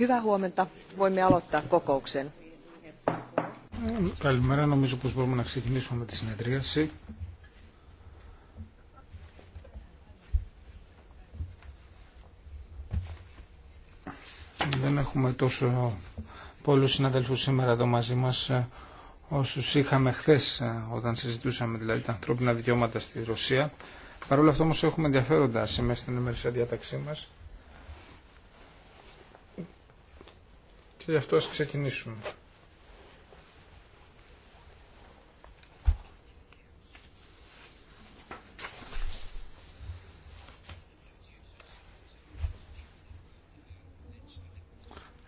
Hyvää huomenta. Voimme aloittaa kokouksen. Καλημέρα. Νομίζω πως μπορούμε να ξεκινήσουμε με τη συνεδρίαση. Δεν έχουμε τόσο πολλούς συναδελφούς σήμερα εδώ μαζί μας ε, όσους είχαμε χθες ε, όταν συζητούσαμε δηλαδή τα ανθρώπινα δικαιώματα στη Ρωσία. Παρ' όλα αυτά όμως έχουμε ενδιαφέροντα σημαίες στην ημερήσια διάταξή μας. Και γι' αυτό ας ξεκινήσουμε.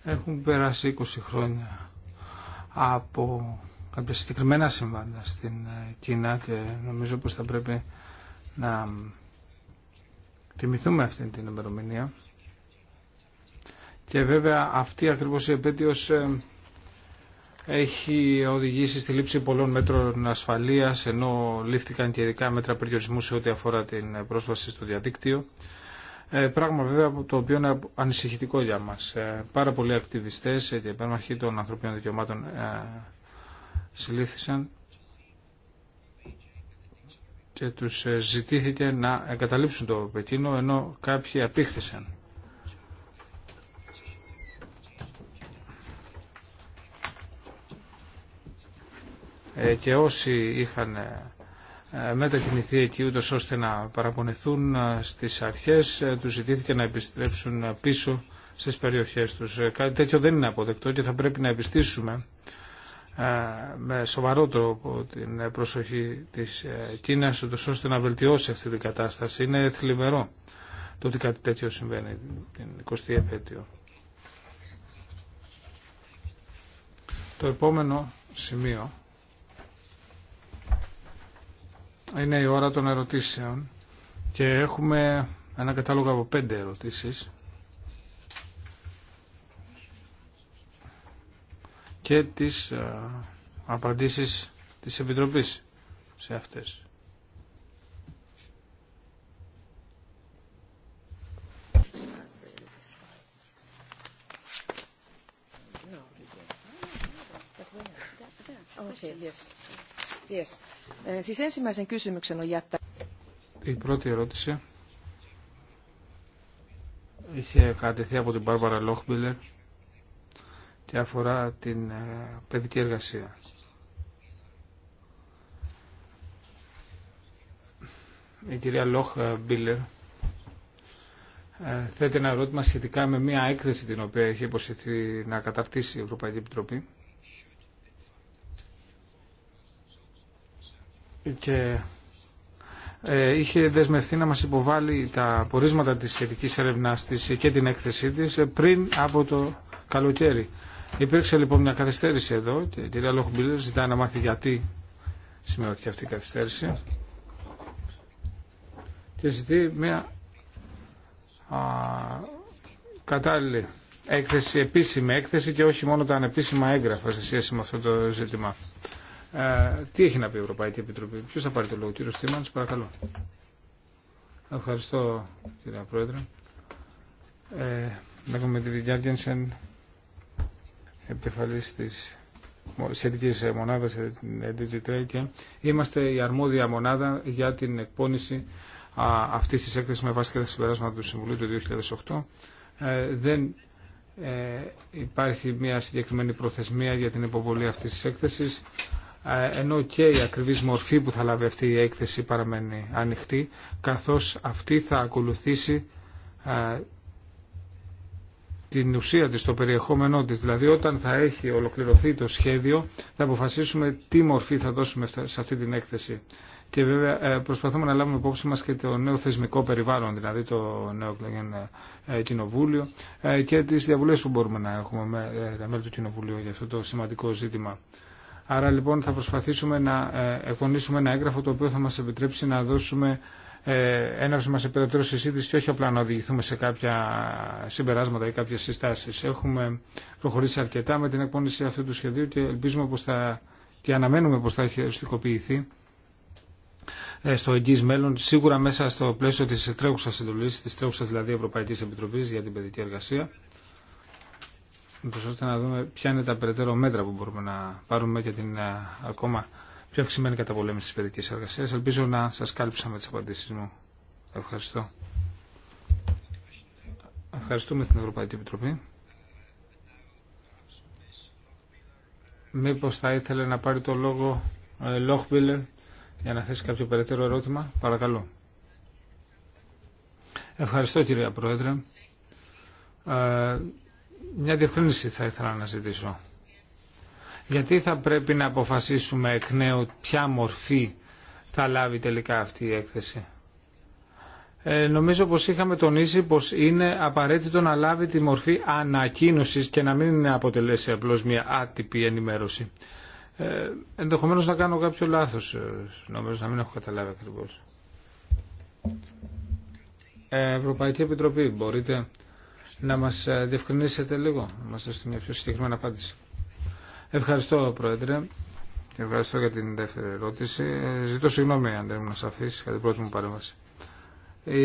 Έχουν περάσει 20 χρόνια από κάποια συγκεκριμένα συμβάντα στην Κίνα και νομίζω πως θα πρέπει να τιμηθούμε αυτή την ημερομηνία και βέβαια αυτή ακριβώς η επέτειος ε, έχει οδηγήσει στη λήψη πολλών μέτρων ασφαλείας ενώ λήφθηκαν και ειδικά μέτρα περιορισμού σε ό,τι αφορά την πρόσβαση στο διαδίκτυο ε, πράγμα βέβαια το οποίο είναι ανησυχητικό για μας. Ε, πάρα πολλοί ακτιβιστές και υπέρμαχοι των ανθρωπίνων δικαιωμάτων συλλήφθησαν και τους ε, ζητήθηκε να εγκαταλείψουν το Πεκίνο ενώ κάποιοι απήχθησαν. Ε, και όσοι είχαν ε, μετακινηθεί εκεί ούτως ώστε να παραπονεθούν στις αρχές τους ζητήθηκε να επιστρέψουν πίσω στις περιοχές τους. Κάτι τέτοιο δεν είναι αποδεκτό και θα πρέπει να επιστήσουμε με σοβαρό τρόπο την προσοχή της ε, Κίνας ώστε να βελτιώσει αυτή την κατάσταση. Είναι θλιβερό το ότι κάτι τέτοιο συμβαίνει την 20η επέτειο. Το επόμενο σημείο είναι η ώρα των ερωτήσεων και έχουμε ένα κατάλογο από πέντε ερωτήσεις και τις ε, απαντήσεις της Επιτροπής σε αυτές. Ε, Η πρώτη ερώτηση είχε κατεθεί από την Μπάρβαρα Λόχμπιλερ και αφορά την ε, παιδική εργασία. Η κυρία Λόχ ε, Μπίλερ ε, θέτει ένα ερώτημα σχετικά με μια έκθεση την οποία έχει υποσχεθεί να καταρτήσει η Ευρωπαϊκή Επιτροπή. Και είχε δεσμευτεί να μας υποβάλει τα πορίσματα της σχετικής έρευνάς της και την έκθεσή της πριν από το καλοκαίρι. Υπήρξε λοιπόν μια καθυστέρηση εδώ και η κυρία Λόχμπιλερ ζητάει να μάθει γιατί σημαίνει αυτή η καθυστέρηση και ζητεί μια α, κατάλληλη έκθεση, επίσημη έκθεση και όχι μόνο τα ανεπίσημα έγγραφα σε σχέση με αυτό το ζήτημα. Ε, τι έχει να πει η Ευρωπαϊκή Επιτροπή, ποιος θα πάρει το λόγο, κύριο Στήμανς, παρακαλώ. Ευχαριστώ κυρία Πρόεδρε. Ε, επικεφαλής της σχετικής ε, μονάδας ε, Digitrade και είμαστε η αρμόδια μονάδα για την εκπόνηση αυτής της έκθεσης με βάση και τα συμπεράσματα του Συμβουλίου του 2008. Ε, δεν υπάρχει μια συγκεκριμένη προθεσμία για την υποβολή αυτής της έκθεσης ενώ και η ακριβής μορφή που θα λάβει αυτή η έκθεση παραμένει ανοιχτή, καθώς αυτή θα ακολουθήσει την ουσία της, το περιεχόμενό της. Δηλαδή όταν θα έχει ολοκληρωθεί το σχέδιο θα αποφασίσουμε τι μορφή θα δώσουμε σε αυτή την έκθεση. Και βέβαια ε, προσπαθούμε να λάβουμε υπόψη μας και το νέο θεσμικό περιβάλλον, δηλαδή το νέο ε, κοινοβούλιο ε, και τις διαβουλές που μπορούμε να έχουμε με τα μέλη του κοινοβουλίου για αυτό το σημαντικό ζήτημα. Άρα λοιπόν θα προσπαθήσουμε να εκπονήσουμε ένα έγγραφο το οποίο θα μας επιτρέψει να δώσουμε ε, έναρξη μας περαιτέρω συζήτηση και όχι απλά να οδηγηθούμε σε κάποια συμπεράσματα ή κάποιες συστάσεις. Έχουμε προχωρήσει αρκετά με την εκπόνηση αυτού του σχεδίου και ελπίζουμε πως θα, και αναμένουμε πως θα έχει οριστικοποιηθεί ε, στο εγγύς μέλλον, σίγουρα μέσα στο πλαίσιο της τρέχουσας συντολής, της τρέχουσας δηλαδή Ευρωπαϊκής Επιτροπής για την παιδική εργασία, ώστε να δούμε ποια είναι τα περαιτέρω μέτρα που μπορούμε να πάρουμε για την ε, ακόμα πιο αυξημένη καταπολέμηση τη παιδική εργασία. Ελπίζω να σας κάλυψα με τι απαντήσει μου. Ευχαριστώ. Ευχαριστούμε την Ευρωπαϊκή Επιτροπή. Μήπως θα ήθελε να πάρει το λόγο ε, Λόχμπιλερ για να θέσει κάποιο περαιτέρω ερώτημα. Παρακαλώ. Ευχαριστώ κυρία Πρόεδρε. Ε, μια διευκρίνηση θα ήθελα να ζητήσω γιατί θα πρέπει να αποφασίσουμε εκ νέου ποια μορφή θα λάβει τελικά αυτή η έκθεση. Ε, νομίζω πως είχαμε τονίσει πως είναι απαραίτητο να λάβει τη μορφή ανακοίνωσης και να μην αποτελέσει απλώς μια άτυπη ενημέρωση. Ε, ενδεχομένως να κάνω κάποιο λάθος, ε, νομίζω να μην έχω καταλάβει ακριβώς. Ε, Ευρωπαϊκή Επιτροπή, μπορείτε να μας ε, διευκρινίσετε λίγο, να μας δώσετε μια πιο συγκεκριμένη απάντηση. Ευχαριστώ, Πρόεδρε. Ευχαριστώ για την δεύτερη ερώτηση. Ε, ζητώ συγγνώμη αν δεν ήμουν σαφή για την πρώτη μου παρέμβαση. Η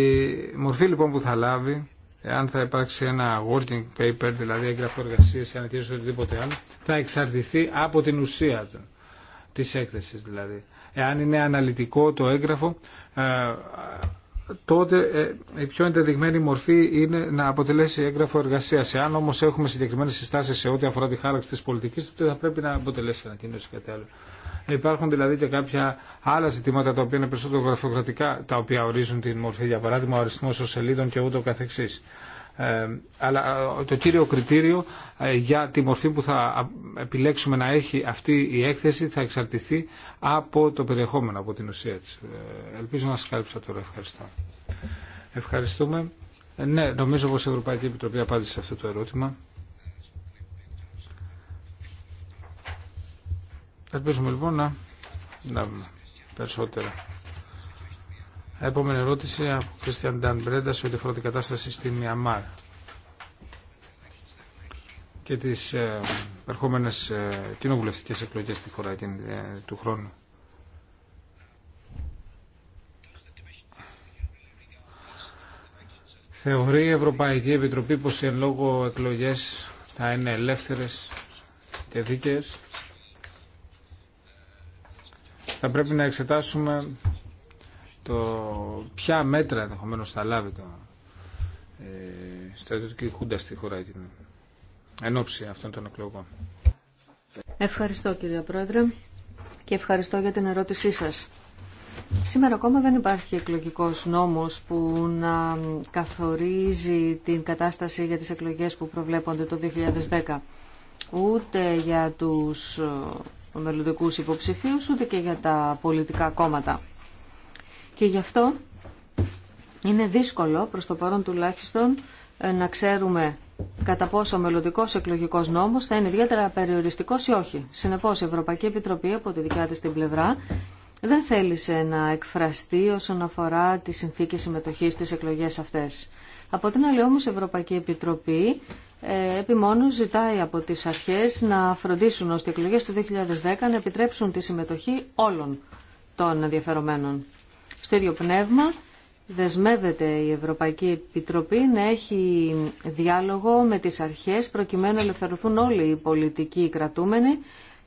μορφή λοιπόν που θα λάβει, εάν θα υπάρξει ένα working paper, δηλαδή έγγραφο εργασία ή ανακοίνωση οτιδήποτε άλλο, θα εξαρτηθεί από την ουσία του της έκθεσης δηλαδή. Εάν είναι αναλυτικό το έγγραφο, ε, τότε ε, η πιο ενδεδειγμένη μορφή είναι να αποτελέσει έγγραφο εργασία. Εάν όμω έχουμε συγκεκριμένε συστάσει σε ό,τι αφορά τη χάραξη τη πολιτική, τότε θα πρέπει να αποτελέσει ανακοίνωση κάτι άλλο. Υπάρχουν δηλαδή και κάποια άλλα ζητήματα τα οποία είναι περισσότερο γραφειοκρατικά, τα οποία ορίζουν την μορφή, για παράδειγμα ο αριθμό των σελίδων και ούτω καθεξής. Ε, αλλά ε, το κύριο κριτήριο ε, για τη μορφή που θα επιλέξουμε να έχει αυτή η έκθεση θα εξαρτηθεί από το περιεχόμενο, από την ουσία της. Ελπίζω να σας κάλυψα τώρα. Ευχαριστώ. Ευχαριστούμε. Ναι, νομίζω πως η Ευρωπαϊκή Επιτροπή απάντησε σε αυτό το ερώτημα. Ελπίζουμε λοιπόν να περσότερα. περισσότερα Επόμενη ερώτηση από Κριστιαν Νταν Μπρέντα σε ό,τι αφορά την κατάσταση στη Μιαμάρ και τι ε, ερχόμενε κοινοβουλευτικέ εκλογέ στη χώρα ε, του χρόνου. Θεωρεί η Ευρωπαϊκή Επιτροπή πως οι εν λόγω εκλογές θα είναι ελεύθερες και δίκαιες. Θα πρέπει να εξετάσουμε το ποια μέτρα ενδεχομένω θα λάβει το ε, στρατιωτική χούντα στη χώρα την ενόψη αυτών των εκλογών. Ευχαριστώ κύριε Πρόεδρε και ευχαριστώ για την ερώτησή σας. Σήμερα ακόμα δεν υπάρχει εκλογικός νόμος που να καθορίζει την κατάσταση για τις εκλογές που προβλέπονται το 2010. Ούτε για τους μελλοντικού υποψηφίους, ούτε και για τα πολιτικά κόμματα. Και γι' αυτό είναι δύσκολο, προς το παρόν τουλάχιστον, ε, να ξέρουμε κατά πόσο ο μελλοντικό εκλογικό νόμο θα είναι ιδιαίτερα περιοριστικό ή όχι. Συνεπώ, η Ευρωπαϊκή Επιτροπή από τη δικιά τη την πλευρά δεν θέλησε να εκφραστεί όσον αφορά τι συνθήκε συμμετοχή στι εκλογέ αυτέ. Από την άλλη όμως η Ευρωπαϊκή Επιτροπή ε, επιμόνω ζητάει από τις αρχές να φροντίσουν ώστε οι εκλογές του 2010 να επιτρέψουν τη συμμετοχή όλων των ενδιαφερομένων. Στο ίδιο πνεύμα δεσμεύεται η Ευρωπαϊκή Επιτροπή να έχει διάλογο με τις αρχές προκειμένου να ελευθερωθούν όλοι οι πολιτικοί κρατούμενοι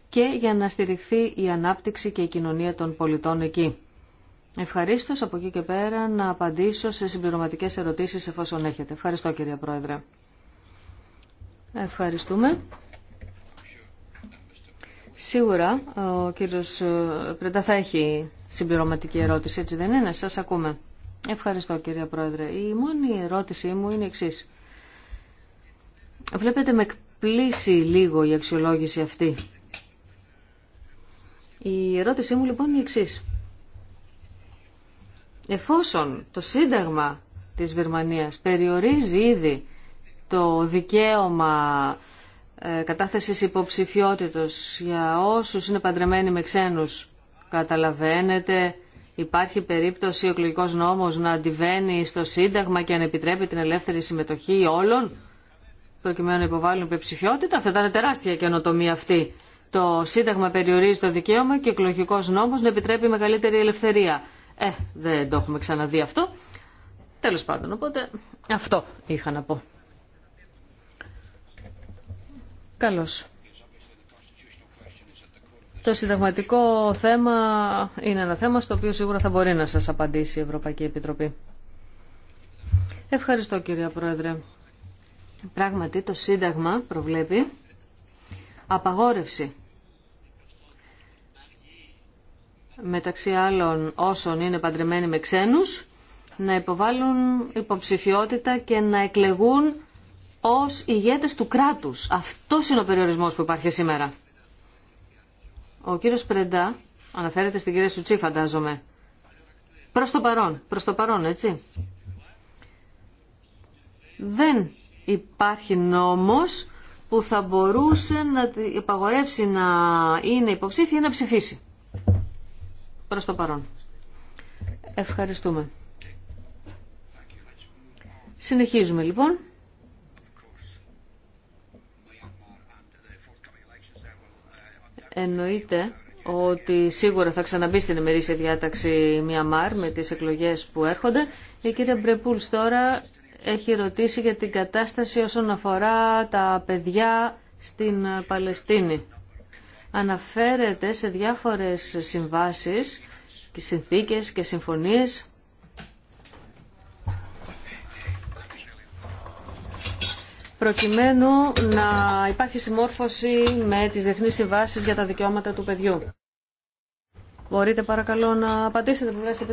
και για να στηριχθεί η ανάπτυξη και η κοινωνία των πολιτών εκεί. Ευχαρίστω από εκεί και πέρα να απαντήσω σε συμπληρωματικές ερωτήσεις εφόσον έχετε. Ευχαριστώ κυρία Πρόεδρε. Ευχαριστούμε. Σίγουρα ο κύριος ε, Πρέντα θα έχει συμπληρωματική ερώτηση, έτσι δεν είναι. Σας ακούμε. Ευχαριστώ κυρία Πρόεδρε. Η μόνη ερώτησή μου είναι εξή. Βλέπετε με εκπλήσει λίγο η αξιολόγηση αυτή. Η ερώτησή μου λοιπόν είναι η εξής. Εφόσον το Σύνταγμα της Βερμανίας περιορίζει ήδη το δικαίωμα ε, κατάθεσης υποψηφιότητος για όσους είναι παντρεμένοι με ξένους. Καταλαβαίνετε, υπάρχει περίπτωση ο εκλογικός νόμος να αντιβαίνει στο Σύνταγμα και να επιτρέπει την ελεύθερη συμμετοχή όλων προκειμένου να υποβάλουν υποψηφιότητα. Θα ήταν τεράστια καινοτομία αυτή. Το Σύνταγμα περιορίζει το δικαίωμα και ο εκλογικό νόμο να επιτρέπει μεγαλύτερη ελευθερία. Ε, δεν το έχουμε ξαναδεί αυτό. Τέλο πάντων, οπότε αυτό είχα να πω. Καλώς. Το συνταγματικό θέμα είναι ένα θέμα στο οποίο σίγουρα θα μπορεί να σας απαντήσει η Ευρωπαϊκή Επιτροπή. Ευχαριστώ κυρία Πρόεδρε. Πράγματι το Σύνταγμα προβλέπει απαγόρευση μεταξύ άλλων όσων είναι παντρεμένοι με ξένους να υποβάλουν υποψηφιότητα και να εκλεγούν ως ηγέτες του κράτους. Αυτό είναι ο περιορισμός που υπάρχει σήμερα. Ο κύριος Πρεντά αναφέρεται στην κυρία Σουτσή φαντάζομαι. Προς το παρόν, προς το παρόν έτσι. Δεν υπάρχει νόμος που θα μπορούσε να υπαγορεύσει να είναι υποψήφια ή να ψηφίσει. Προς το παρόν. Ευχαριστούμε. Συνεχίζουμε λοιπόν. Εννοείται ότι σίγουρα θα ξαναμπεί στην ημερήσια διάταξη Μιαμάρ με τις εκλογές που έρχονται. Η κυρία Μπρεπούλς τώρα έχει ρωτήσει για την κατάσταση όσον αφορά τα παιδιά στην Παλαιστίνη. Αναφέρεται σε διάφορες συμβάσεις, συνθήκες και συμφωνίες προκειμένου να υπάρχει συμμόρφωση με τις διεθνείς συμβάσεις για τα δικαιώματα του παιδιού. Μπορείτε παρακαλώ να απαντήσετε που βγάζει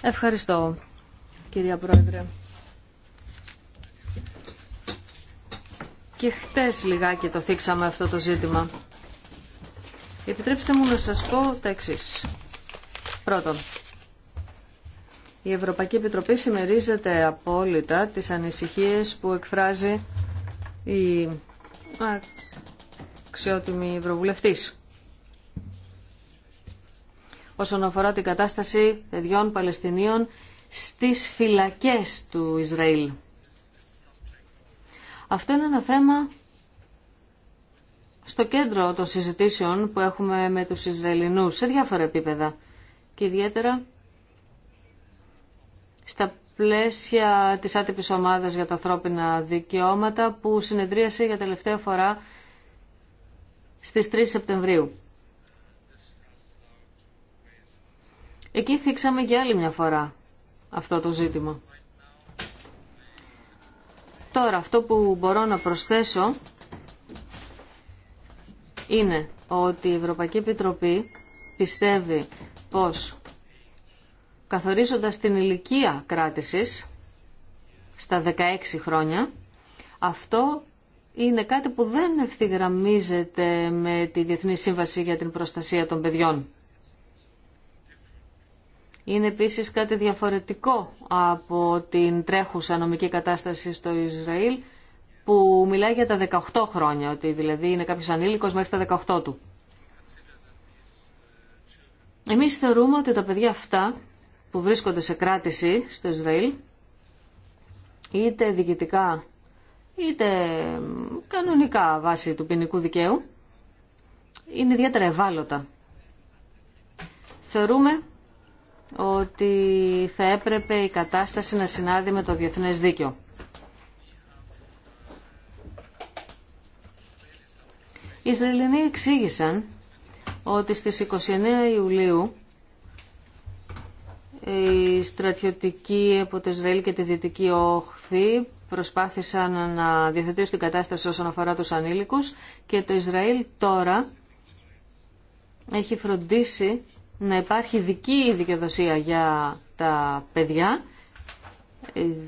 Ευχαριστώ, κυρία Πρόεδρε. Και χτες λιγάκι το θίξαμε αυτό το ζήτημα. Επιτρέψτε μου να σας πω τα εξής. Πρώτον, η Ευρωπαϊκή Επιτροπή συμμερίζεται απόλυτα τις ανησυχίες που εκφράζει η αξιότιμη Ευρωβουλευτής. Όσον αφορά την κατάσταση παιδιών Παλαιστινίων στις φυλακές του Ισραήλ. Αυτό είναι ένα θέμα στο κέντρο των συζητήσεων που έχουμε με τους Ισραηλινούς σε διάφορα επίπεδα και ιδιαίτερα στα πλαίσια της άτυπης ομάδας για τα ανθρώπινα δικαιώματα που συνεδρίασε για τελευταία φορά στις 3 Σεπτεμβρίου. Εκεί θίξαμε για άλλη μια φορά αυτό το ζήτημα. Τώρα αυτό που μπορώ να προσθέσω είναι ότι η Ευρωπαϊκή Επιτροπή πιστεύει πως καθορίζοντας την ηλικία κράτησης στα 16 χρόνια, αυτό είναι κάτι που δεν ευθυγραμμίζεται με τη Διεθνή Σύμβαση για την Προστασία των Παιδιών. Είναι επίσης κάτι διαφορετικό από την τρέχουσα νομική κατάσταση στο Ισραήλ που μιλάει για τα 18 χρόνια, ότι δηλαδή είναι κάποιος ανήλικος μέχρι τα 18 του. Εμείς θεωρούμε ότι τα παιδιά αυτά που βρίσκονται σε κράτηση στο Ισραήλ, είτε διοικητικά είτε κανονικά βάσει του ποινικού δικαίου, είναι ιδιαίτερα ευάλωτα. Θεωρούμε ότι θα έπρεπε η κατάσταση να συνάδει με το διεθνές δίκαιο. Οι Ισραηλινοί εξήγησαν ότι στις 29 Ιουλίου οι στρατιωτικοί από το Ισραήλ και τη Δυτική Όχθη προσπάθησαν να διαθετήσουν την κατάσταση όσον αφορά τους ανήλικους και το Ισραήλ τώρα έχει φροντίσει να υπάρχει δική δικαιοδοσία για τα παιδιά,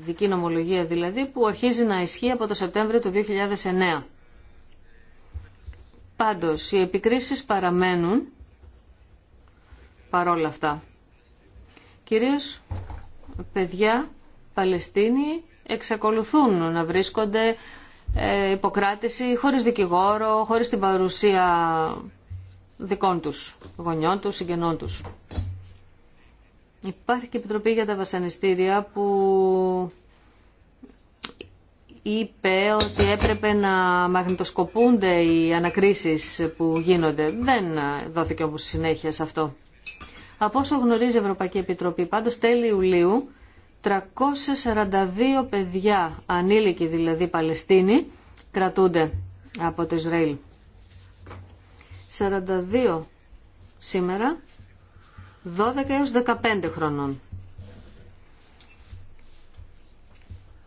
δική νομολογία δηλαδή, που αρχίζει να ισχύει από το Σεπτέμβριο του 2009. Πάντως, οι επικρίσεις παραμένουν παρόλα αυτά. Κυρίως παιδιά Παλαιστίνοι εξακολουθούν να βρίσκονται ε, υποκράτηση χωρίς δικηγόρο, χωρίς την παρουσία δικών τους, γονιών τους, συγγενών τους. Υπάρχει και η Επιτροπή για τα Βασανιστήρια που είπε ότι έπρεπε να μαγνητοσκοπούνται οι ανακρίσεις που γίνονται. Δεν δόθηκε όμως συνέχεια σε αυτό. Από όσο γνωρίζει η Ευρωπαϊκή Επιτροπή, πάντως τέλη Ιουλίου, 342 παιδιά, ανήλικοι δηλαδή Παλαιστίνοι, κρατούνται από το Ισραήλ. 42 σήμερα, 12 έως 15 χρονών.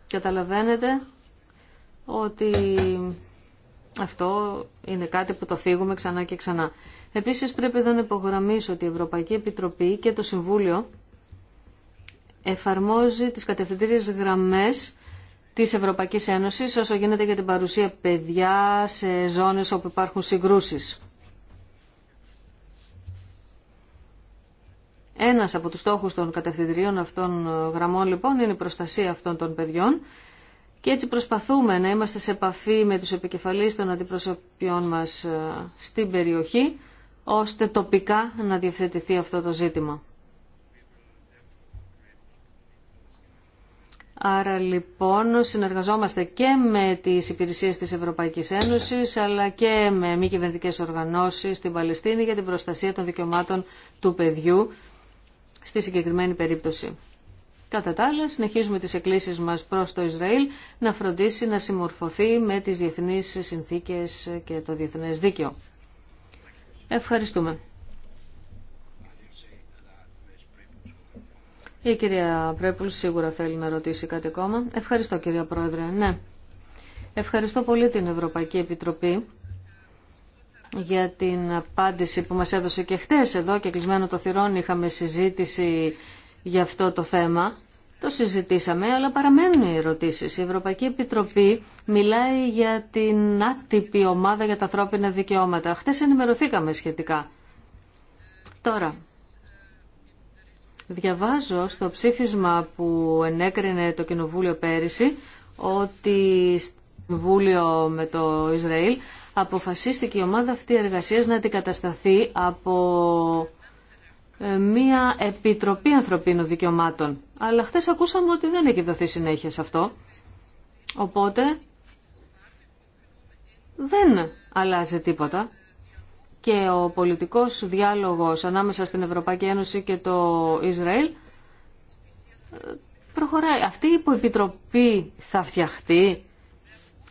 Καταλαβαίνετε ότι αυτό είναι κάτι που το θίγουμε ξανά και ξανά. Επίσης πρέπει εδώ να υπογραμμίσω ότι η Ευρωπαϊκή Επιτροπή και το Συμβούλιο εφαρμόζει τις κατευθυντήριες γραμμές της Ευρωπαϊκής Ένωσης όσο γίνεται για την παρουσία παιδιά σε ζώνες όπου υπάρχουν συγκρούσεις. Ένας από τους στόχους των κατευθυντηρίων αυτών γραμμών λοιπόν είναι η προστασία αυτών των παιδιών και έτσι προσπαθούμε να είμαστε σε επαφή με τους επικεφαλείς των αντιπροσωπιών μας ε, στην περιοχή ώστε τοπικά να διευθετηθεί αυτό το ζήτημα. Άρα λοιπόν συνεργαζόμαστε και με τις υπηρεσίες της Ευρωπαϊκής Ένωσης αλλά και με μη κυβερνητικέ οργανώσεις στην Παλαιστίνη για την προστασία των δικαιωμάτων του παιδιού στη συγκεκριμένη περίπτωση. Κατά τα άλλα, συνεχίζουμε τις εκκλήσεις μας προς το Ισραήλ να φροντίσει να συμμορφωθεί με τις διεθνείς συνθήκες και το διεθνές δίκαιο. Ευχαριστούμε. Η κυρία Πρέπουλ σίγουρα θέλει να ρωτήσει κάτι ακόμα. Ευχαριστώ κυρία Πρόεδρε. Ναι. Ευχαριστώ πολύ την Ευρωπαϊκή Επιτροπή για την απάντηση που μας έδωσε και χτες εδώ και κλεισμένο το θυρών είχαμε συζήτηση για αυτό το θέμα το συζητήσαμε, αλλά παραμένουν οι ερωτήσει. Η Ευρωπαϊκή Επιτροπή μιλάει για την άτυπη ομάδα για τα ανθρώπινα δικαιώματα. Χτες ενημερωθήκαμε σχετικά. Τώρα, διαβάζω στο ψήφισμα που ενέκρινε το Κοινοβούλιο πέρυσι ότι στο Βούλιο με το Ισραήλ αποφασίστηκε η ομάδα αυτή εργασίας να αντικατασταθεί από ε, μία Επιτροπή Ανθρωπίνων Δικαιωμάτων. Αλλά χτες ακούσαμε ότι δεν έχει δοθεί συνέχεια σε αυτό. Οπότε δεν αλλάζει τίποτα. Και ο πολιτικός διάλογος ανάμεσα στην Ευρωπαϊκή Ένωση και το Ισραήλ ε, προχωράει. Αυτή η υποεπιτροπή θα φτιαχτεί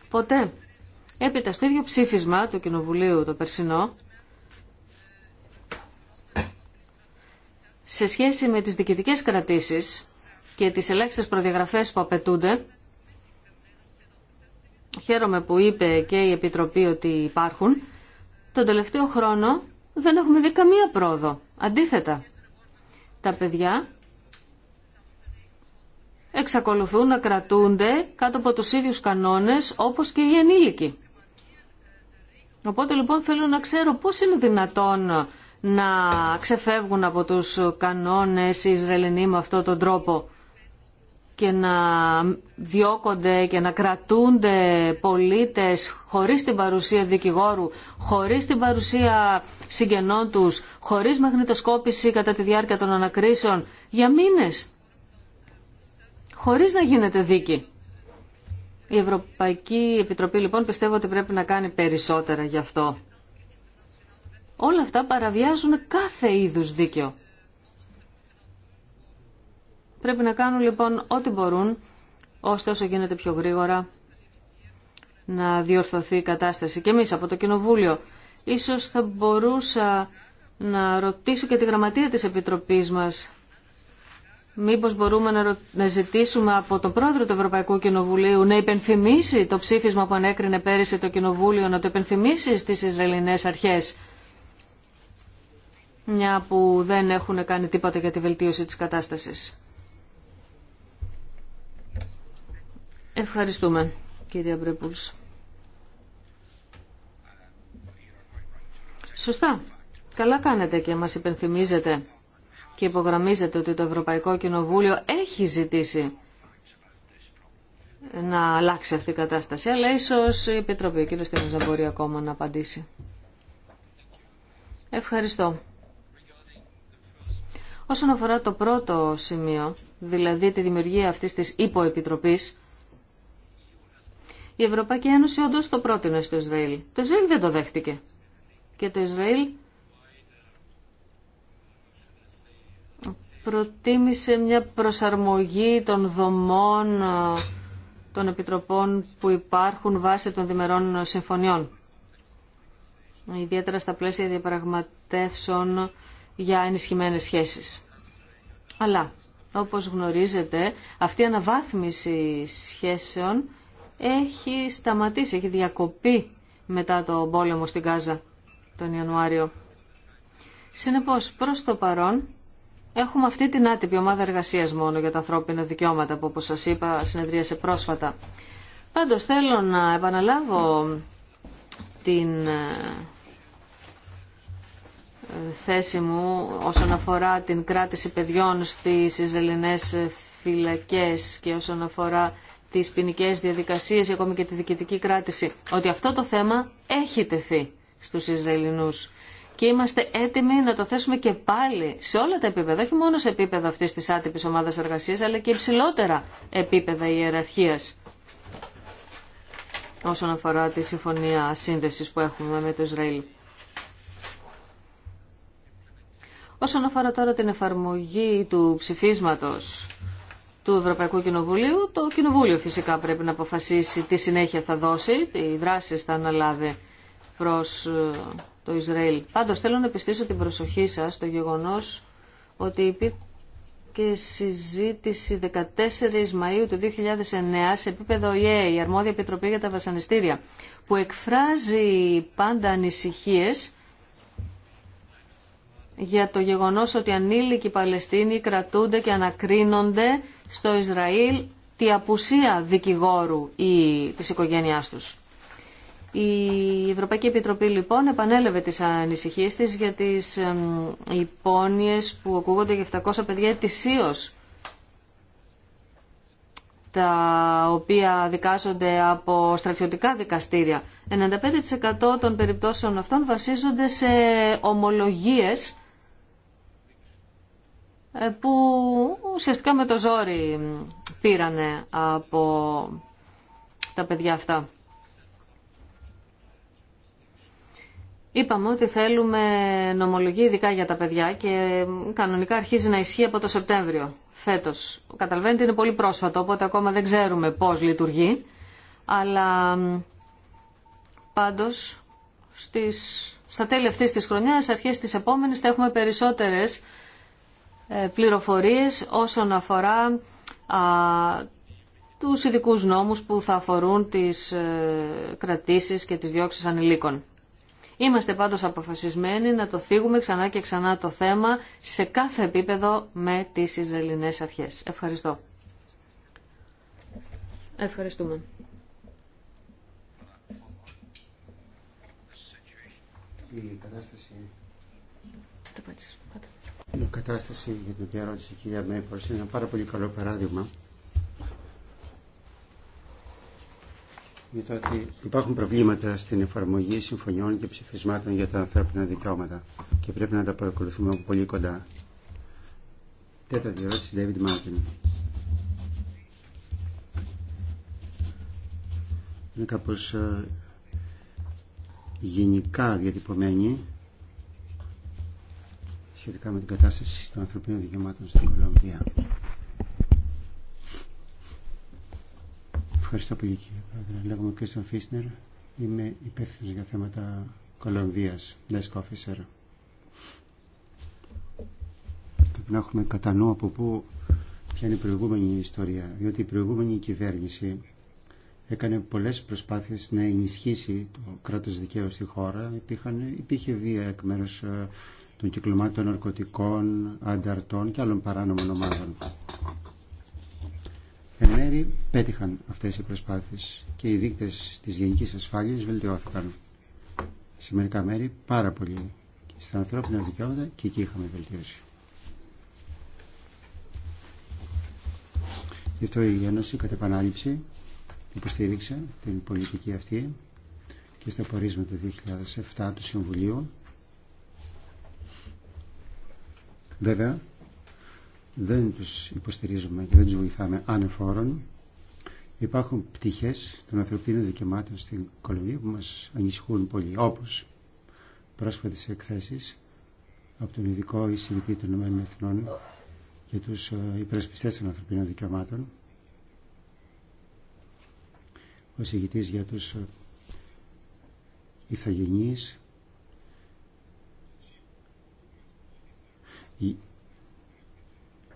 ποτέ. Έπειτα στο ίδιο ψήφισμα του Κοινοβουλίου το περσινό Σε σχέση με τις διοικητικές κρατήσεις και τις ελάχιστες προδιαγραφές που απαιτούνται, χαίρομαι που είπε και η Επιτροπή ότι υπάρχουν, τον τελευταίο χρόνο δεν έχουμε δει καμία πρόοδο. Αντίθετα, τα παιδιά εξακολουθούν να κρατούνται κάτω από τους ίδιους κανόνες όπως και οι ενήλικοι. Οπότε λοιπόν θέλω να ξέρω πώς είναι δυνατόν να ξεφεύγουν από τους κανόνες Ισραηλινοί με αυτόν τον τρόπο και να διώκονται και να κρατούνται πολίτες χωρίς την παρουσία δικηγόρου, χωρίς την παρουσία συγγενών τους, χωρίς μαγνητοσκόπηση κατά τη διάρκεια των ανακρίσεων, για μήνες, χωρίς να γίνεται δίκη. Η Ευρωπαϊκή Επιτροπή λοιπόν πιστεύω ότι πρέπει να κάνει περισσότερα γι' αυτό. Όλα αυτά παραβιάζουν κάθε είδους δίκαιο. Πρέπει να κάνουν λοιπόν ό,τι μπορούν, ώστε όσο γίνεται πιο γρήγορα να διορθωθεί η κατάσταση. Και εμείς από το Κοινοβούλιο ίσως θα μπορούσα να ρωτήσω και τη γραμματεία της Επιτροπής μας Μήπως μπορούμε να, ζητήσουμε από τον πρόεδρο του Ευρωπαϊκού Κοινοβουλίου να υπενθυμίσει το ψήφισμα που ανέκρινε πέρυσι το Κοινοβούλιο, να το υπενθυμίσει στις Ισραηλινές αρχές μια που δεν έχουν κάνει τίποτα για τη βελτίωση της κατάστασης. Ευχαριστούμε, κύριε Μπρέπουλς. Σωστά. Καλά κάνετε και μας υπενθυμίζετε και υπογραμμίζετε ότι το Ευρωπαϊκό Κοινοβούλιο έχει ζητήσει να αλλάξει αυτή η κατάσταση, αλλά ίσως η Επιτροπή, ο κύριος δεν μπορεί ακόμα να απαντήσει. Ευχαριστώ. Όσον αφορά το πρώτο σημείο, δηλαδή τη δημιουργία αυτή της υποεπιτροπής, η Ευρωπαϊκή Ένωση όντω το πρότεινε στο Ισραήλ. Το Ισραήλ δεν το δέχτηκε. Και το Ισραήλ προτίμησε μια προσαρμογή των δομών των επιτροπών που υπάρχουν βάσει των διμερών συμφωνιών. Ιδιαίτερα στα πλαίσια διαπραγματεύσεων για ενισχυμένες σχέσεις. Αλλά, όπως γνωρίζετε, αυτή η αναβάθμιση σχέσεων έχει σταματήσει, έχει διακοπεί μετά το πόλεμο στην Γάζα τον Ιανουάριο. Συνεπώς, προς το παρόν, έχουμε αυτή την άτυπη ομάδα εργασίας μόνο για τα ανθρώπινα δικαιώματα που, όπως σας είπα, συνεδρίασε πρόσφατα. Πάντως, θέλω να επαναλάβω την ε, θέση μου όσον αφορά την κράτηση παιδιών στις Ισραηλινές φυλακές και όσον αφορά τις ποινικέ διαδικασίες και ακόμη και τη διοικητική κράτηση, ότι αυτό το θέμα έχει τεθεί στους Ισραηλινούς. Και είμαστε έτοιμοι να το θέσουμε και πάλι σε όλα τα επίπεδα, όχι μόνο σε επίπεδο αυτής της άτυπης ομάδας εργασίας, αλλά και υψηλότερα επίπεδα ιεραρχίας όσον αφορά τη συμφωνία σύνδεσης που έχουμε με το Ισραήλ. Όσον αφορά τώρα την εφαρμογή του ψηφίσματος του Ευρωπαϊκού Κοινοβουλίου, το Κοινοβούλιο φυσικά πρέπει να αποφασίσει τι συνέχεια θα δώσει, τι δράσει θα αναλάβει προς ε, το Ισραήλ. Πάντως θέλω να επιστήσω την προσοχή σας στο γεγονός ότι και συζήτηση 14 Μαου του 2009 σε επίπεδο ΙΕ, η Αρμόδια Επιτροπή για τα Βασανιστήρια, που εκφράζει πάντα ανησυχίες για το γεγονός ότι ανήλικοι Παλαιστίνοι κρατούνται και ανακρίνονται στο Ισραήλ τη απουσία δικηγόρου ή της οικογένειάς τους. Η Ευρωπαϊκή Επιτροπή λοιπόν επανέλευε τις ανησυχίες της για τις υπόνοιες που ακούγονται για 700 παιδιά ετησίως τα οποία δικάζονται από στρατιωτικά δικαστήρια. 95% των περιπτώσεων αυτών βασίζονται σε ομολογίες ε, που ουσιαστικά με το ζόρι πήρανε από τα παιδιά αυτά. Είπαμε ότι θέλουμε νομολογία ειδικά για τα παιδιά και κανονικά αρχίζει να ισχύει από το Σεπτέμβριο φέτος. Καταλαβαίνετε είναι πολύ πρόσφατο, οπότε ακόμα δεν ξέρουμε πώς λειτουργεί, αλλά πάντως στις, στα τέλη αυτής της χρονιάς, αρχές της επόμενης, θα έχουμε περισσότερες ε, πληροφορίες όσον αφορά τους ειδικού νόμους που θα αφορούν τις ε, κρατήσεις και τις διώξεις ανηλίκων. Είμαστε πάντως αποφασισμένοι να το θίγουμε ξανά και ξανά το θέμα σε κάθε επίπεδο με τις Ισραηλινές αρχές. Ευχαριστώ. Ευχαριστούμε. Η κατάσταση για την οποία ρώτησε η κυρία Μέιπορς είναι ένα πάρα πολύ καλό παράδειγμα για το ότι υπάρχουν προβλήματα στην εφαρμογή συμφωνιών και ψηφισμάτων για τα ανθρώπινα δικαιώματα και πρέπει να τα παρακολουθούμε από πολύ κοντά. Τέταρτη ερώτηση, David Martin. Είναι κάπως ε, γενικά διατυπωμένη σχετικά με την κατάσταση των ανθρωπίνων δικαιωμάτων στην Κολομβία. Ευχαριστώ πολύ κύριε Πρόεδρε. Λέγομαι Κρίστον Φίσνερ. Είμαι υπεύθυνο για θέματα Κολομβία, desk officer. Πρέπει να έχουμε κατά νου από πού ποια είναι η προηγούμενη ιστορία. Διότι η προηγούμενη κυβέρνηση έκανε πολλέ προσπάθειε να ενισχύσει το κράτο δικαίου στη χώρα. Υπήρχαν, υπήρχε βία εκ μέρου ε, των κυκλωμάτων ναρκωτικών, ανταρτών και άλλων παράνομων ομάδων. Εν μέρη πέτυχαν αυτές οι προσπάθειες και οι δείκτες της γενικής ασφάλειας βελτιώθηκαν. Σε μερικά μέρη πάρα πολύ. Στα ανθρώπινα δικαιώματα και εκεί είχαμε βελτίωση. Γι' αυτό η Ένωση κατ' επανάληψη υποστήριξε την πολιτική αυτή και στα πορίσματα του 2007 του Συμβουλίου Βέβαια, δεν τους υποστηρίζουμε και δεν τους βοηθάμε ανεφόρον. Υπάρχουν πτυχές των ανθρωπίνων δικαιωμάτων στην Κολομβία που μας ανησυχούν πολύ, όπως πρόσφατες εκθέσεις από τον ειδικό εισηγητή των ΗΕ για τους ε, υπερασπιστές των ανθρωπίνων δικαιωμάτων, ο εισηγητής για τους ε, ηθαγενείς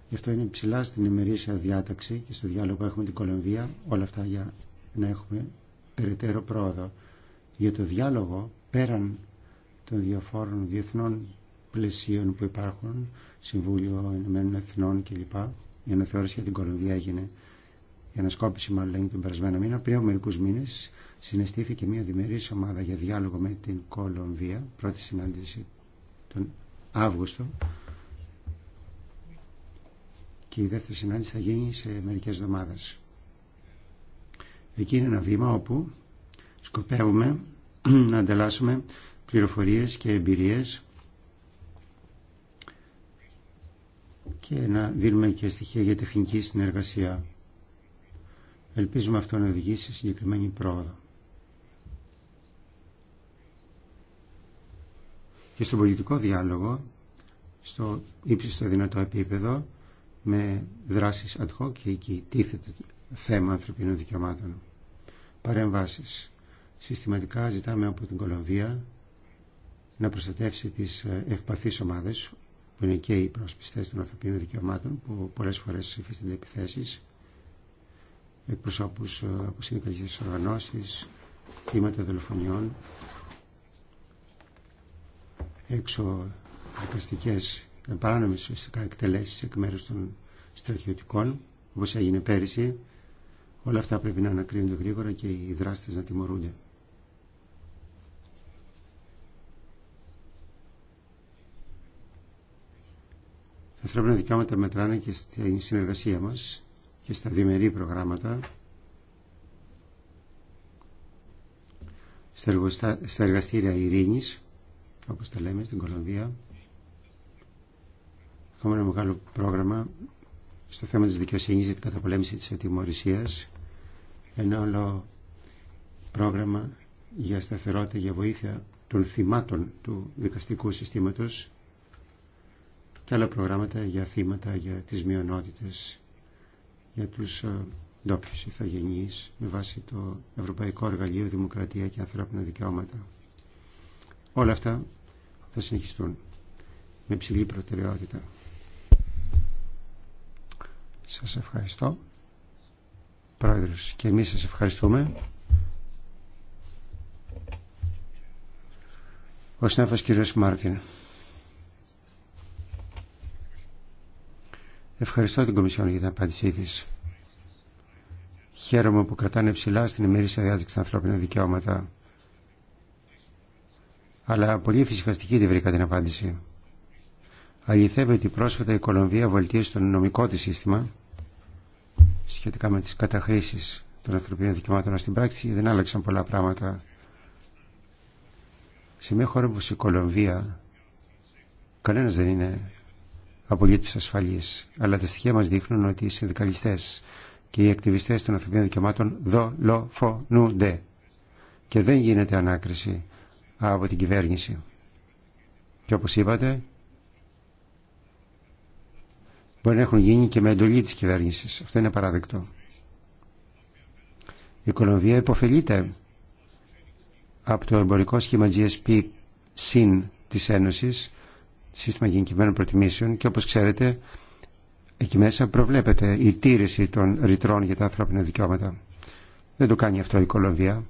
Γι' αυτό είναι ψηλά στην ημερήσια διάταξη και στο διάλογο που έχουμε την Κολομβία, όλα αυτά για να έχουμε περαιτέρω πρόοδο. Για το διάλογο, πέραν των διαφόρων διεθνών πλαισίων που υπάρχουν, Συμβούλιο Ηνωμένων Εθνών κλπ. Η αναθεώρηση για την Κολομβία έγινε, η ανασκόπηση μάλλον έγινε τον περασμένο μήνα. Πριν από μερικού μήνε συναισθήθηκε μια διμερή ομάδα για διάλογο με την Κολομβία, πρώτη συνάντηση τον Αύγουστο, και η δεύτερη συνάντηση θα γίνει σε μερικές εβδομάδες. Εκεί είναι ένα βήμα όπου σκοπεύουμε να ανταλλάσσουμε πληροφορίες και εμπειρίες και να δίνουμε και στοιχεία για τεχνική συνεργασία. Ελπίζουμε αυτό να οδηγήσει σε συγκεκριμένη πρόοδο. Και στον πολιτικό διάλογο, στο ύψιστο δυνατό επίπεδο, με δράσεις ad hoc και εκεί τίθεται θέμα ανθρωπίνων δικαιωμάτων. Παρεμβάσεις. Συστηματικά ζητάμε από την Κολομβία να προστατεύσει τις ε, ευπαθείς ομάδες που είναι και οι προσπιστές των ανθρωπίνων δικαιωμάτων που πολλές φορές υφίστανται επιθέσεις εκπροσώπους ε, από συνδικαλιστικές οργανώσεις θύματα δολοφονιών έξω δικαστικές παράνομες φυσικά εκτελέσεις εκ μέρους των στρατιωτικών, όπως έγινε πέρυσι. Όλα αυτά πρέπει να ανακρίνονται γρήγορα και οι δράστες να τιμωρούνται. Τα ανθρώπινα δικαιώματα μετράνε και στην συνεργασία μας και στα διμερή προγράμματα. Στα εργαστήρια ειρήνης, όπως τα λέμε στην Κολομβία, Έχουμε ένα μεγάλο πρόγραμμα στο θέμα της δικαιοσύνης για την καταπολέμηση της ετοιμορρησίας. Ένα όλο πρόγραμμα για σταθερότητα, για βοήθεια των θυμάτων του δικαστικού συστήματος και άλλα προγράμματα για θύματα, για τις μειονότητες, για τους ε, ντόπιους ηθαγενείς με βάση το Ευρωπαϊκό Εργαλείο Δημοκρατία και Ανθρώπινα Δικαιώματα. Όλα αυτά θα συνεχιστούν με ψηλή προτεραιότητα. Σας ευχαριστώ. Πρόεδρος, και εμείς σας ευχαριστούμε. Ο συνάδελφος κύριος Μάρτιν. Ευχαριστώ την Κομισιόν για την απάντησή της. Χαίρομαι που κρατάνε ψηλά στην ημερήσια διάδειξη των ανθρώπινα δικαιώματα. Αλλά πολύ φυσικαστική δεν βρήκα την απάντηση. Αληθεύει ότι πρόσφατα η Κολομβία βολτίζει το νομικό τη σύστημα σχετικά με τις καταχρήσει των ανθρωπίνων δικαιωμάτων στην πράξη δεν άλλαξαν πολλά πράγματα. Σε μια χώρα όπω η Κολομβία κανένα δεν είναι απολύτω ασφαλή, αλλά τα στοιχεία μα δείχνουν ότι οι συνδικαλιστές και οι ακτιβιστές των ανθρωπίνων δικαιωμάτων δολοφονούνται και δεν γίνεται ανάκριση από την κυβέρνηση. Και όπως είπατε μπορεί να έχουν γίνει και με εντολή της κυβέρνησης. Αυτό είναι παράδεκτο. Η Κολομβία υποφελείται από το εμπορικό σχήμα GSP συν της Ένωσης, σύστημα γενικημένων προτιμήσεων και όπως ξέρετε εκεί μέσα προβλέπεται η τήρηση των ρητρών για τα ανθρώπινα δικαιώματα. Δεν το κάνει αυτό η Κολομβία.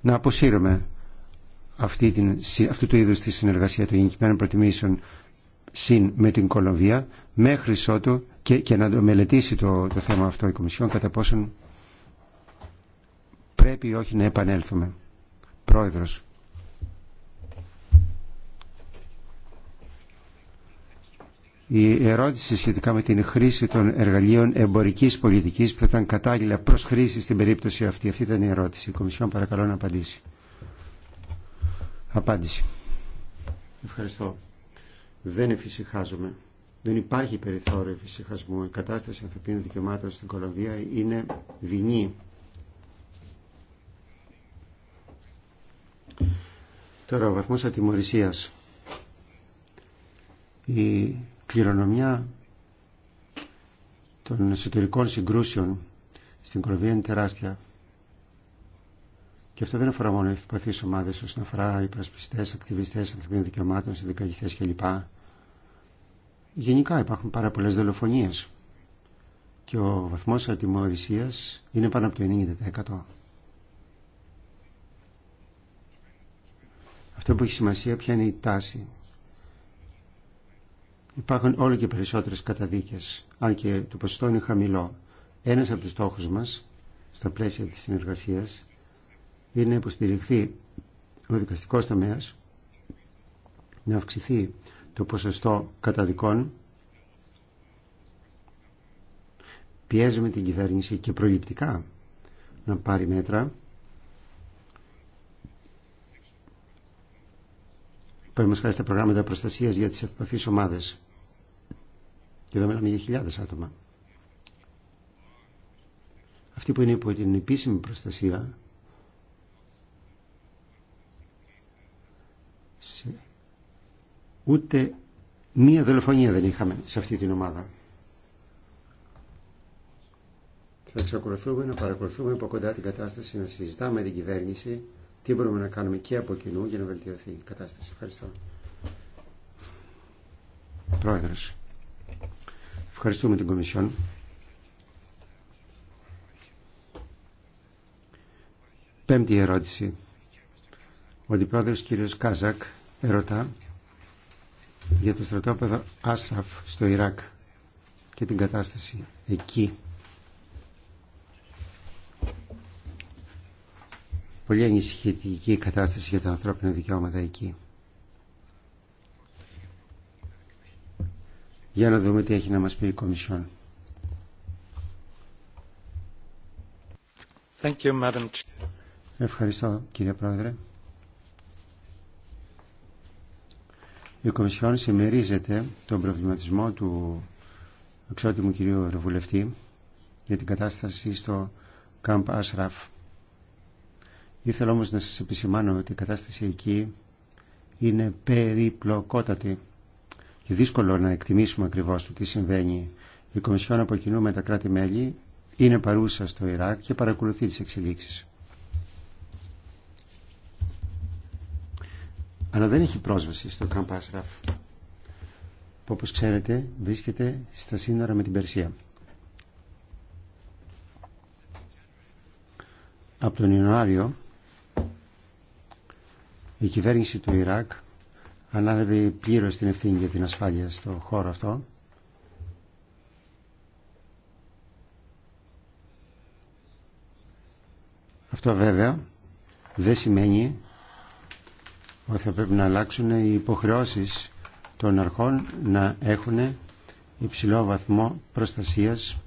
Να αποσύρουμε αυτή την, αυτού του είδους τη συνεργασία των γενικημένων προτιμήσεων συν με την Κολομβία μέχρι ότου και, και να το μελετήσει το, το θέμα αυτό η Κομισιόν κατά πόσον πρέπει ή όχι να επανέλθουμε. Πρόεδρος. Η ερώτηση σχετικά με την χρήση των εργαλείων εμπορικής πολιτικής που θα ήταν κατάλληλα προς χρήση στην περίπτωση αυτή. Αυτή ήταν η ερώτηση. Η Κομισιόν παρακαλώ να απαντήσει. Απάντηση. Ευχαριστώ. Δεν εφησυχάζομαι. Δεν υπάρχει περιθώριο εφησυχασμού. Η κατάσταση ανθρωπίνων δικαιωμάτων στην Κολομβία είναι δεινή. Τώρα ο βαθμός ατιμορρησίας. Η κληρονομιά των εσωτερικών συγκρούσεων στην Κολομβία είναι τεράστια. Και αυτό δεν αφορά μόνο οι ευπαθεί ομάδε όσον αφορά υπερασπιστέ, ακτιβιστέ, ανθρωπίνων δικαιωμάτων, συνδικαλιστέ κλπ. Γενικά υπάρχουν πάρα πολλέ δολοφονίε. Και ο βαθμό ατιμορρησία είναι πάνω από το 90%. Αυτό που έχει σημασία ποια είναι η τάση. Υπάρχουν όλο και περισσότερε καταδίκες, αν και το ποσοστό είναι χαμηλό. Ένα από του στόχου μα στα πλαίσια τη συνεργασία είναι να υποστηριχθεί ο δικαστικός τομέας, να αυξηθεί το ποσοστό καταδικών. Πιέζουμε την κυβέρνηση και προληπτικά να πάρει μέτρα. Παραδείγματος χάρη στα προγράμματα προστασίας για τις ευπαφείς ομάδες. Και εδώ μιλάμε για χιλιάδες άτομα. Αυτοί που είναι υπό την επίσημη προστασία Ούτε μία δολοφονία δεν είχαμε σε αυτή την ομάδα. Θα εξακολουθούμε να παρακολουθούμε από κοντά την κατάσταση, να συζητάμε με την κυβέρνηση τι μπορούμε να κάνουμε και από κοινού για να βελτιωθεί η κατάσταση. Ευχαριστώ. Πρόεδρος, ευχαριστούμε την Κομισιόν. Πέμπτη ερώτηση. Ο αντιπρόεδρος κύριος Κάζακ Ερωτά για το στρατόπεδο Άσραφ στο Ιράκ και την κατάσταση εκεί. Πολύ ανησυχητική κατάσταση για τα ανθρώπινα δικαιώματα εκεί. Για να δούμε τι έχει να μας πει η Κομισιόν. Thank you, Madam. Ευχαριστώ κύριε Πρόεδρε. Η Κομισιόν συμμερίζεται τον προβληματισμό του εξώτιμου κυρίου Ευρωβουλευτή για την κατάσταση στο Κάμπ Ασραφ. Ήθελα όμως να σας επισημάνω ότι η κατάσταση εκεί είναι περιπλοκότατη και δύσκολο να εκτιμήσουμε ακριβώς το τι συμβαίνει. Η Κομισιόν από κοινού με τα κράτη-μέλη είναι παρούσα στο Ιράκ και παρακολουθεί τις εξελίξεις. αλλά δεν έχει πρόσβαση στο Καμπάσραφ που όπως ξέρετε βρίσκεται στα σύνορα με την Περσία. Από τον Ιανουάριο η κυβέρνηση του Ιράκ ανάλαβε πλήρως την ευθύνη για την ασφάλεια στο χώρο αυτό Αυτό βέβαια δεν σημαίνει ότι θα πρέπει να αλλάξουν οι υποχρεώσεις των αρχών να έχουν υψηλό βαθμό προστασίας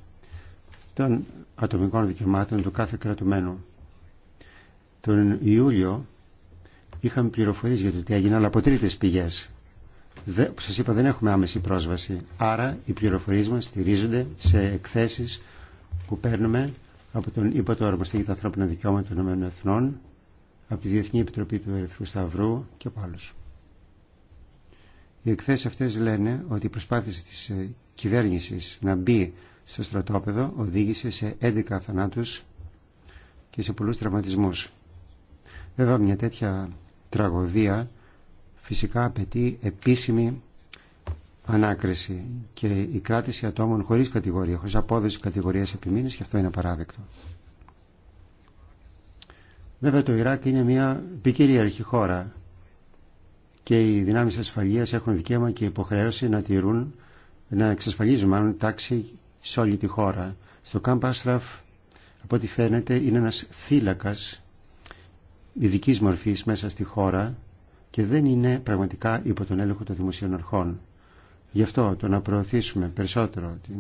των ατομικών δικαιωμάτων του κάθε κρατουμένου. Τον Ιούλιο είχαμε πληροφορίες για το τι έγινε, αλλά από τρίτες πηγές. Δε, σας είπα δεν έχουμε άμεση πρόσβαση. Άρα οι πληροφορίες μας στηρίζονται σε εκθέσεις που παίρνουμε από τον ύπατο αρμοστή για τα ανθρώπινα δικαιώματα των από τη Διεθνή Επιτροπή του Ερυθρού Σταυρού και από άλλους. Οι εκθέσεις αυτές λένε ότι η προσπάθεια της ε, κυβέρνησης να μπει στο στρατόπεδο οδήγησε σε 11 θανάτους και σε πολλούς τραυματισμούς. Βέβαια μια τέτοια τραγωδία φυσικά απαιτεί επίσημη ανάκριση και η κράτηση ατόμων χωρίς κατηγορία, χωρίς απόδοση κατηγορίας επιμήνης και αυτό είναι απαράδεκτο. Βέβαια το Ιράκ είναι μια επικυρίαρχη χώρα και οι δυνάμεις ασφαλείας έχουν δικαίωμα και υποχρέωση να τηρούν, να εξασφαλίζουν μάλλον τάξη σε όλη τη χώρα. Στο Κάμπ Άστραφ, από ό,τι φαίνεται, είναι ένας θύλακας ειδική μορφής μέσα στη χώρα και δεν είναι πραγματικά υπό τον έλεγχο των δημοσίων αρχών. Γι' αυτό το να προωθήσουμε περισσότερο την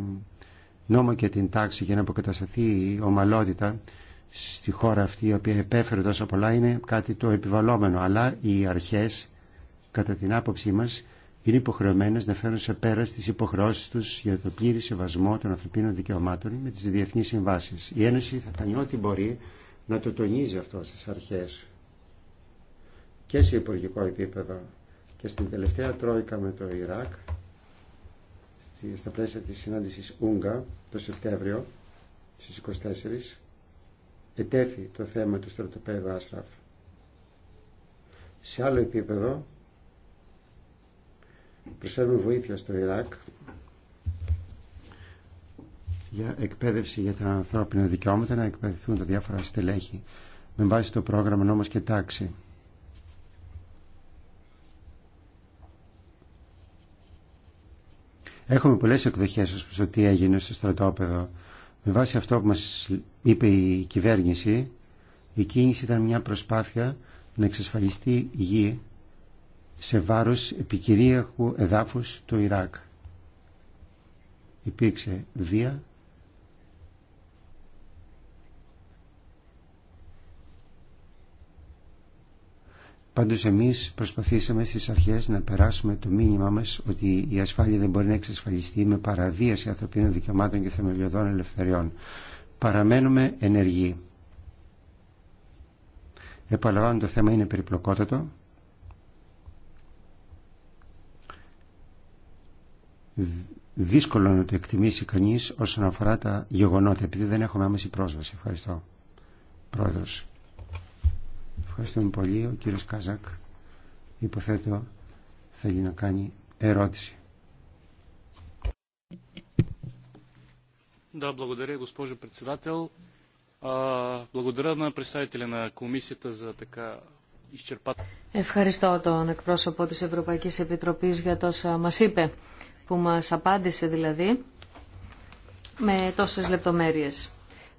νόμο και την τάξη για να αποκατασταθεί η ομαλότητα στη χώρα αυτή η οποία επέφερε τόσο πολλά είναι κάτι το επιβαλόμενο αλλά οι αρχές κατά την άποψή μας είναι υποχρεωμένες να φέρουν σε πέρα στις υποχρεώσεις τους για το πλήρη σεβασμό των ανθρωπίνων δικαιωμάτων με τις διεθνείς συμβάσεις. Η Ένωση θα κάνει ό,τι μπορεί να το τονίζει αυτό στις αρχές και σε υπουργικό επίπεδο και στην τελευταία τρόικα με το Ιράκ στα πλαίσια της συνάντησης Ούγκα το Σεπτέμβριο στις 24 ετέθη το θέμα του στρατοπέδου Άσραφ. Σε άλλο επίπεδο προσφέρουμε βοήθεια στο Ιράκ για εκπαίδευση για τα ανθρώπινα δικαιώματα να εκπαιδευτούν τα διάφορα στελέχη με βάση το πρόγραμμα νόμος και τάξη. Έχουμε πολλές εκδοχές ως προς το τι έγινε στο στρατόπεδο με βάση αυτό που μας είπε η κυβέρνηση, η κίνηση ήταν μια προσπάθεια να εξασφαλιστεί η γη σε βάρος επικυρίαχου εδάφους του Ιράκ. Υπήρξε βία Πάντως εμείς προσπαθήσαμε στις αρχές να περάσουμε το μήνυμά μας ότι η ασφάλεια δεν μπορεί να εξασφαλιστεί με παραβίαση ανθρωπίνων δικαιωμάτων και θεμελιωδών ελευθεριών. Παραμένουμε ενεργοί. Επαλαμβάνω το θέμα είναι περιπλοκότατο. Δύσκολο να το εκτιμήσει κανείς όσον αφορά τα γεγονότα επειδή δεν έχουμε άμεση πρόσβαση. Ευχαριστώ. Πρόεδρος. Ευχαριστούμε πολύ. Ο κύριος Κάζακ, υποθέτω, θέλει να κάνει ερώτηση. Да, Ευχαριστώ τον εκπρόσωπο της Ευρωπαϊκής Επιτροπής για τόσα μας είπε, που μας απάντησε δηλαδή με τόσες λεπτομέρειες.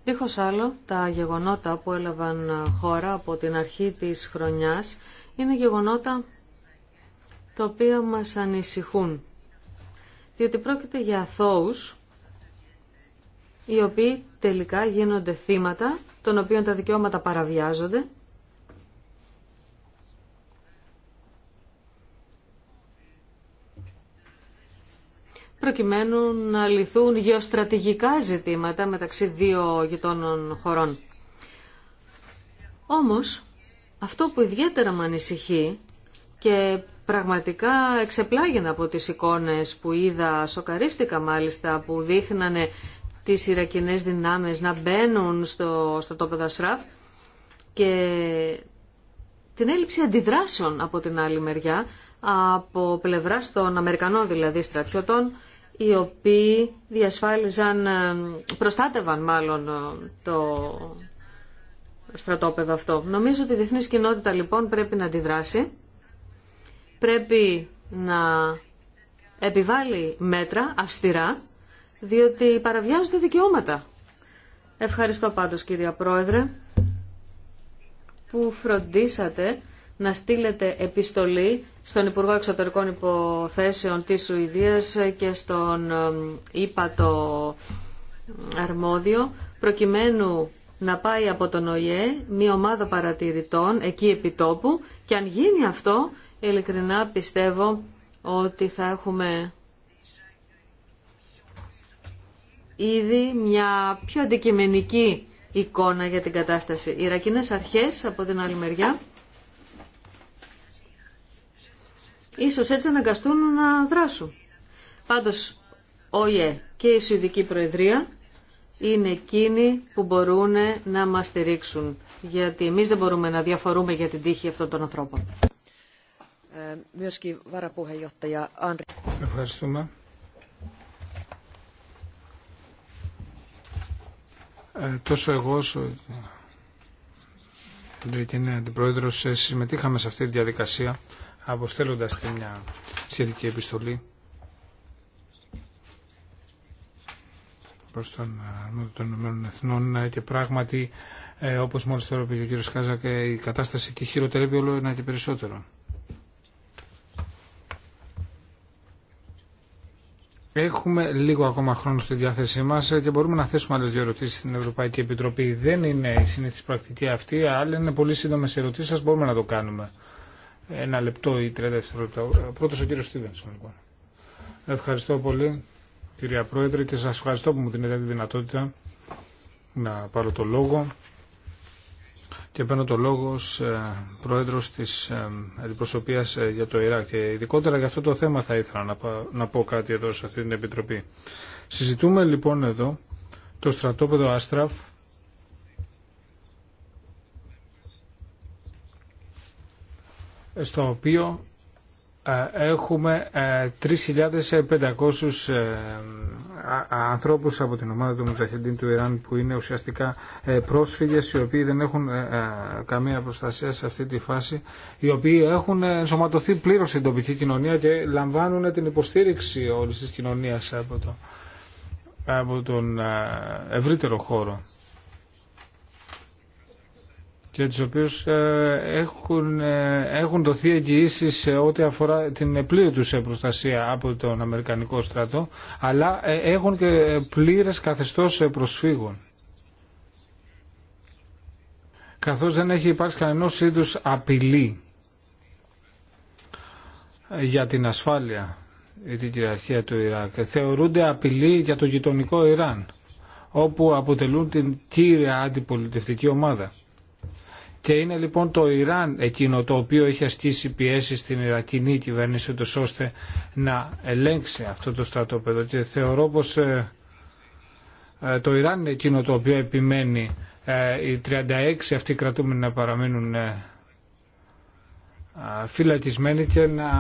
Δίχως άλλο, τα γεγονότα που έλαβαν χώρα από την αρχή της χρονιάς είναι γεγονότα τα οποία μας ανησυχούν. Διότι πρόκειται για αθώους οι οποίοι τελικά γίνονται θύματα, των οποίων τα δικαιώματα παραβιάζονται προκειμένου να λυθούν γεωστρατηγικά ζητήματα μεταξύ δύο γειτόνων χωρών. Όμως, αυτό που ιδιαίτερα με ανησυχεί και πραγματικά εξεπλάγινα από τις εικόνες που είδα, σοκαρίστηκα μάλιστα, που δείχνανε τις Ιρακινές δυνάμεις να μπαίνουν στο, στο τόπο και την έλλειψη αντιδράσεων από την άλλη μεριά, από πλευράς των Αμερικανών δηλαδή στρατιωτών, οι οποίοι διασφάλιζαν, ε, προστάτευαν μάλλον ε, το στρατόπεδο αυτό. Νομίζω ότι η διεθνής κοινότητα λοιπόν πρέπει να αντιδράσει, πρέπει να επιβάλλει μέτρα αυστηρά, διότι παραβιάζονται δικαιώματα. Ευχαριστώ πάντως κυρία Πρόεδρε που φροντίσατε να στείλετε επιστολή στον Υπουργό Εξωτερικών Υποθέσεων της Σουηδίας και στον Ήπατο Αρμόδιο, προκειμένου να πάει από τον ΟΙΕ μια ομάδα παρατηρητών εκεί επιτόπου και αν γίνει αυτό, ειλικρινά πιστεύω ότι θα έχουμε ήδη μια πιο αντικειμενική εικόνα για την κατάσταση. Οι Ρακίνες αρχές από την άλλη μεριά ίσως έτσι αναγκαστούν να δράσουν. Πάντως, ο ΙΕ και η Σουηδική Προεδρία είναι εκείνοι που μπορούν να μας στηρίξουν, γιατί εμείς δεν μπορούμε να διαφορούμε για την τύχη αυτών των ανθρώπων. Ευχαριστούμε. Ε, τόσο εγώ όσο την αντιπρόεδρος ε, συμμετείχαμε σε αυτή τη διαδικασία αποστέλλοντας και μια σχετική επιστολή προς τον Αρμόδιο των Ηνωμένων Εθνών και πράγματι ε, όπως μόλις τώρα πήγε ο κύριος Κάζα ε, η κατάσταση και χειροτερεύει όλο ένα και περισσότερο. Έχουμε λίγο ακόμα χρόνο στη διάθεσή μα ε, και μπορούμε να θέσουμε άλλε δύο ερωτήσει στην Ευρωπαϊκή Επιτροπή. Δεν είναι η συνήθι πρακτική αυτή, αλλά είναι πολύ σύντομε ερωτήσει, σα μπορούμε να το κάνουμε. Ένα λεπτό ή 30 δευτερόλεπτα. Πρώτος ο κύριος Στίβενσον λοιπόν. Ευχαριστώ πολύ κυρία Πρόεδρε και σα ευχαριστώ που μου δίνετε τη δυνατότητα να πάρω το λόγο και παίρνω το λόγο ως ε, πρόεδρος της ε, αντιπροσωπείας ε, για το Ιράκ και ειδικότερα για αυτό το θέμα θα ήθελα να πω κάτι εδώ σε αυτή την Επιτροπή. Συζητούμε λοιπόν εδώ το στρατόπεδο Άστραφ στο οποίο ε, έχουμε 3.500 ε, ε, ανθρώπους από την ομάδα του Μουζαχεντίν του Ιράν που είναι ουσιαστικά πρόσφυγες οι οποίοι δεν έχουν καμία προστασία σε αυτή τη φάση οι οποίοι έχουν ενσωματωθεί πλήρως στην τοπική κοινωνία και λαμβάνουν την υποστήριξη όλης της κοινωνίας από, το, από τον ευρύτερο χώρο και τους οποίους ε, έχουν, ε, έχουν δοθεί εγγυήσει σε ό,τι αφορά την πλήρη τους ε, προστασία από τον Αμερικανικό στρατό, αλλά έχουν και πλήρες καθεστώς προσφύγων. Καθώς δεν έχει υπάρξει κανένας είδους απειλή για την ασφάλεια ή την κυριαρχία του Ιράκ. Θεωρούνται απειλή για το γειτονικό Ιράν, όπου αποτελούν την κύρια αντιπολιτευτική ομάδα. Και είναι λοιπόν το Ιράν εκείνο το οποίο έχει ασκήσει πιέσει στην Ιρακινή κυβέρνηση τους, ώστε να ελέγξει αυτό το στρατόπεδο. Και θεωρώ πως ε, ε, το Ιράν είναι εκείνο το οποίο επιμένει ε, οι 36 αυτοί κρατούμενοι να παραμείνουν φυλακισμένοι και να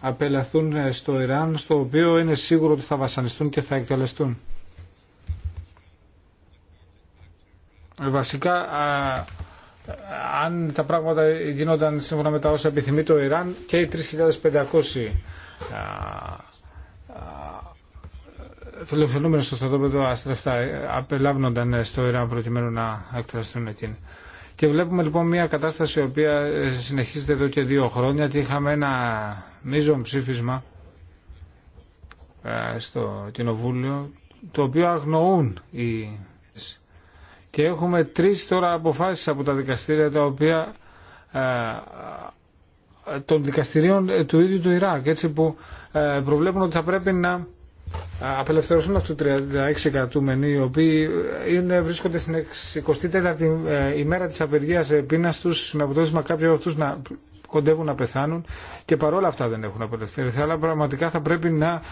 απελαθούν στο Ιράν, στο οποίο είναι σίγουρο ότι θα βασανιστούν και θα εκτελεστούν. Βασικά αν τα πράγματα γινόταν σύμφωνα με τα όσα επιθυμεί το Ιράν και οι 3.500 φιλοφιλούμενοι στο στρατόπεδο Αστρεφτά ε, απελάβνονταν ε, στο Ιράν προκειμένου να εκφραστούν εκεί. Και βλέπουμε λοιπόν μια κατάσταση η οποία ε, συνεχίζεται εδώ και δύο χρόνια ότι είχαμε ένα μείζον ψήφισμα στο Κοινοβούλιο το οποίο αγνοούν οι και έχουμε τρεις τώρα αποφάσεις από τα δικαστήρια τα οποία ε, των δικαστηρίων ε, του ίδιου του Ιράκ έτσι που ε, προβλέπουν ότι θα πρέπει να απελευθερωθούν αυτού του 36 κρατούμενοι οι οποίοι είναι, βρίσκονται στην 24η ημέρα της απεργίας πείνας τους με αποτέλεσμα κάποιοι από αυτούς να κοντεύουν να πεθάνουν και παρόλα αυτά δεν έχουν απελευθερωθεί αλλά πραγματικά θα πρέπει να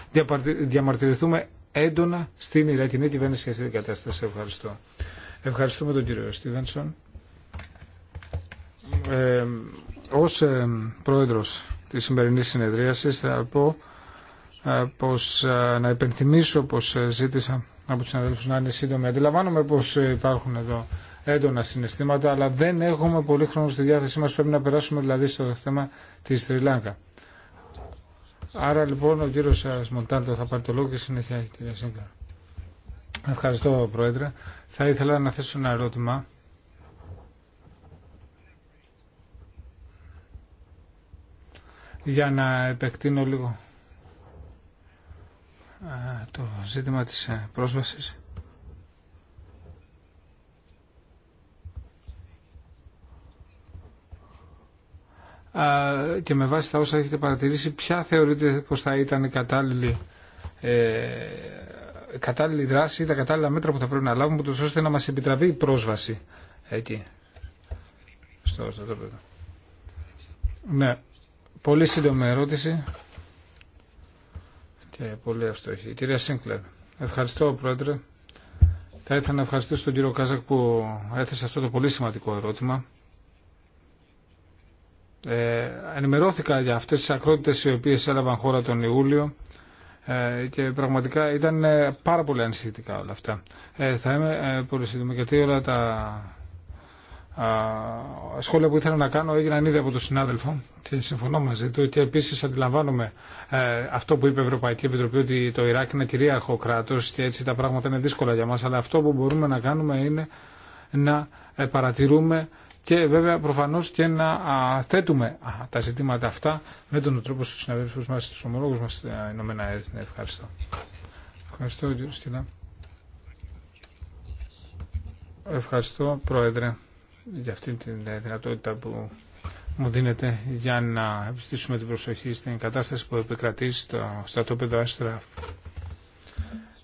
διαμαρτυρηθούμε έντονα στην Ιρακινή κυβέρνηση για αυτή την κατάσταση. Ευχαριστώ. Ευχαριστούμε τον κύριο Στίβενσον. Ε, ως ε, πρόεδρος της σημερινής συνεδρίασης θα πω ε, ε να υπενθυμίσω πως ε, ζήτησα από τους συναδέλφους να είναι σύντομοι. Αντιλαμβάνομαι πως ε, υπάρχουν εδώ έντονα συναισθήματα, αλλά δεν έχουμε πολύ χρόνο στη διάθεσή μας. Πρέπει να περάσουμε δηλαδή στο θέμα της Στριλάνκα. Άρα λοιπόν ο κύριος Μοντάντο θα πάρει το λόγο και συνέχεια η κυρία Σύγκλαρα. Ευχαριστώ, Πρόεδρε. Θα ήθελα να θέσω ένα ερώτημα. Για να επεκτείνω λίγο το ζήτημα της ε, πρόσβασης. και με βάση τα όσα έχετε παρατηρήσει, ποια θεωρείτε πως θα ήταν η κατάλληλη ε, κατάλληλη δράση ή τα κατάλληλα μέτρα που θα πρέπει να λάβουμε, ούτως ώστε να μας επιτραπεί η πρόσβαση εκεί. Στο, Ναι, πολύ σύντομη ερώτηση και πολύ αυστοχή. Η κυρία Σίνκλερ, ευχαριστώ Πρόεδρε. Θα ήθελα να ευχαριστήσω τον κύριο Κάζακ που έθεσε αυτό το πολύ σημαντικό ερώτημα. Ε, ενημερώθηκα για αυτές τις ακρότητες οι οποίες έλαβαν χώρα τον Ιούλιο ε, και πραγματικά ήταν ε, πάρα πολύ ανησυχητικά όλα αυτά. Ε, θα είμαι πολύ σύντομη γιατί όλα τα σχόλια που ήθελα να κάνω έγιναν ήδη από τον συνάδελφο και συμφωνώ μαζί του και επίσης αντιλαμβάνομαι αυτό που είπε η Ευρωπαϊκή Επιτροπή ότι το Ιράκ είναι κυρίαρχο κράτος και έτσι τα πράγματα είναι δύσκολα για μας αλλά αυτό που μπορούμε να κάνουμε είναι να παρατηρούμε και βέβαια προφανώς και να θέτουμε τα ζητήματα αυτά με τον τρόπο στους συναδέλφους μας, στους ομολόγους μας στα Ηνωμένα Έθνη. Ευχαριστώ. Ευχαριστώ κύριε Σκυλά. Ευχαριστώ Πρόεδρε για αυτή τη δυνατότητα που μου δίνεται για να επιστήσουμε την προσοχή στην κατάσταση που επικρατεί στο στρατόπεδο Άστρα.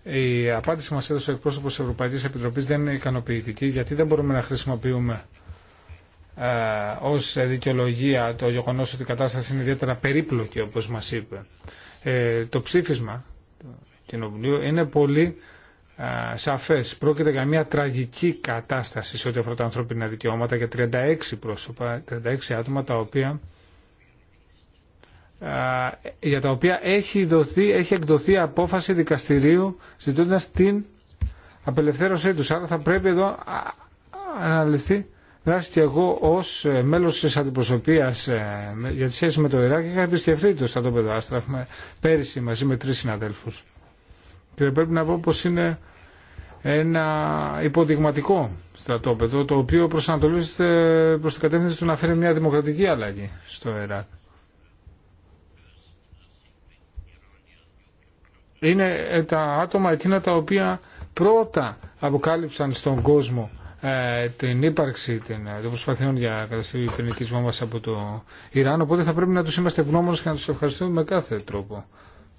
Η απάντηση μας έδωσε ο εκπρόσωπος της Ευρωπαϊκής Επιτροπής δεν είναι ικανοποιητική γιατί δεν μπορούμε να χρησιμοποιούμε ε, ως δικαιολογία το γεγονός ότι η κατάσταση είναι ιδιαίτερα περίπλοκη όπως μας είπε. Ε, το ψήφισμα του Κοινοβουλίου είναι πολύ ε, σαφές. Πρόκειται για μια τραγική κατάσταση σε ό,τι αφορά τα ανθρώπινα δικαιώματα για 36 πρόσωπα, 36 άτομα τα οποία για τα οποία έχει, δοθεί, έχει εκδοθεί απόφαση δικαστηρίου ζητώντας την απελευθέρωσή τους. Άρα θα πρέπει εδώ να αναλυθεί δράστη εγώ ω ε, μέλος της αντιπροσωπείας ε, για τη σχέση με το Ιράκ είχα επισκεφθεί το στρατόπεδο Άστραφ με, πέρυσι μαζί με τρεις συναδέλφους. Και πρέπει να πω πως είναι ένα υποδειγματικό στρατόπεδο το οποίο προσανατολίζεται προς την κατεύθυνση του να φέρει μια δημοκρατική αλλαγή στο Ιράκ. Είναι ε, τα άτομα εκείνα τα οποία πρώτα αποκάλυψαν στον κόσμο ε, την ύπαρξη ε, των προσπαθειών για κατασκευή πυρηνική βόμβα από το Ιράν. Οπότε θα πρέπει να του είμαστε ευγνώμονε και να του ευχαριστούμε με κάθε τρόπο.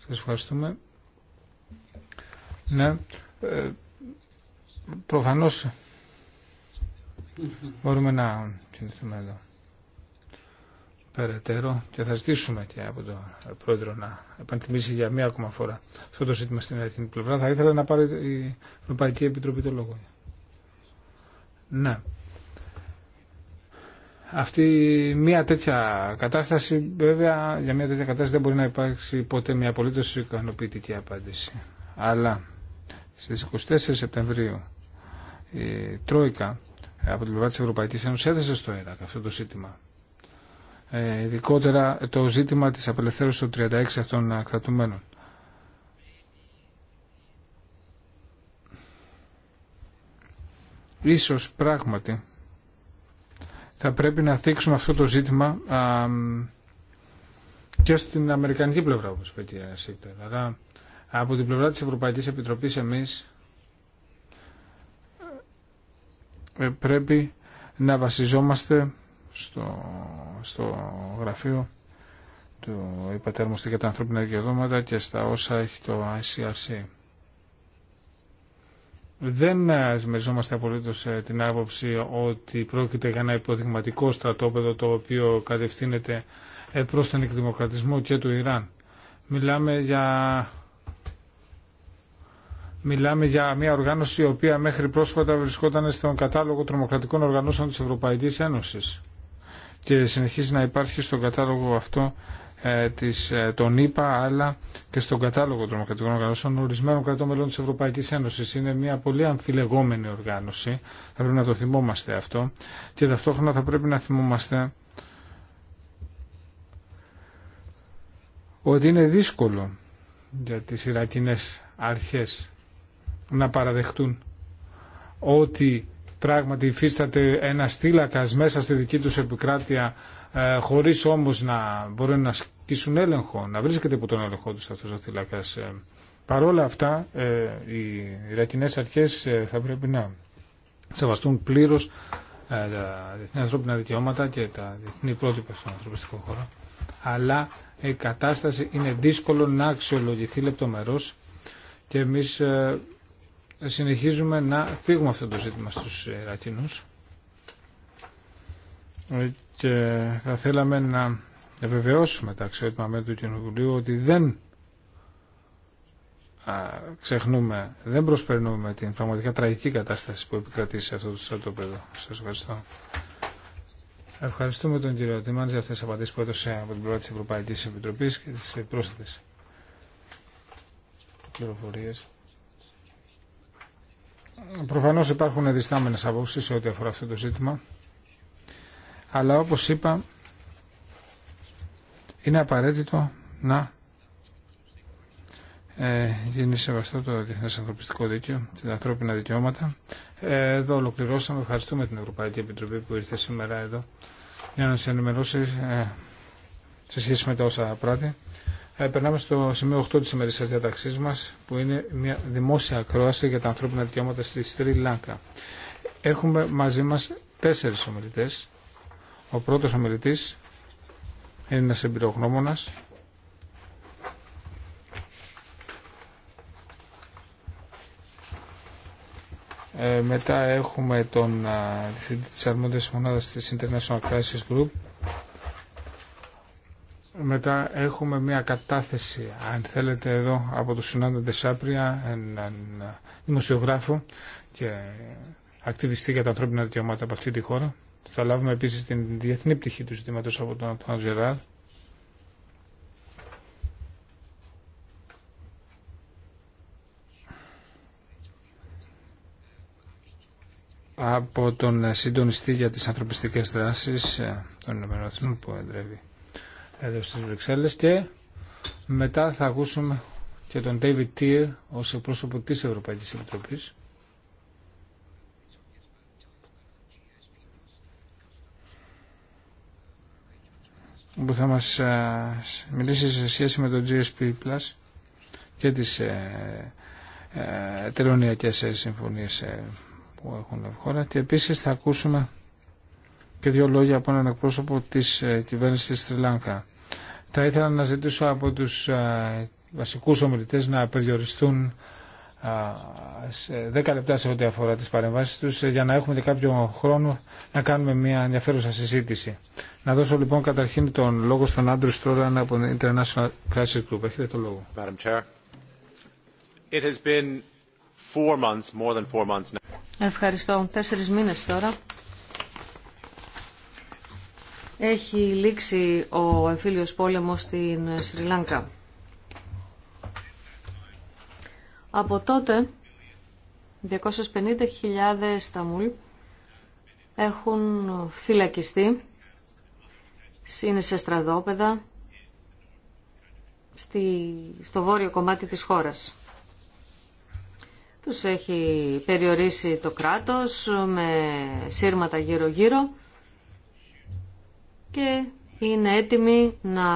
Σα ευχαριστούμε. Ναι. Ε, Προφανώ μπορούμε να κινηθούμε εδώ περαιτέρω και θα ζητήσουμε και από τον πρόεδρο να επανθυμίσει για μία ακόμα φορά αυτό το ζήτημα στην ελληνική πλευρά. Θα ήθελα να πάρει η Ευρωπαϊκή Επιτροπή το λόγο. Ναι. Αυτή μια τέτοια κατάσταση, βέβαια, για μια τέτοια κατάσταση δεν μπορεί να υπάρξει ποτέ μια απολύτω ικανοποιητική απάντηση. Αλλά στις 24 Σεπτεμβρίου η Τρόικα από την πλευρά τη Ευρωπαϊκή Ένωση έδεσε στο ΙΡΑΚ αυτό το ζήτημα. Ε, ειδικότερα το ζήτημα της απελευθέρωσης των 36 αυτών κρατουμένων. Ίσως πράγματι θα πρέπει να θίξουμε αυτό το ζήτημα και στην Αμερικανική πλευρά, όπως είπε η Αλλά από την πλευρά της Ευρωπαϊκής Επιτροπής εμείς ε, πρέπει να βασιζόμαστε στο, στο γραφείο του υπατέρμοστη για τα ανθρώπινα και στα όσα έχει το ICRC. Δεν ε, μεριζόμαστε απολύτω ε, την άποψη ότι πρόκειται για ένα υποδειγματικό στρατόπεδο το οποίο κατευθύνεται ε, προς τον εκδημοκρατισμό και του Ιράν. Μιλάμε για... Μιλάμε για μια οργάνωση η οποία μέχρι πρόσφατα βρισκόταν στον κατάλογο τρομοκρατικών οργανώσεων της Ευρωπαϊκής Ένωσης και συνεχίζει να υπάρχει στον κατάλογο αυτό ε, της, ε, τον ΗΠΑ αλλά και στον κατάλογο των τρομοκρατικών οργανώσεων ορισμένων κρατών μελών της Ευρωπαϊκής Ένωσης. Είναι μια πολύ αμφιλεγόμενη οργάνωση, θα πρέπει να το θυμόμαστε αυτό και ταυτόχρονα θα πρέπει να θυμόμαστε ότι είναι δύσκολο για τις Ιρακινές αρχές να παραδεχτούν ότι πράγματι υφίσταται ένα στήλακας μέσα στη δική τους επικράτεια ε, χωρίς όμως να μπορούν να σκίσουν έλεγχο, να βρίσκεται υπό τον έλεγχό του αυτό ο θύλακας. Ε, παρόλα αυτά, ε, οι αρχέ αρχές θα πρέπει να σεβαστούν πλήρως τα διεθνή ανθρώπινα δικαιώματα και τα διεθνή πρότυπα στον ανθρωπιστικό χώρο. Αλλά η κατάσταση είναι δύσκολο να αξιολογηθεί λεπτομερώς και εμείς συνεχίζουμε να φύγουμε αυτό το ζήτημα στους Ιρακινούς και θα θέλαμε να βεβαιώσουμε τα αξιότιμα μέλη του Κοινοβουλίου ότι δεν ξεχνούμε, δεν προσπερνούμε την πραγματικά τραγική κατάσταση που επικρατεί αυτό το στρατόπεδο. Σα ευχαριστώ. Ευχαριστούμε τον κύριο Τιμάντζη για αυτέ τι απαντήσει που έδωσε από την πλευρά τη Ευρωπαϊκή Επιτροπή και τις πρόσθετες πληροφορίες. Προφανώ υπάρχουν διστάμενε απόψει σε ό,τι αφορά αυτό το ζήτημα αλλά όπως είπα είναι απαραίτητο να ε, γίνει σεβαστό το Διεθνές Ανθρωπιστικό Δίκαιο την τα ανθρώπινα δικαιώματα. Ε, εδώ ολοκληρώσαμε. Ευχαριστούμε την Ευρωπαϊκή Επιτροπή που ήρθε σήμερα εδώ για να σε ενημερώσει ε, σε σχέση με τα όσα πράττει. Ε, περνάμε στο σημείο 8 της ημερήσιας διαταξής μας που είναι μια δημόσια ακρόαση για τα ανθρώπινα δικαιώματα στη Στρι Λάνκα. Έχουμε μαζί μας τέσσερις ομιλητές ο πρώτος ομιλητής είναι ένας εμπειρογνώμονας ε, μετά έχουμε τον διευθυντή της αρμόδιας μονάδας της International Crisis Group. Μετά έχουμε μια κατάθεση, αν θέλετε, εδώ από τον Σουνάντα Ντεσάπρια, έναν δημοσιογράφο και ακτιβιστή για τα ανθρώπινα δικαιώματα από αυτή τη χώρα. Θα λάβουμε επίση την διεθνή πτυχή του ζητήματο από τον Αντουάν από τον συντονιστή για τις ανθρωπιστικές δράσεις ε, των Ηνωμένων που εντρεύει εδώ στις Βρυξέλλες και μετά θα ακούσουμε και τον David Tier ως πρόσωπο της Ευρωπαϊκής Επιτροπής που θα μας ε, μιλήσει σε σχέση με το GSP Plus και τις ε, ε, τελωνιακές συμφωνίες που έχουν χώρα και επίσης θα ακούσουμε και δύο λόγια από έναν εκπρόσωπο της κυβέρνησης της Τριλάνκα. Θα ήθελα να ζητήσω από τους βασικούς ομιλητές να περιοριστούν σε 10 λεπτά σε ό,τι αφορά τις παρεμβάσεις τους ε, για να έχουμε και κάποιο χρόνο να κάνουμε μια ενδιαφέρουσα συζήτηση. Να δώσω λοιπόν καταρχήν τον λόγο στον Άντρου Στρόλαν από την International Crisis Group. Έχετε το λόγο. Ευχαριστώ. Τέσσερις μήνες τώρα. Έχει λήξει ο εμφύλιος πόλεμος στην Σρι Λάγκα. Από τότε 250.000 Σταμούλ έχουν φυλακιστεί, είναι σε στραδόπεδα, στη, στο βόρειο κομμάτι της χώρας. Τους έχει περιορίσει το κράτος με σύρματα γύρω-γύρω και είναι έτοιμοι να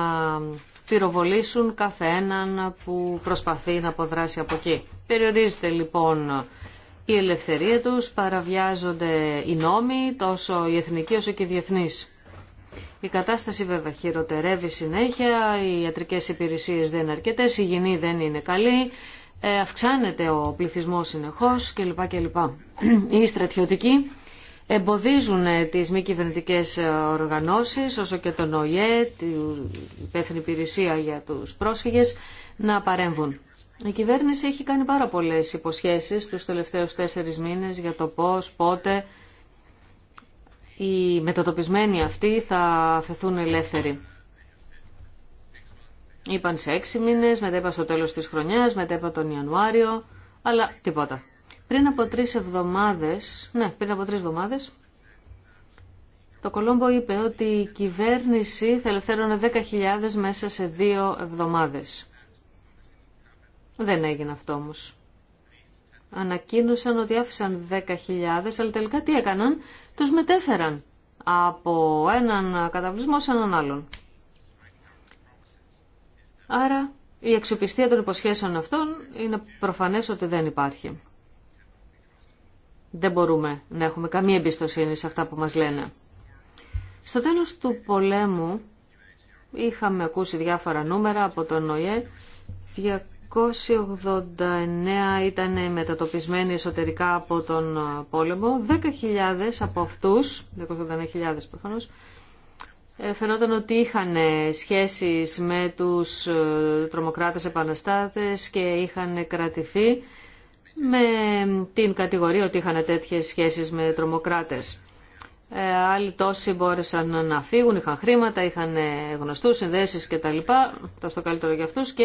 πυροβολήσουν κάθε έναν που προσπαθεί να αποδράσει από εκεί. Περιορίζεται λοιπόν η ελευθερία τους, παραβιάζονται οι νόμοι, τόσο οι εθνικοί όσο και οι διεθνείς. Η κατάσταση βέβαια χειροτερεύει συνέχεια, οι ιατρικές υπηρεσίες δεν είναι αρκετές, η γενή δεν είναι καλή, ε, αυξάνεται ο πληθυσμός συνεχώς κλπ. κλπ. Οι στρατιωτικοί εμποδίζουν ε, τις μη κυβερνητικέ ε, οργανώσεις, όσο και τον ΟΗΕ, την υπεύθυνη υπηρεσία για τους πρόσφυγες, να παρέμβουν. Η κυβέρνηση έχει κάνει πάρα πολλές υποσχέσεις τους τελευταίους τέσσερις μήνες για το πώς, πότε οι μετατοπισμένοι αυτοί θα φεθούν ελεύθεροι. Είπαν σε έξι μήνες, μετά είπα στο τέλος της χρονιάς, μετά είπα τον Ιανουάριο, αλλά τίποτα. Πριν από τρεις εβδομάδες, ναι, πριν από τρεις εβδομάδες, το Κολόμπο είπε ότι η κυβέρνηση θα ελευθέρωνε 10.000 μέσα σε δύο εβδομάδες. Δεν έγινε αυτό όμως. Ανακοίνωσαν ότι άφησαν 10.000, αλλά τελικά τι έκαναν, τους μετέφεραν από έναν καταβλισμό σε έναν άλλον. Άρα η αξιοπιστία των υποσχέσεων αυτών είναι προφανές ότι δεν υπάρχει δεν μπορούμε να έχουμε καμία εμπιστοσύνη σε αυτά που μας λένε. Στο τέλος του πολέμου είχαμε ακούσει διάφορα νούμερα από τον ΟΗΕ. 289 ήταν μετατοπισμένοι εσωτερικά από τον πόλεμο. 10.000 από αυτούς, 289.000 προφανώς, ε, φαινόταν ότι είχαν ε, σχέσεις με τους ε, τρομοκράτες επαναστάτες και είχαν κρατηθεί με την κατηγορία ότι είχαν τέτοιες σχέσεις με τρομοκράτες. Ε, άλλοι τόσοι μπόρεσαν να φύγουν, είχαν χρήματα, είχαν γνωστούς, συνδέσεις κτλ. στο καλύτερο για αυτούς και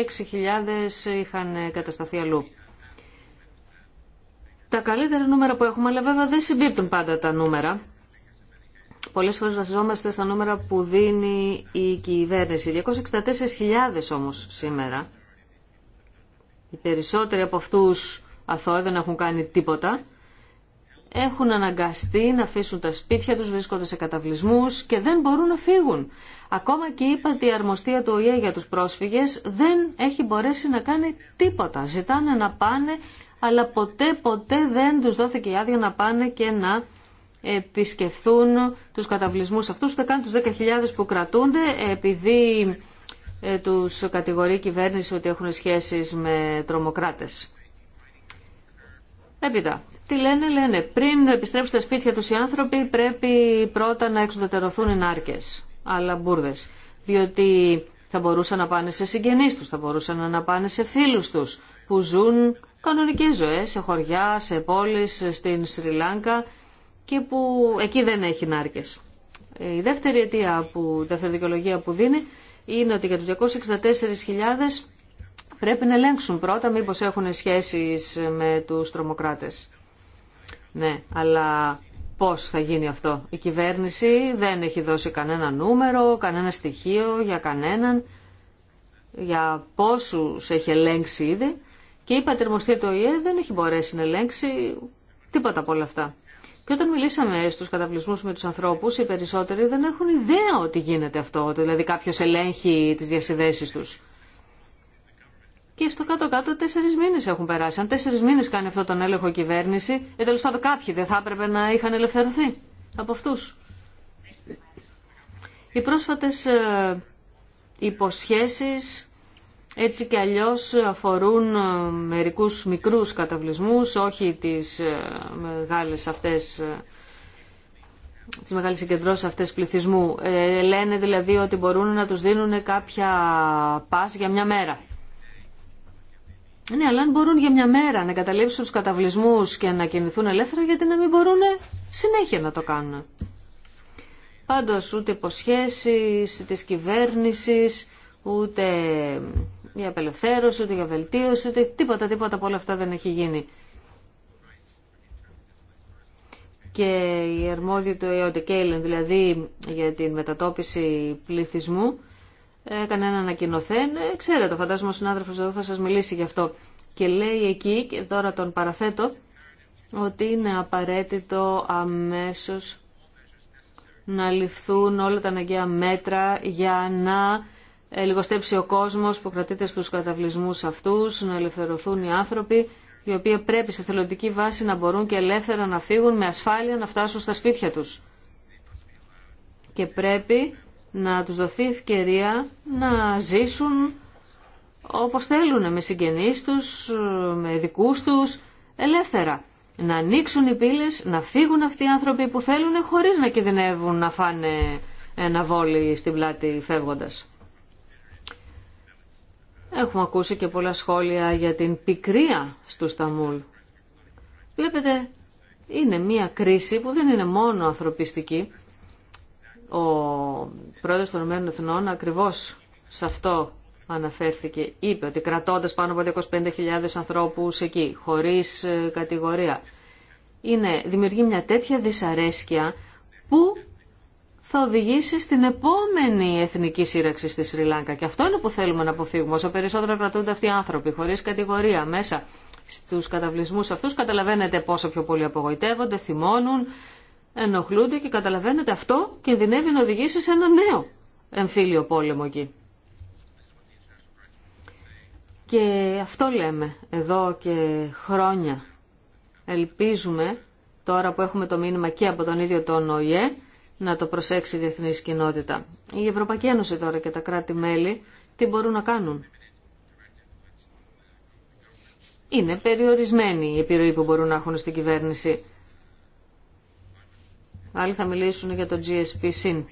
6.000 είχαν κατασταθεί αλλού. Τα καλύτερα νούμερα που έχουμε, αλλά βέβαια δεν συμπίπτουν πάντα τα νούμερα. Πολλές φορές βασιζόμαστε στα νούμερα που δίνει η κυβέρνηση. 264.000 όμως σήμερα. Οι περισσότεροι από αυτούς αθώοι, δεν έχουν κάνει τίποτα. Έχουν αναγκαστεί να αφήσουν τα σπίτια τους, βρίσκονται σε καταβλισμούς και δεν μπορούν να φύγουν. Ακόμα και είπα ότι η αρμοστία του ΟΗΕ για τους πρόσφυγες δεν έχει μπορέσει να κάνει τίποτα. Ζητάνε να πάνε, αλλά ποτέ ποτέ δεν τους δόθηκε η άδεια να πάνε και να επισκεφθούν τους καταβλισμούς αυτούς, ούτε καν τους 10.000 που κρατούνται, επειδή ε, τους κατηγορεί η κυβέρνηση ότι έχουν σχέσεις με τρομοκράτες. Έπειτα, τι λένε, λένε, πριν επιστρέψουν στα σπίτια τους οι άνθρωποι πρέπει πρώτα να εξοδετερωθούν οι νάρκες, αλλά μπουρδες, διότι θα μπορούσαν να πάνε σε συγγενείς τους, θα μπορούσαν να πάνε σε φίλους τους που ζουν κανονικές ζωές σε χωριά, σε πόλεις, στην Σρι Λάγκα και που εκεί δεν έχει νάρκες. Ε, η δεύτερη αιτία, που, η δεύτερη δικαιολογία που δίνει είναι ότι για τους 264.000 πρέπει να ελέγξουν πρώτα μήπως έχουν σχέσεις με τους τρομοκράτες. Ναι, αλλά πώς θα γίνει αυτό. Η κυβέρνηση δεν έχει δώσει κανένα νούμερο, κανένα στοιχείο για κανέναν, για πόσους έχει ελέγξει ήδη και η πατερμοστή του ΟΗΕ δεν έχει μπορέσει να ελέγξει τίποτα από όλα αυτά. Και όταν μιλήσαμε στου καταπλησμού με του ανθρώπου, οι περισσότεροι δεν έχουν ιδέα ότι γίνεται αυτό, ότι δηλαδή κάποιο ελέγχει τι διασυνδέσει του. Και στο κάτω-κάτω τέσσερι μήνε έχουν περάσει. Αν τέσσερι μήνε κάνει αυτό τον έλεγχο κυβέρνηση, ε, τέλο πάντων κάποιοι δεν θα έπρεπε να είχαν ελευθερωθεί από αυτού. Οι πρόσφατε υποσχέσει έτσι και αλλιώς αφορούν ε, μερικούς μικρούς καταβλισμούς, όχι τις ε, μεγάλες αυτές ε, τις μεγάλες συγκεντρώσεις αυτές πληθυσμού. Ε, λένε δηλαδή ότι μπορούν να τους δίνουν κάποια πά για μια μέρα. Ναι, αλλά αν μπορούν για μια μέρα να καταλήψουν του καταβλισμού και να κινηθούν ελεύθερα, γιατί να μην μπορούν συνέχεια να το κάνουν. Πάντω, ούτε υποσχέσει τη κυβέρνηση, ούτε για απελευθέρωση, ούτε για βελτίωση, ούτε τίποτα, τίποτα από όλα αυτά δεν έχει γίνει. Και η αρμόδια του Ιωτε δηλαδή για την μετατόπιση πληθυσμού, ένα ανακοινωθέν. Ε, ξέρετε, φαντάζομαι ο συνάδελφο εδώ θα σας μιλήσει γι' αυτό. Και λέει εκεί, και τώρα τον παραθέτω, ότι είναι απαραίτητο αμέσως να ληφθούν όλα τα αναγκαία μέτρα για να ε, λιγοστέψει ο κόσμος που κρατείται στου καταβλισμούς αυτούς, να ελευθερωθούν οι άνθρωποι, οι οποίοι πρέπει σε θελοντική βάση να μπορούν και ελεύθερα να φύγουν με ασφάλεια να φτάσουν στα σπίτια τους. Και πρέπει να τους δοθεί ευκαιρία να ζήσουν όπως θέλουν με συγγενείς τους, με δικούς τους, ελεύθερα. Να ανοίξουν οι πύλες, να φύγουν αυτοί οι άνθρωποι που θέλουν χωρίς να κινδυνεύουν να φάνε ένα βόλι στην πλάτη φεύγοντας. Έχουμε ακούσει και πολλά σχόλια για την πικρία στους Ταμούλ. Βλέπετε, είναι μία κρίση που δεν είναι μόνο ανθρωπιστική, ο πρόεδρος των ΗΕ ακριβώς σε αυτό αναφέρθηκε. Είπε ότι κρατώντας πάνω από 25.000 ανθρώπους εκεί, χωρίς ε, κατηγορία, είναι, δημιουργεί μια τέτοια δυσαρέσκεια που θα οδηγήσει στην επόμενη εθνική σύραξη στη Σρι Λάγκα. Και αυτό είναι που θέλουμε να αποφύγουμε. Όσο περισσότερο κρατούνται αυτοί οι άνθρωποι, χωρί κατηγορία, μέσα στου καταβλισμού αυτού, καταλαβαίνετε πόσο πιο πολύ απογοητεύονται, θυμώνουν ενοχλούνται και καταλαβαίνετε αυτό κινδυνεύει να οδηγήσει σε ένα νέο εμφύλιο πόλεμο εκεί. Και αυτό λέμε εδώ και χρόνια. Ελπίζουμε τώρα που έχουμε το μήνυμα και από τον ίδιο τον ΟΗΕ να το προσέξει η διεθνή κοινότητα. Η Ευρωπαϊκή Ένωση τώρα και τα κράτη-μέλη τι μπορούν να κάνουν. Είναι περιορισμένη η επιρροή που μπορούν να έχουν στην κυβέρνηση άλλοι θα μιλήσουν για το GSP συν.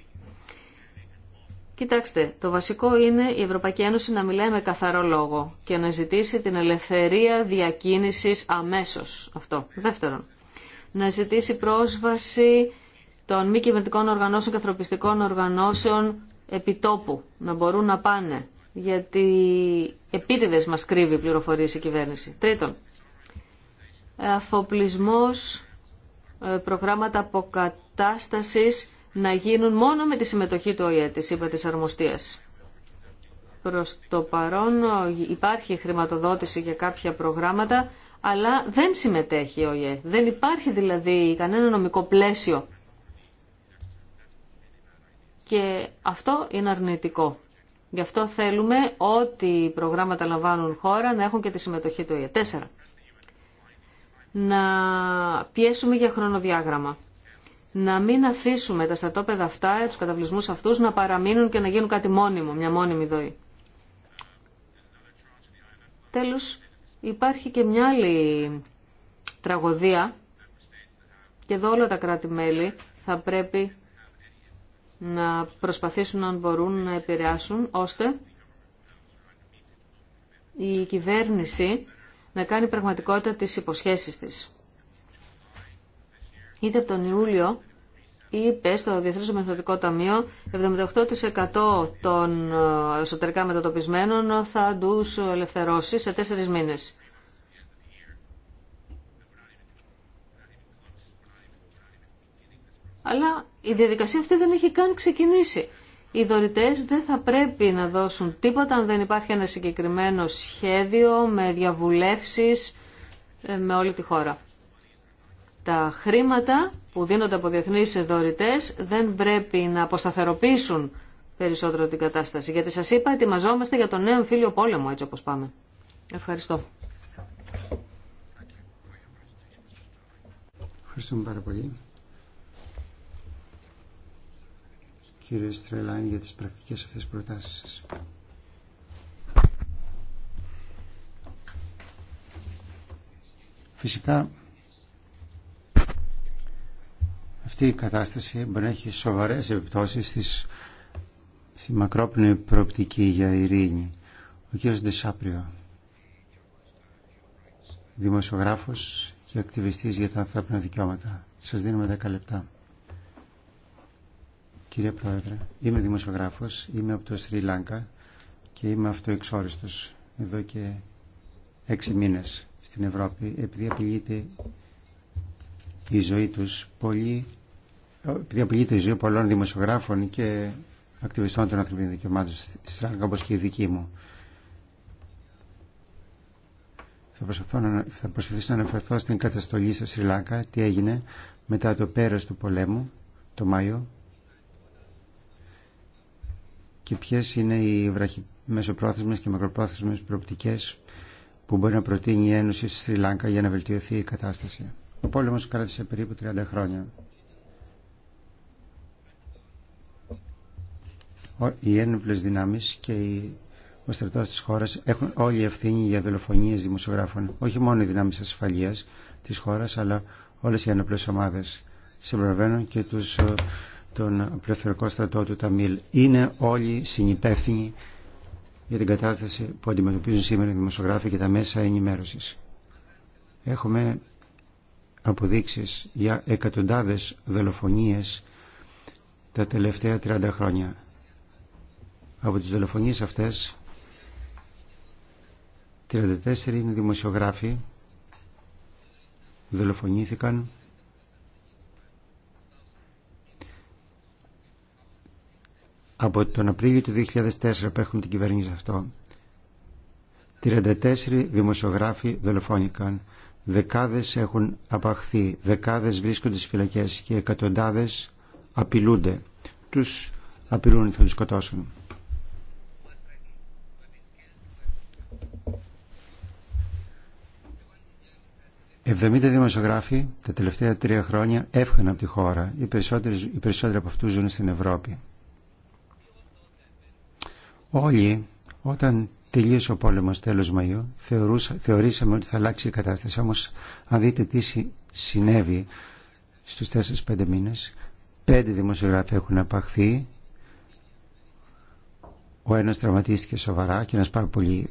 Κοιτάξτε, το βασικό είναι η Ευρωπαϊκή Ένωση να μιλάει με καθαρό λόγο και να ζητήσει την ελευθερία διακίνησης αμέσως. Αυτό. Δεύτερον, να ζητήσει πρόσβαση των μη κυβερνητικών οργανώσεων και ανθρωπιστικών οργανώσεων επιτόπου, να μπορούν να πάνε, γιατί επίτηδες μας κρύβει πληροφορίες η κυβέρνηση. Τρίτον, αφοπλισμός ε, προγράμματα αποκατάστασης να γίνουν μόνο με τη συμμετοχή του ΟΗΕ, της ΥΠΑ της Αρμοστίας. Προς το παρόν υπάρχει χρηματοδότηση για κάποια προγράμματα, αλλά δεν συμμετέχει ο ΟΗΕ. Δεν υπάρχει δηλαδή κανένα νομικό πλαίσιο. Και αυτό είναι αρνητικό. Γι' αυτό θέλουμε ό,τι προγράμματα λαμβάνουν χώρα να έχουν και τη συμμετοχή του ΟΗΕ. Τέσσερα να πιέσουμε για χρονοδιάγραμμα. Να μην αφήσουμε τα στρατόπεδα αυτά, τους καταβλισμούς αυτούς, να παραμείνουν και να γίνουν κάτι μόνιμο, μια μόνιμη δοή. Τέλος, υπάρχει και μια άλλη τραγωδία και εδώ όλα τα κράτη-μέλη θα πρέπει να προσπαθήσουν να μπορούν να επηρεάσουν ώστε η κυβέρνηση να κάνει πραγματικότητα τις υποσχέσεις της. Είτε από τον Ιούλιο είπε στο Διεθνές Μεθοδικό Ταμείο 78% των ε, εσωτερικά μετατοπισμένων θα τους ελευθερώσει σε τέσσερις μήνες. Αλλά η διαδικασία αυτή δεν έχει καν ξεκινήσει οι δωρητές δεν θα πρέπει να δώσουν τίποτα αν δεν υπάρχει ένα συγκεκριμένο σχέδιο με διαβουλεύσεις ε, με όλη τη χώρα. Τα χρήματα που δίνονται από διεθνείς δωρητές δεν πρέπει να αποσταθεροποιήσουν περισσότερο την κατάσταση. Γιατί σας είπα, ετοιμαζόμαστε για τον νέο φίλιο πόλεμο, έτσι όπως πάμε. Ευχαριστώ. Ευχαριστούμε πάρα πολύ. κύριε Στρελάνη για τις πρακτικές αυτές τις προτάσεις σας. Φυσικά αυτή η κατάσταση μπορεί να έχει σοβαρές επιπτώσεις στις, στη μακρόπνοη προοπτική για ειρήνη. Ο κύριος Ντεσάπριο, δημοσιογράφος και ακτιβιστής για τα ανθρώπινα δικαιώματα. Σας δίνουμε 10 λεπτά. Κύριε Πρόεδρε, είμαι δημοσιογράφος, είμαι από το Σρι Λάγκα και είμαι αυτοεξόριστος εδώ και έξι μήνες στην Ευρώπη επειδή απειλείται η ζωή τους πολύ επειδή απειλείται η ζωή πολλών δημοσιογράφων και ακτιβιστών των ανθρωπίνων δικαιωμάτων στη Λάγκα όπως και η δική μου. Θα προσπαθήσω να, θα προσπαθήσω να αναφερθώ στην καταστολή στο Σρι Λάγκα, τι έγινε μετά το πέρας του πολέμου το Μάιο και ποιες είναι οι μεσοπρόθεσμες και μακροπρόθεσμες προοπτικές που μπορεί να προτείνει η Ένωση στη Σρι Λάγκα για να βελτιωθεί η κατάσταση. Ο πόλεμος κράτησε περίπου 30 χρόνια. Οι ένοπλες δυνάμεις και ο στρατό τη χώρα έχουν όλη ευθύνη για δολοφονίε δημοσιογράφων. Όχι μόνο οι δυνάμεις ασφαλείας της χώρας, αλλά όλε οι ένοπλε ομάδε Συμπροβαίνουν και τους ε, τον Πλευθερικό Στρατό του Ταμίλ. Είναι όλοι συνυπεύθυνοι για την κατάσταση που αντιμετωπίζουν σήμερα οι δημοσιογράφοι και τα μέσα ενημέρωσης. Έχουμε αποδείξεις για εκατοντάδες δολοφονίες τα τελευταία 30 χρόνια. Από τις δολοφονίες αυτές 34 είναι δημοσιογράφοι δολοφονήθηκαν από τον Απρίλιο του 2004 που έχουμε την κυβέρνηση αυτό 34 δημοσιογράφοι δολοφόνηκαν δεκάδες έχουν απαχθεί δεκάδες βρίσκονται στις φυλακές και εκατοντάδες απειλούνται τους απειλούν θα τους σκοτώσουν Εβδομήντα δημοσιογράφοι τα τελευταία τρία χρόνια έφυγαν από τη χώρα. Οι περισσότεροι, οι περισσότεροι από αυτού ζουν στην Ευρώπη. Όλοι όταν τελείωσε ο πόλεμο τέλο Μαΐου θεωρήσαμε ότι θα αλλάξει η κατάσταση Όμω, αν δείτε τι συνέβη στους 4-5 μήνε, πέντε δημοσιογράφοι έχουν απαχθεί ο ένα τραυματίστηκε σοβαρά και ένα πάρα πολύ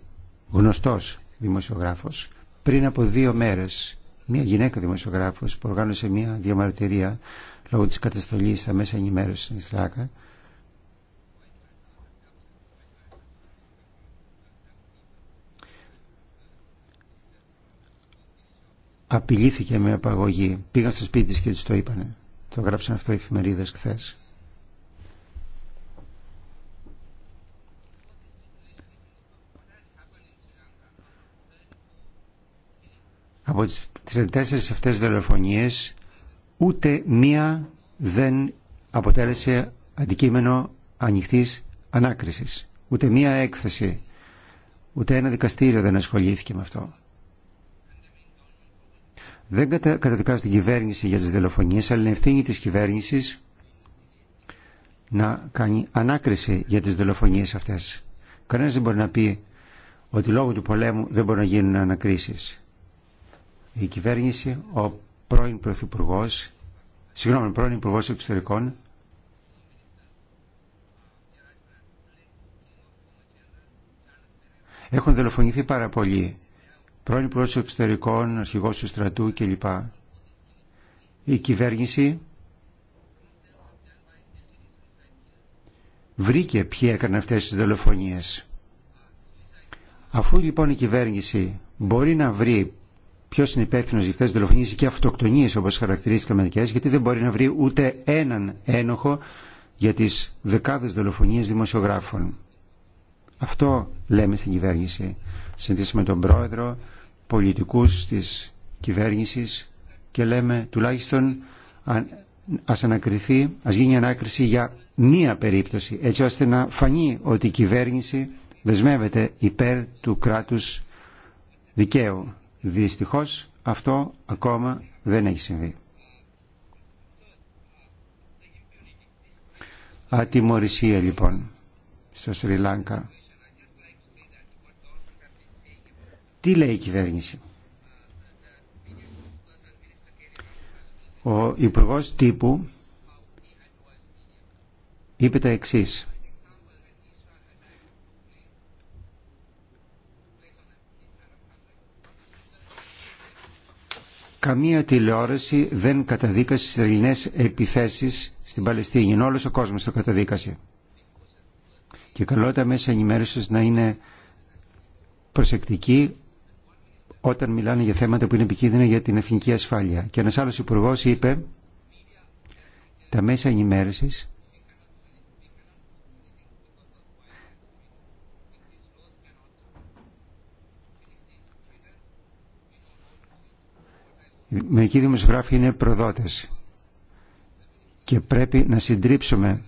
γνωστό δημοσιογράφος πριν από δύο μέρε, μια γυναίκα δημοσιογράφος που οργάνωσε μια διαμαρτυρία λόγω τη καταστολή στα μέσα ενημέρωση στην Ισλάκα, απειλήθηκε με απαγωγή. Πήγαν στο σπίτι της και της το είπανε. Το γράψαν αυτό οι εφημερίδες χθε. Από τις 34 αυτές δολοφονίες ούτε μία δεν αποτέλεσε αντικείμενο ανοιχτής ανάκρισης. Ούτε μία έκθεση. Ούτε ένα δικαστήριο δεν ασχολήθηκε με αυτό. Δεν κατα... καταδικάζω την κυβέρνηση για τις δολοφονίες, αλλά είναι ευθύνη της κυβέρνησης να κάνει ανάκριση για τις δολοφονίες αυτές. Κανένα δεν μπορεί να πει ότι λόγω του πολέμου δεν μπορούν να γίνουν ανακρίσεις. Η κυβέρνηση, ο πρώην Πρωθυπουργός, συγγνώμη, πρώην Εξωτερικών, έχουν δολοφονηθεί πάρα πολλοί πρώην πρόσωπο εξωτερικών, αρχηγός του στρατού κλπ. Η κυβέρνηση βρήκε ποιοι έκαναν αυτές τις δολοφονίες. Αφού λοιπόν η κυβέρνηση μπορεί να βρει ποιο είναι υπεύθυνο για αυτέ τι δολοφονίε και αυτοκτονίε όπω χαρακτηρίστηκαν μερικέ, γιατί δεν μπορεί να βρει ούτε έναν ένοχο για τις δεκάδες δολοφονίες δημοσιογράφων. Αυτό λέμε στην κυβέρνηση. Συντήσουμε τον πρόεδρο, πολιτικούς της κυβέρνησης και λέμε τουλάχιστον ας ανακριθεί, ας γίνει ανάκριση για μία περίπτωση έτσι ώστε να φανεί ότι η κυβέρνηση δεσμεύεται υπέρ του κράτους δικαίου. Δυστυχώς αυτό ακόμα δεν έχει συμβεί. Ατιμορρησία λοιπόν στο Σρι Λάγκα Τι λέει η κυβέρνηση. Ο υπουργό τύπου είπε τα εξή. καμία τηλεόραση δεν καταδίκασε τι ελληνές επιθέσεις στην Παλαιστίνη. Όλος ο κόσμος το καταδίκασε. Και καλό τα μέσα ενημέρωσης να είναι προσεκτική όταν μιλάνε για θέματα που είναι επικίνδυνα για την εθνική ασφάλεια. Και ένας άλλος υπουργό είπε τα μέσα ενημέρωσης Μερικοί δημοσιογράφοι είναι προδότες και πρέπει να συντρίψουμε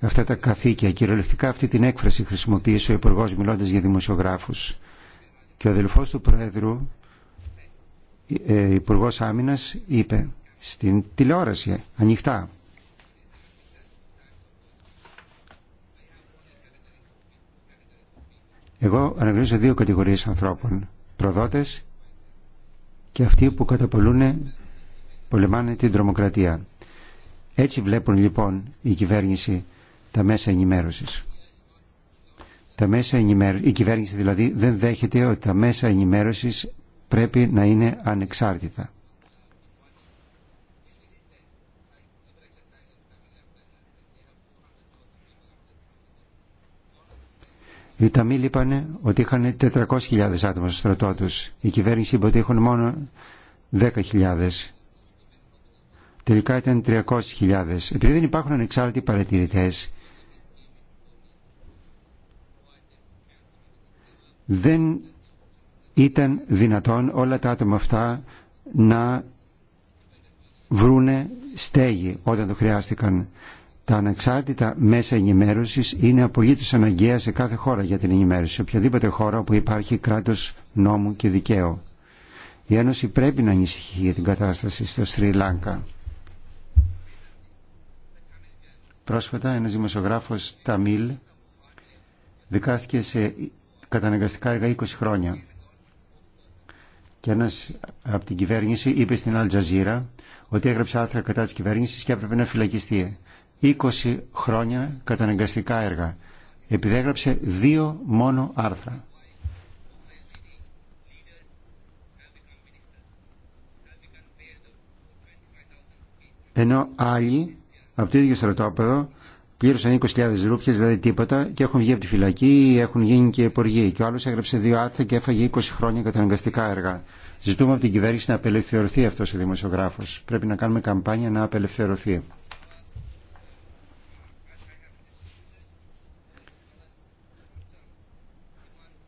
αυτά τα καθήκια. Κυριολεκτικά αυτή την έκφραση χρησιμοποίησε ο υπουργό μιλώντα για δημοσιογράφους. Και ο αδελφός του Πρόεδρου ε, Υπουργό Άμυνα είπε στην τηλεόραση ανοιχτά. Εγώ αναγνωρίζω δύο κατηγορίες ανθρώπων. Προδότες και αυτοί που καταπολούν πολεμάνε την τρομοκρατία. Έτσι βλέπουν λοιπόν η κυβέρνηση τα μέσα ενημέρωσης. Τα μέσα ενημέρω... Η κυβέρνηση δηλαδή δεν δέχεται ότι τα μέσα ενημέρωσης πρέπει να είναι ανεξάρτητα. Οι Ταμίλοι είπαν ότι είχαν 400.000 άτομα στο στρατό τους. Η κυβέρνηση είπε ότι έχουν μόνο 10.000. Τελικά ήταν 300.000. Επειδή δεν υπάρχουν ανεξάρτητοι παρατηρητές, δεν ήταν δυνατόν όλα τα άτομα αυτά να βρούνε στέγη όταν το χρειάστηκαν. Τα ανεξάρτητα μέσα ενημέρωσης είναι απολύτως αναγκαία σε κάθε χώρα για την ενημέρωση, σε οποιαδήποτε χώρα όπου υπάρχει κράτος νόμου και δικαίου. Η Ένωση πρέπει να ανησυχεί για την κατάσταση στο Σρι Λάνκα. Πρόσφατα ένας δημοσιογράφος Ταμίλ δικάστηκε σε καταναγκαστικά έργα 20 χρόνια και ένα από την κυβέρνηση είπε στην Αλτζαζίρα ότι έγραψε άρθρα κατά της κυβέρνησης και έπρεπε να φυλακιστεί. 20 χρόνια καταναγκαστικά έργα. Επειδή έγραψε δύο μόνο άρθρα. Ενώ άλλοι από το ίδιο στρατόπεδο πλήρωσαν 20.000 ρούπιε, δηλαδή τίποτα, και έχουν βγει από τη φυλακή ή έχουν γίνει και υπουργοί. Και ο άλλο έγραψε δύο άρθρα και έφαγε 20 χρόνια καταναγκαστικά έργα. Ζητούμε από την κυβέρνηση να απελευθερωθεί αυτό ο δημοσιογράφο. Πρέπει να κάνουμε καμπάνια να απελευθερωθεί.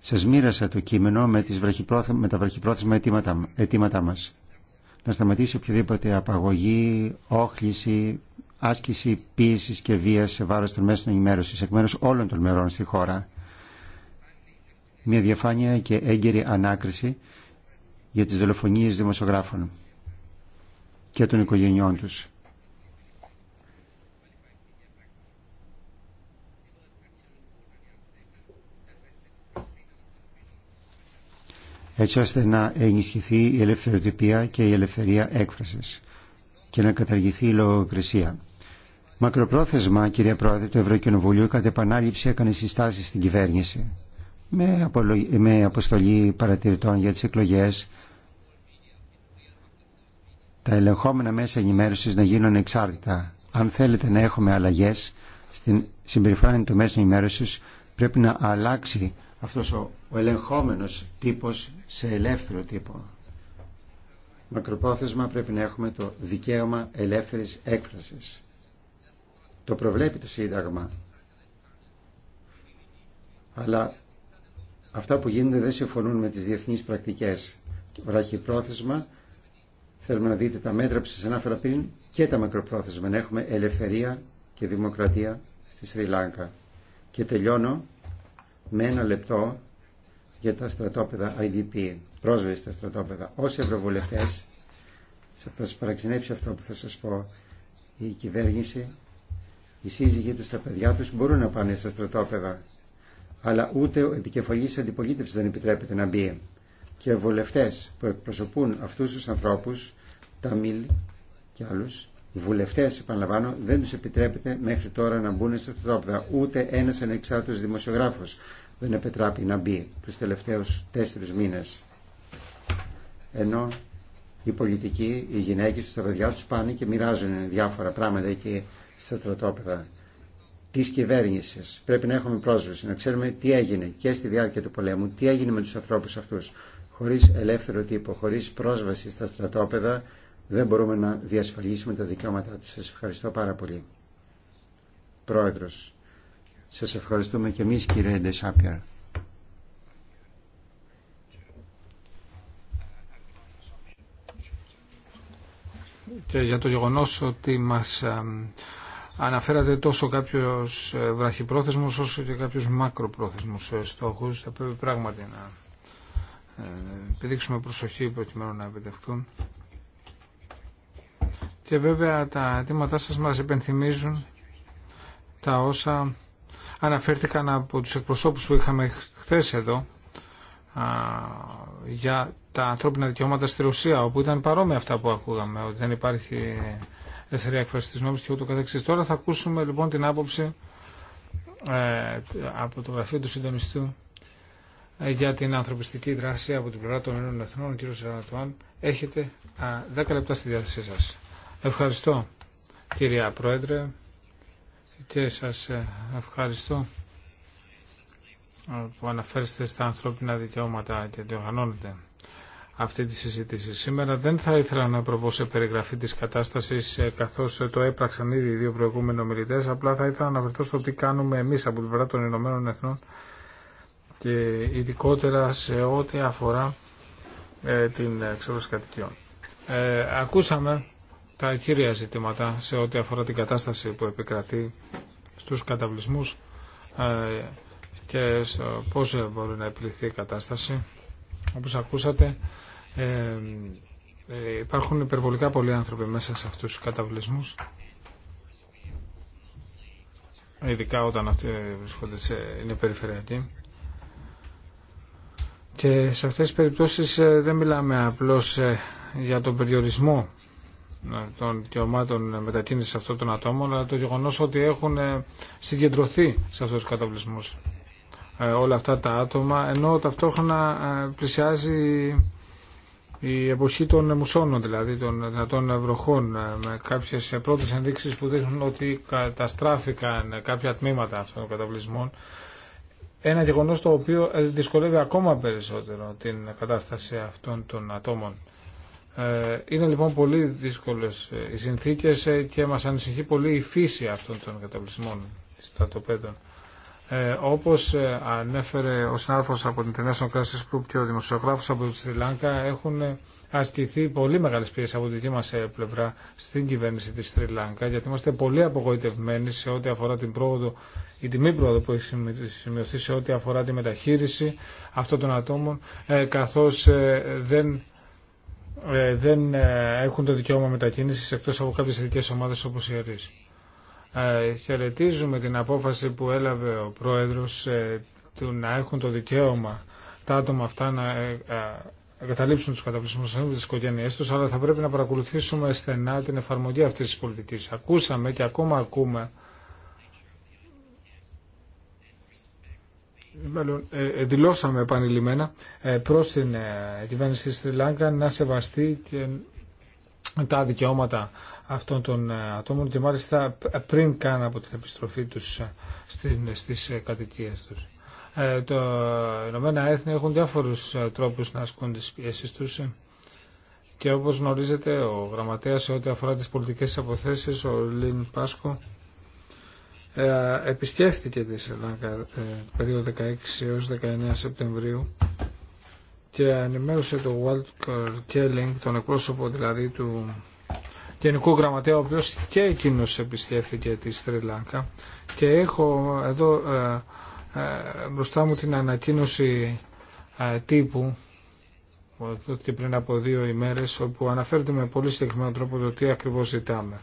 Σα μοίρασα το κείμενο με, τις με τα βραχυπρόθεσμα αιτήματά μα. Να σταματήσει οποιαδήποτε απαγωγή, όχληση, άσκηση πίεση και βία σε βάρο των μέσων ενημέρωση εκ μέρου όλων των μερών στη χώρα. Μια διαφάνεια και έγκαιρη ανάκριση για τι δολοφονίε δημοσιογράφων και των οικογενειών του. έτσι ώστε να ενισχυθεί η ελευθεροτυπία και η ελευθερία έκφρασης και να καταργηθεί η λογοκρισία. Μακροπρόθεσμα, κύριε Πρόεδρε του Ευρωκοινοβουλίου, κατά επανάληψη έκανε συστάσει στην κυβέρνηση με, με αποστολή παρατηρητών για τις εκλογές τα ελεγχόμενα μέσα ενημέρωσης να γίνουν εξάρτητα. Αν θέλετε να έχουμε αλλαγές στην συμπεριφορά του μέσα ενημέρωσης πρέπει να αλλάξει αυτός ο, ο ελεγχόμενος τύπος σε ελεύθερο τύπο. Μακροπρόθεσμα πρέπει να έχουμε το δικαίωμα ελεύθερης έκφρασης. Το προβλέπει το Σύνταγμα. Αλλά αυτά που γίνονται δεν συμφωνούν με τις διεθνείς πρακτικές. Βράχει πρόθεσμα, θέλουμε να δείτε τα μέτρα που σας ανάφερα πριν και τα μακροπρόθεσμα, να έχουμε ελευθερία και δημοκρατία στη Σρι Λάγκα. Και τελειώνω με ένα λεπτό για τα στρατόπεδα IDP, πρόσβαση στα στρατόπεδα. Όσοι ευρωβουλευτές, θα σας παραξενέψει αυτό που θα σας πω, η κυβέρνηση οι σύζυγοι τους, τα παιδιά τους μπορούν να πάνε στα στρατόπεδα, αλλά ούτε ο επικεφαλής αντιπολίτευσης δεν επιτρέπεται να μπει. Και βουλευτές που εκπροσωπούν αυτούς τους ανθρώπους, τα Μίλ και άλλους, βουλευτές, επαναλαμβάνω, δεν τους επιτρέπεται μέχρι τώρα να μπουν στα στρατόπεδα, ούτε ένας ανεξάρτητος δημοσιογράφος δεν επιτράπει να μπει τους τελευταίους τέσσερις μήνες. Ενώ οι πολιτικοί, οι γυναίκες, τα παιδιά τους πάνε και μοιράζουν διάφορα πράγματα και στα στρατόπεδα τη κυβέρνηση. Πρέπει να έχουμε πρόσβαση, να ξέρουμε τι έγινε και στη διάρκεια του πολέμου, τι έγινε με τους ανθρώπους αυτούς. Χωρίς ελεύθερο τύπο, χωρί πρόσβαση στα στρατόπεδα δεν μπορούμε να διασφαλίσουμε τα δικαιώματά τους. Σα ευχαριστώ πάρα πολύ. Πρόεδρος, Σα ευχαριστούμε και εμείς κύριε Ντεσάπιαρ. και για το γεγονός ότι μας αναφέρατε τόσο κάποιους ε, βραχυπρόθεσμος όσο και κάποιους μακροπρόθεσμος ε, στόχους. Θα πρέπει πράγματι να ε, επιδείξουμε προσοχή προκειμένου να επιτευχθούν. Και βέβαια τα αιτήματά σας μας επενθυμίζουν τα όσα αναφέρθηκαν από τους εκπροσώπους που είχαμε χθες εδώ για τα ανθρώπινα δικαιώματα στη Ρωσία, όπου ήταν παρόμοια αυτά που ακούγαμε, ότι δεν υπάρχει ελευθερία έκφραση τη νόμη και ούτω καθεξή. Τώρα θα ακούσουμε λοιπόν την άποψη ε, από το γραφείο του συντονιστού ε, για την ανθρωπιστική δράση από την πλευρά των Ηνωμένων Εθνών, κύριο Σαρατουάν, έχετε 10 λεπτά στη διάθεσή σα. Ευχαριστώ κυρία Πρόεδρε και σα ε, ευχαριστώ που αναφέρεστε στα ανθρώπινα δικαιώματα και διοργανώνετε αυτή τη συζήτηση. Σήμερα δεν θα ήθελα να προβώ σε περιγραφή της κατάστασης ε, καθώς ε, το έπραξαν ήδη οι δύο προηγούμενοι ομιλητές. Απλά θα ήθελα να αναφερθώ στο τι κάνουμε εμείς από την πλευρά των Ηνωμένων Εθνών και ειδικότερα σε ό,τι αφορά ε, την εξέδωση κατοικιών. Ε, ακούσαμε τα κύρια ζητήματα σε ό,τι αφορά την κατάσταση που επικρατεί στους καταβλισμούς ε, και πώ μπορεί να επιληθεί η κατάσταση. Όπως ακούσατε, ε, ε, υπάρχουν υπερβολικά πολλοί άνθρωποι μέσα σε αυτούς τους καταβλισμούς ειδικά όταν αυτοί βρίσκονται σε, είναι περιφερειακοί και σε αυτές τις περιπτώσεις ε, δεν μιλάμε απλώς ε, για τον περιορισμό των δικαιωμάτων μετακίνησης αυτών των ατόμων αλλά το γεγονός ότι έχουν συγκεντρωθεί σε αυτούς τους καταβλισμούς όλα αυτά τα άτομα ενώ ταυτόχρονα πλησιάζει η εποχή των μουσώνων δηλαδή των δυνατών βροχών ε, με κάποιες πρώτε ενδείξει που δείχνουν ότι καταστράφηκαν κάποια τμήματα αυτών των καταβλισμών ένα γεγονό το οποίο ε, δυσκολεύει ακόμα περισσότερο την κατάσταση αυτών των ατόμων. Ε, είναι λοιπόν πολύ δύσκολες οι συνθήκες και μας ανησυχεί πολύ η φύση αυτών των καταβλισμών ε, όπως ε, ανέφερε ο συνάδελφο από την International Crisis Group και ο δημοσιογράφος από τη Σρι έχουν ε, ασκηθεί πολύ μεγάλε πιέσει από τη δική μα ε, πλευρά στην κυβέρνηση τη Σρι γιατί είμαστε πολύ απογοητευμένοι σε ό,τι αφορά την πρόοδο ή τη πρόοδο που έχει σημειωθεί σε ό,τι αφορά τη μεταχείριση αυτών των ατόμων, καθώ δεν δεν έχουν το δικαίωμα μετακίνησης εκτός από κάποιες ειδικές ομάδες όπως η ΕΡΙΣ χαιρετίζουμε την απόφαση που έλαβε ο Πρόεδρος ε, του να έχουν το δικαίωμα τα άτομα αυτά να ε, εγκαταλείψουν του καταπληκτισμού τη οικογένειά του, αλλά θα πρέπει να παρακολουθήσουμε στενά την εφαρμογή αυτή τη πολιτική. Ακούσαμε και ακόμα ακούμε. Ε, δηλώσαμε επανειλημμένα προς την κυβέρνηση της Λάγκα να σεβαστεί και τα δικαιώματα αυτών των ε, ατόμων και μάλιστα πριν καν από την επιστροφή τους ε, στις ε, κατοικίες τους. Το Ηνωμένα Έθνη έχουν διάφορους τρόπους να ασκούν τις πιέσεις τους και όπως γνωρίζετε ο γραμματέας σε ό,τι αφορά τις πολιτικές αποθέσεις, ο Λίν Πάσκο, επισκέφθηκε τη Σελάνκα περίοδο 16 έως 19 Σεπτεμβρίου και ενημέρωσε το Walt Kelling, τον εκπρόσωπο δηλαδή του Γενικού Γραμματέα, ο οποίος και εκείνος επισκέφθηκε τη Στριλάνκα Και έχω εδώ ε, ε, μπροστά μου την ανακοίνωση ε, τύπου ε, ότι πριν από δύο ημέρες όπου αναφέρεται με πολύ συγκεκριμένο τρόπο το τι ακριβώς ζητάμε.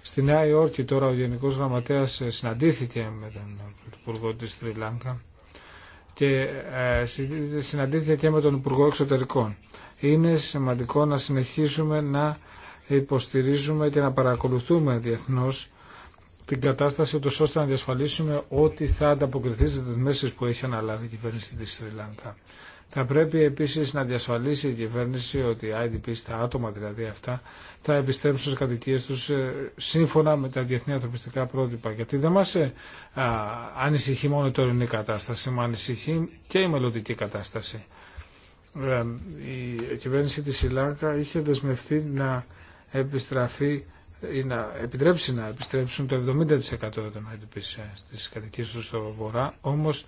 Στη Νέα Υόρκη τώρα ο Γενικός Γραμματέας ε, συναντήθηκε με τον Υπουργό της Στριλάνκα και ε, συναντήθηκε και με τον Υπουργό Εξωτερικών. Είναι σημαντικό να συνεχίσουμε να υποστηρίζουμε και να παρακολουθούμε διεθνώς την κατάσταση του ώστε να διασφαλίσουμε ότι θα ανταποκριθεί στις δεσμεύσεις που έχει αναλάβει η κυβέρνηση της Σρι Λάνκα. Θα πρέπει επίσης να διασφαλίσει η κυβέρνηση ότι οι IDP, τα άτομα δηλαδή αυτά, θα επιστρέψουν στις κατοικίες τους ε, σύμφωνα με τα διεθνή ανθρωπιστικά πρότυπα. Γιατί δεν μας ε, ανησυχεί μόνο η τωρινή κατάσταση, μα ανησυχεί και η μελλοντική κατάσταση. Ε, η κυβέρνηση της Σιλάνκα είχε δεσμευτεί να επιστραφεί ή να επιτρέψει να επιστρέψουν το 70% των ΑΕΤΠΙΣ στις κατοικίες του στο Βορρά, όμως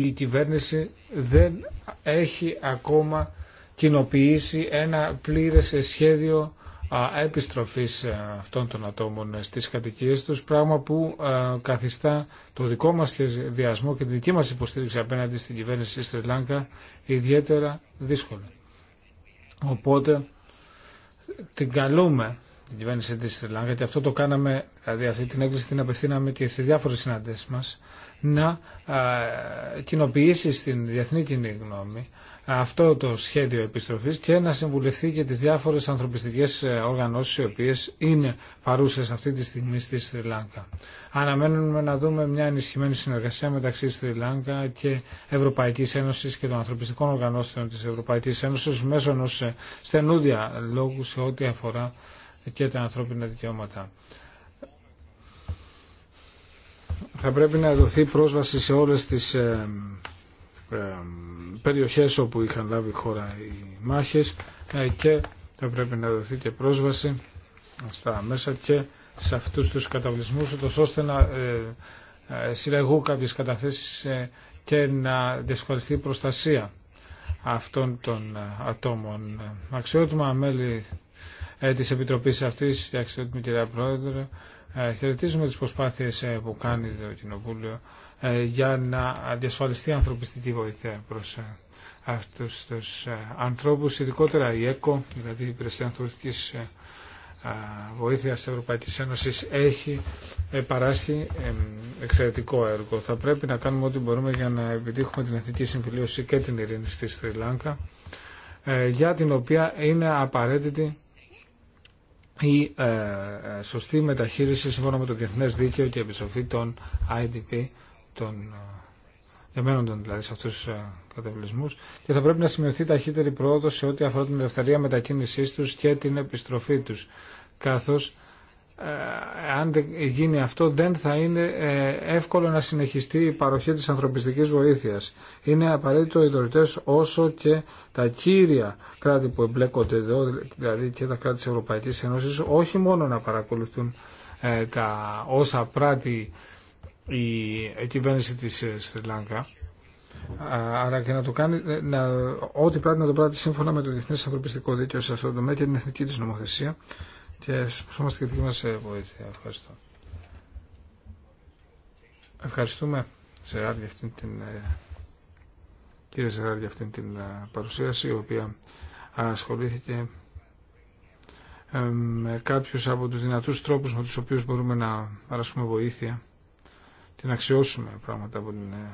η κυβέρνηση δεν έχει ακόμα κοινοποιήσει ένα πλήρες σχέδιο επιστροφής ε, αυτών των ατόμων στις κατοικίες τους, πράγμα που καθιστά το δικό μας σχεδιασμό και τη δική μας υποστήριξη απέναντι στην κυβέρνηση της ιδιαίτερα δύσκολο. Οπότε την καλούμε την κυβέρνηση τη Σρι γιατί αυτό το κάναμε, δηλαδή αυτή την έκκληση την απευθύναμε και σε διάφορε συναντήσει μα να ε, κοινοποιήσει στην διεθνή κοινή γνώμη αυτό το σχέδιο επιστροφή και να συμβουλευτεί και τι διάφορε ανθρωπιστικέ ε, οργανώσει, οι οποίε είναι παρούσες αυτή τη στιγμή στη Σρι Αναμένουμε να δούμε μια ενισχυμένη συνεργασία μεταξύ Σρι Λάγκα και Ευρωπαϊκή Ένωση και των ανθρωπιστικών οργανώσεων τη Ευρωπαϊκή Ένωση, μέσω ενό ε, στενού διαλόγου σε ό,τι αφορά και τα ανθρώπινα δικαιώματα θα πρέπει να δοθεί πρόσβαση σε όλες τις ε, περιοχές όπου είχαν λάβει χώρα οι μάχες ε, και θα πρέπει να δοθεί και πρόσβαση στα μέσα και σε αυτούς τους καταβλισμούς ώστε να ε, ε, συλλεγούν κάποιες καταθέσεις και να διασφαλιστεί η προστασία αυτών των ατόμων. Αξιότιμα μέλη της Επιτροπής αυτής και αξιότιμη κυρία Πρόεδρε, χαιρετίζουμε τις προσπάθειες που κάνει το Κοινοβούλιο ε, για να διασφαλιστεί ανθρωπιστική βοήθεια προς ε, αυτούς τους ε, ανθρώπους, ειδικότερα η ΕΚΟ, δηλαδή η Υπηρεσία Ανθρωπιστικής Βοήθειας της Ευρωπαϊκής Ένωσης, έχει παράσχει εξαιρετικό έργο. Θα πρέπει να κάνουμε ό,τι μπορούμε για να επιτύχουμε την εθνική συμφιλίωση και την ειρήνη στη Στριλάνκα, για την οποία είναι απαραίτητη η σωστή μεταχείριση σύμφωνα με το Διεθνές Δίκαιο και επισοφή των IDP των ε, εμένοντων δηλαδή σε αυτού του ε, καταβλισμού και θα πρέπει να σημειωθεί ταχύτερη πρόοδο σε ό,τι αφορά την ελευθερία μετακίνησή του και την επιστροφή του. καθώς ε, αν δεν γίνει αυτό δεν θα είναι εύκολο να συνεχιστεί η παροχή της ανθρωπιστικής βοήθειας. Είναι απαραίτητο οι δωρητές όσο και τα κύρια κράτη που εμπλέκονται εδώ, δηλαδή και τα κράτη της Ευρωπαϊκής Ένωσης, όχι μόνο να παρακολουθούν τα όσα πράττει η κυβέρνηση της ε, Στριλάνκα αλλά και να το κάνει ε, να, ό,τι πρέπει να το πράττει σύμφωνα με το Διεθνέ Ανθρωπιστικό Δίκαιο σε αυτό το τομέα και την εθνική τη νομοθεσία και σπουσόμαστε και δική μα ε, βοήθεια. Ευχαριστώ. Ευχαριστούμε για αυτήν την κύριε Ζεράρ για αυτήν την παρουσίαση η οποία ασχολήθηκε με κάποιους από τους δυνατούς τρόπους με τους οποίους μπορούμε να παρασχούμε βοήθεια να αξιώσουμε πράγματα από την ε,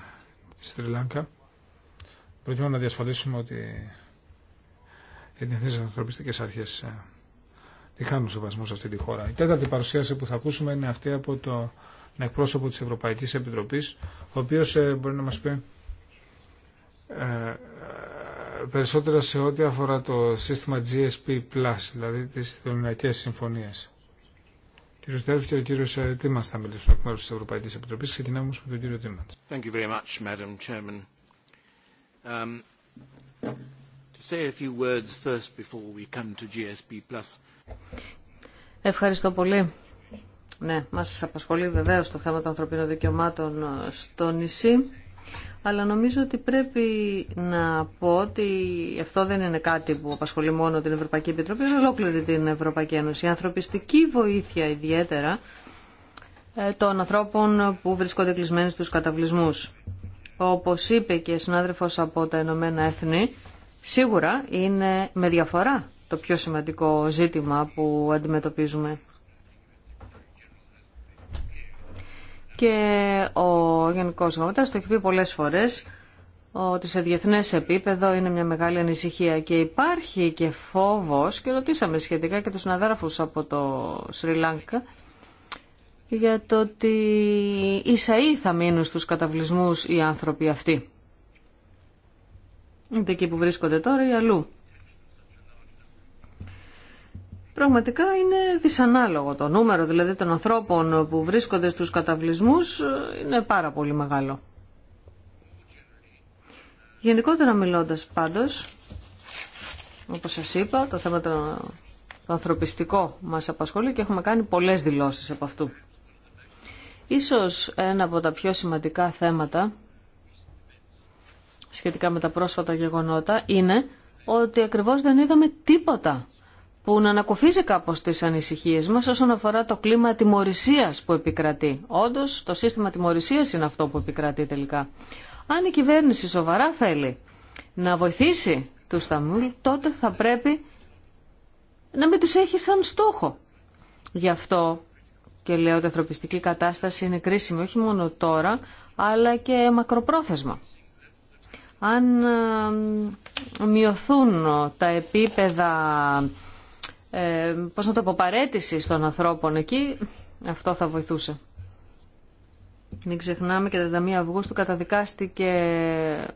Στριλάνκα προκειμένου να διασφαλίσουμε ότι οι διεθνείς ανθρωπιστικές αρχές ε, τη χάνουν βασμό σε αυτή τη χώρα. Η τέταρτη παρουσίαση που θα ακούσουμε είναι αυτή από το εκπρόσωπο της Ευρωπαϊκής Επιτροπής, ο οποίος ε, μπορεί να μας πει περισσότερα σε ό,τι αφορά το σύστημα GSP+, δηλαδή τις θελονιακές συμφωνίες. Κύριε Στέλφ και ο κύριο ε, Τίμα θα μιλήσουν εκ μέρου τη Ευρωπαϊκή Επιτροπή. Ξεκινάμε όμω με τον κύριο Τίμαν. Um, Ευχαριστώ πολύ. Ναι, μας απασχολεί βεβαίως το θέμα των ανθρωπίνων δικαιωμάτων ε, στο νησί αλλά νομίζω ότι πρέπει να πω ότι αυτό δεν είναι κάτι που απασχολεί μόνο την Ευρωπαϊκή Επιτροπή, αλλά ολόκληρη την Ευρωπαϊκή Ένωση. Η ανθρωπιστική βοήθεια ιδιαίτερα ε, των ανθρώπων που βρίσκονται κλεισμένοι στους καταβλισμούς. Όπως είπε και συνάδελφος από τα Ηνωμένα Έθνη, σίγουρα είναι με διαφορά το πιο σημαντικό ζήτημα που αντιμετωπίζουμε. Και ο γενικό Γραμματέα το έχει πει πολλέ φορέ ότι σε διεθνέ επίπεδο είναι μια μεγάλη ανησυχία και υπάρχει και φόβος και ρωτήσαμε σχετικά και του συναδέρφους από το Σρι Λάνκα για το ότι ίσα θα μείνουν στους καταβλισμούς οι άνθρωποι αυτοί. Είτε εκεί που βρίσκονται τώρα ή αλλού. Πραγματικά είναι δυσανάλογο το νούμερο, δηλαδή των ανθρώπων που βρίσκονται στους καταβλισμούς είναι πάρα πολύ μεγάλο. Γενικότερα μιλώντας πάντως, όπως σας είπα, το θέμα το, ανθρωπιστικό μας απασχολεί και έχουμε κάνει πολλές δηλώσεις από αυτού. Ίσως ένα από τα πιο σημαντικά θέματα σχετικά με τα πρόσφατα γεγονότα είναι ότι ακριβώς δεν είδαμε τίποτα που να ανακουφίζει κάπως τις ανησυχίες μας όσον αφορά το κλίμα τιμωρησίας που επικρατεί. Όντως, το σύστημα τιμωρησίας είναι αυτό που επικρατεί τελικά. Αν η κυβέρνηση σοβαρά θέλει να βοηθήσει τους Ταμούλ, τότε θα πρέπει να μην τους έχει σαν στόχο. Γι' αυτό και λέω ότι η ανθρωπιστική κατάσταση είναι κρίσιμη όχι μόνο τώρα, αλλά και μακροπρόθεσμα. Αν ε, μειωθούν ε, τα επίπεδα ε, πώς να το πω, παρέτηση των ανθρώπων εκεί, αυτό θα βοηθούσε. Μην ξεχνάμε και 31 Αυγούστου καταδικάστηκε ε,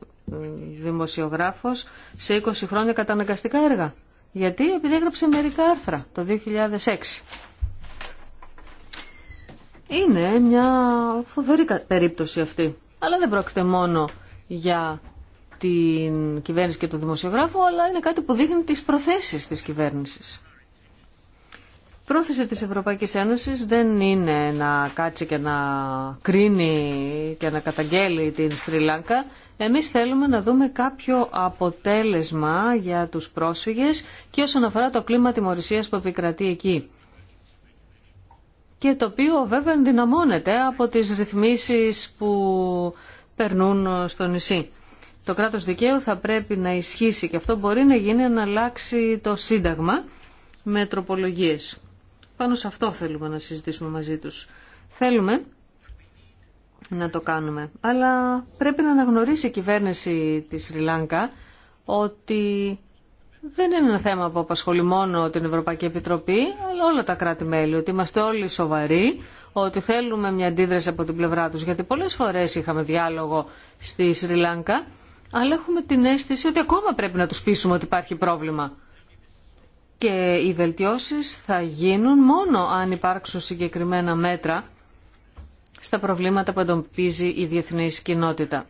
δημοσιογράφος σε 20 χρόνια καταναγκαστικά έργα. Γιατί, επειδή έγραψε μερικά άρθρα το 2006. Είναι μια φοβερή περίπτωση αυτή. Αλλά δεν πρόκειται μόνο για την κυβέρνηση και τον δημοσιογράφο, αλλά είναι κάτι που δείχνει τις προθέσεις της κυβέρνησης πρόθεση της Ευρωπαϊκής Ένωσης δεν είναι να κάτσει και να κρίνει και να καταγγέλει την Στριλάνκα. Εμείς θέλουμε να δούμε κάποιο αποτέλεσμα για τους πρόσφυγες και όσον αφορά το κλίμα τιμωρησίας που επικρατεί εκεί. Και το οποίο βέβαια ενδυναμώνεται από τις ρυθμίσεις που περνούν στο νησί. Το κράτος δικαίου θα πρέπει να ισχύσει και αυτό μπορεί να γίνει να αλλάξει το Σύνταγμα με τροπολογίες. Πάνω σε αυτό θέλουμε να συζητήσουμε μαζί τους. Θέλουμε να το κάνουμε. Αλλά πρέπει να αναγνωρίσει η κυβέρνηση της Σριλάνκα, ότι δεν είναι ένα θέμα που απασχολεί μόνο την Ευρωπαϊκή Επιτροπή, αλλά όλα τα κράτη-μέλη, ότι είμαστε όλοι σοβαροί, ότι θέλουμε μια αντίδραση από την πλευρά τους, γιατί πολλές φορές είχαμε διάλογο στη Σριλανκά, αλλά έχουμε την αίσθηση ότι ακόμα πρέπει να τους πείσουμε ότι υπάρχει πρόβλημα και οι βελτιώσεις θα γίνουν μόνο αν υπάρξουν συγκεκριμένα μέτρα στα προβλήματα που εντοπίζει η διεθνής κοινότητα.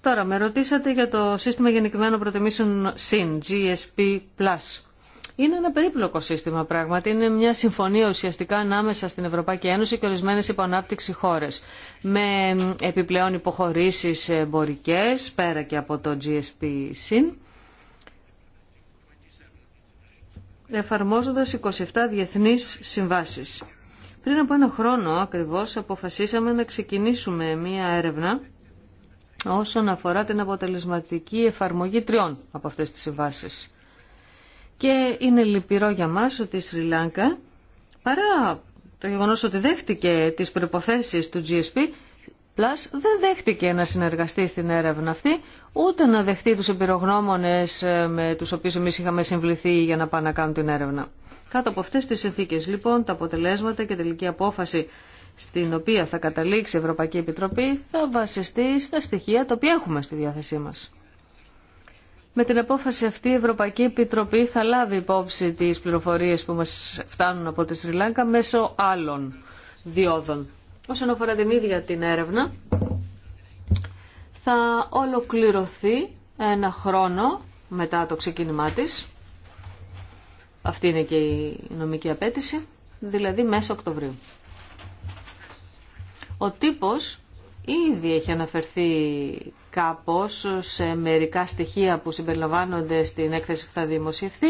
Τώρα, με ρωτήσατε για το σύστημα γενικημένων προτιμήσεων SIN, GSP+. Είναι ένα περίπλοκο σύστημα πράγματι. Είναι μια συμφωνία ουσιαστικά ανάμεσα στην Ευρωπαϊκή Ένωση και ορισμένε υποανάπτυξη χώρε. Με επιπλέον υποχωρήσει εμπορικέ πέρα και από το GSP SIN εφαρμόζοντας 27 διεθνείς συμβάσεις. Πριν από ένα χρόνο ακριβώς αποφασίσαμε να ξεκινήσουμε μία έρευνα όσον αφορά την αποτελεσματική εφαρμογή τριών από αυτές τις συμβάσεις. Και είναι λυπηρό για μας ότι η Σρι Λάγκα, παρά το γεγονός ότι δέχτηκε τις προϋποθέσεις του GSP, Plus δεν δέχτηκε να συνεργαστεί στην έρευνα αυτή, ούτε να δεχτεί τους εμπειρογνώμονες ε, με τους οποίους εμείς είχαμε συμβληθεί για να πάνε να κάνουν την έρευνα. Κάτω από αυτές τις συνθήκες λοιπόν τα αποτελέσματα και τελική απόφαση στην οποία θα καταλήξει η Ευρωπαϊκή Επιτροπή θα βασιστεί στα στοιχεία τα οποία έχουμε στη διάθεσή μας. Με την απόφαση αυτή η Ευρωπαϊκή Επιτροπή θα λάβει υπόψη τις πληροφορίες που μας φτάνουν από τη Σρι Λάγκα μέσω άλλων διόδων. Όσον αφορά την ίδια την έρευνα, θα ολοκληρωθεί ένα χρόνο μετά το ξεκίνημά της. Αυτή είναι και η νομική απέτηση, δηλαδή μέσα Οκτωβρίου. Ο τύπος ήδη έχει αναφερθεί κάπως σε μερικά στοιχεία που συμπεριλαμβάνονται στην έκθεση που θα δημοσιευθεί,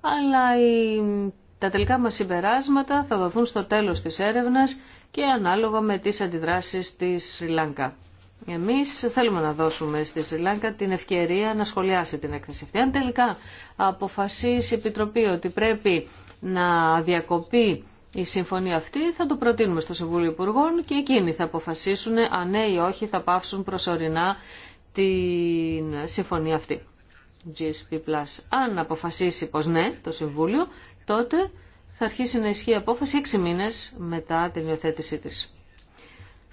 αλλά τα τελικά μας συμπεράσματα θα δοθούν στο τέλος της έρευνας και ανάλογα με τις αντιδράσεις της Σρι Εμείς θέλουμε να δώσουμε στη Σρι την ευκαιρία να σχολιάσει την έκθεση αυτή. Αν τελικά αποφασίσει η Επιτροπή ότι πρέπει να διακοπεί η συμφωνία αυτή θα το προτείνουμε στο Συμβούλιο Υπουργών και εκείνοι θα αποφασίσουν αν ναι ή όχι θα πάυσουν προσωρινά την συμφωνία αυτή. GSP+. Αν αποφασίσει πως ναι το Συμβούλιο, τότε θα αρχίσει να ισχύει η απόφαση 6 μήνες μετά την υιοθέτησή της.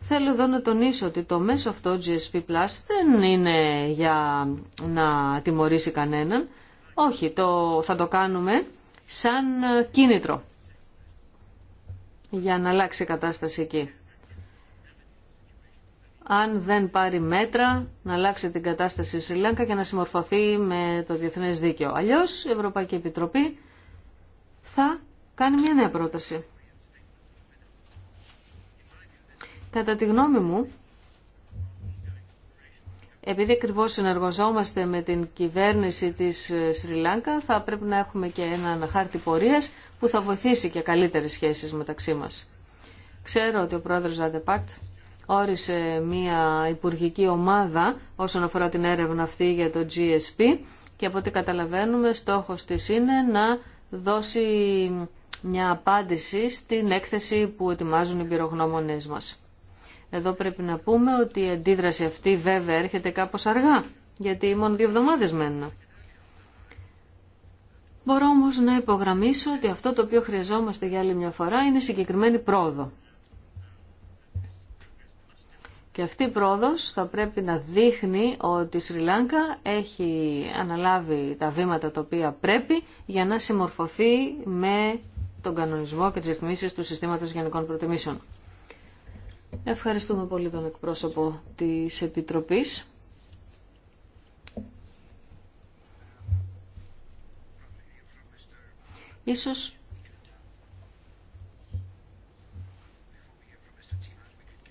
Θέλω εδώ να τονίσω ότι το μέσο αυτό GSP Plus δεν είναι για να τιμωρήσει κανέναν. Όχι, το, θα το κάνουμε σαν κίνητρο για να αλλάξει η κατάσταση εκεί. Αν δεν πάρει μέτρα να αλλάξει την κατάσταση στη Σριλάνκα και να συμμορφωθεί με το διεθνές δίκαιο. Αλλιώς η Ευρωπαϊκή Επιτροπή θα κάνει μια νέα πρόταση. Κατά τη γνώμη μου, επειδή ακριβώ συνεργαζόμαστε με την κυβέρνηση της ε, Σρι θα πρέπει να έχουμε και έναν χάρτη πορείας που θα βοηθήσει και καλύτερες σχέσεις μεταξύ μας. Ξέρω ότι ο πρόεδρος Ζαντεπάκτ όρισε μια υπουργική ομάδα όσον αφορά την έρευνα αυτή για το GSP και από ό,τι καταλαβαίνουμε στόχος της είναι να δώσει μια απάντηση στην έκθεση που ετοιμάζουν οι πυρογνώμονές μας. Εδώ πρέπει να πούμε ότι η αντίδραση αυτή βέβαια έρχεται κάπως αργά, γιατί μόνο δύο εβδομάδες μένουν. Μπορώ όμως να υπογραμμίσω ότι αυτό το οποίο χρειαζόμαστε για άλλη μια φορά είναι συγκεκριμένη πρόοδο. Και αυτή η πρόοδος θα πρέπει να δείχνει ότι η Σρι Λάγκα έχει αναλάβει τα βήματα τα οποία πρέπει για να συμμορφωθεί με τον κανονισμό και τις ρυθμίσεις του συστήματος γενικών προτιμήσεων. Ευχαριστούμε πολύ τον εκπρόσωπο της Επιτροπής. Ίσως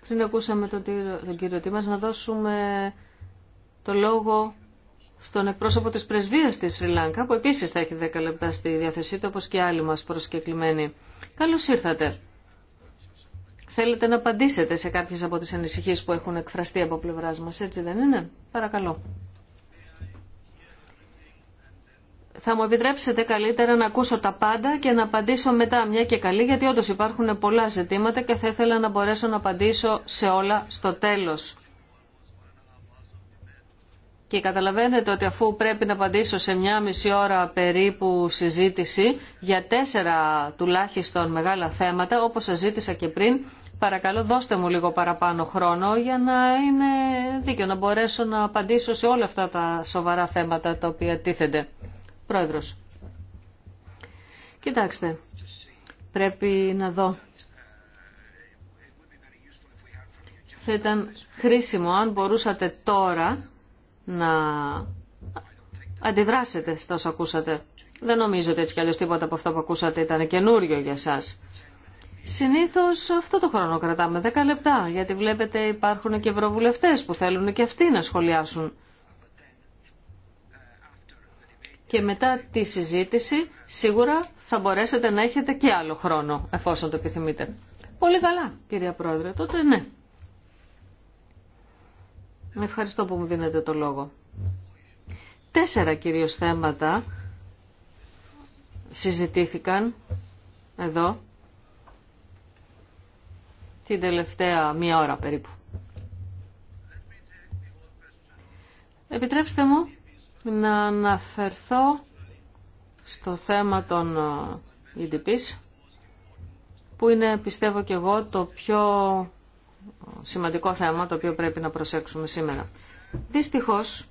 Πριν ακούσαμε τον, τον κύριο Τίμας να δώσουμε το λόγο στον εκπρόσωπο της πρεσβείας της Σρι που επίσης θα έχει 10 λεπτά στη διάθεσή του, όπως και άλλοι μας προσκεκλημένοι. Καλώς ήρθατε. Θέλετε να απαντήσετε σε κάποιες από τις ανησυχίες που έχουν εκφραστεί από πλευράς μας, έτσι δεν είναι. Παρακαλώ. θα μου επιτρέψετε καλύτερα να ακούσω τα πάντα και να απαντήσω μετά μια και καλή, γιατί όντω υπάρχουν πολλά ζητήματα και θα ήθελα να μπορέσω να απαντήσω σε όλα στο τέλος. Και καταλαβαίνετε ότι αφού πρέπει να απαντήσω σε μια μισή ώρα περίπου συζήτηση για τέσσερα τουλάχιστον μεγάλα θέματα, όπως σας ζήτησα και πριν, παρακαλώ δώστε μου λίγο παραπάνω χρόνο για να είναι δίκαιο να μπορέσω να απαντήσω σε όλα αυτά τα σοβαρά θέματα τα οποία τίθενται. Πρόεδρος. Κοιτάξτε, πρέπει να δω. Θα ήταν χρήσιμο αν μπορούσατε τώρα να αντιδράσετε στα όσα ακούσατε. Δεν νομίζω ότι έτσι κι αλλιώς τίποτα από αυτό που ακούσατε ήταν καινούριο για σας. Συνήθως αυτό το χρόνο κρατάμε 10 λεπτά, γιατί βλέπετε υπάρχουν και ευρωβουλευτές που θέλουν και αυτοί να σχολιάσουν και μετά τη συζήτηση σίγουρα θα μπορέσετε να έχετε και άλλο χρόνο εφόσον το επιθυμείτε. Πολύ καλά, κυρία Πρόεδρε, τότε ναι. Ευχαριστώ που μου δίνετε το λόγο. Τέσσερα κυρίως θέματα συζητήθηκαν εδώ την τελευταία μία ώρα περίπου. Επιτρέψτε μου να αναφερθώ στο θέμα των ε, EDPs που είναι πιστεύω και εγώ το πιο ε, σημαντικό θέμα το οποίο πρέπει να προσέξουμε σήμερα. Δυστυχώς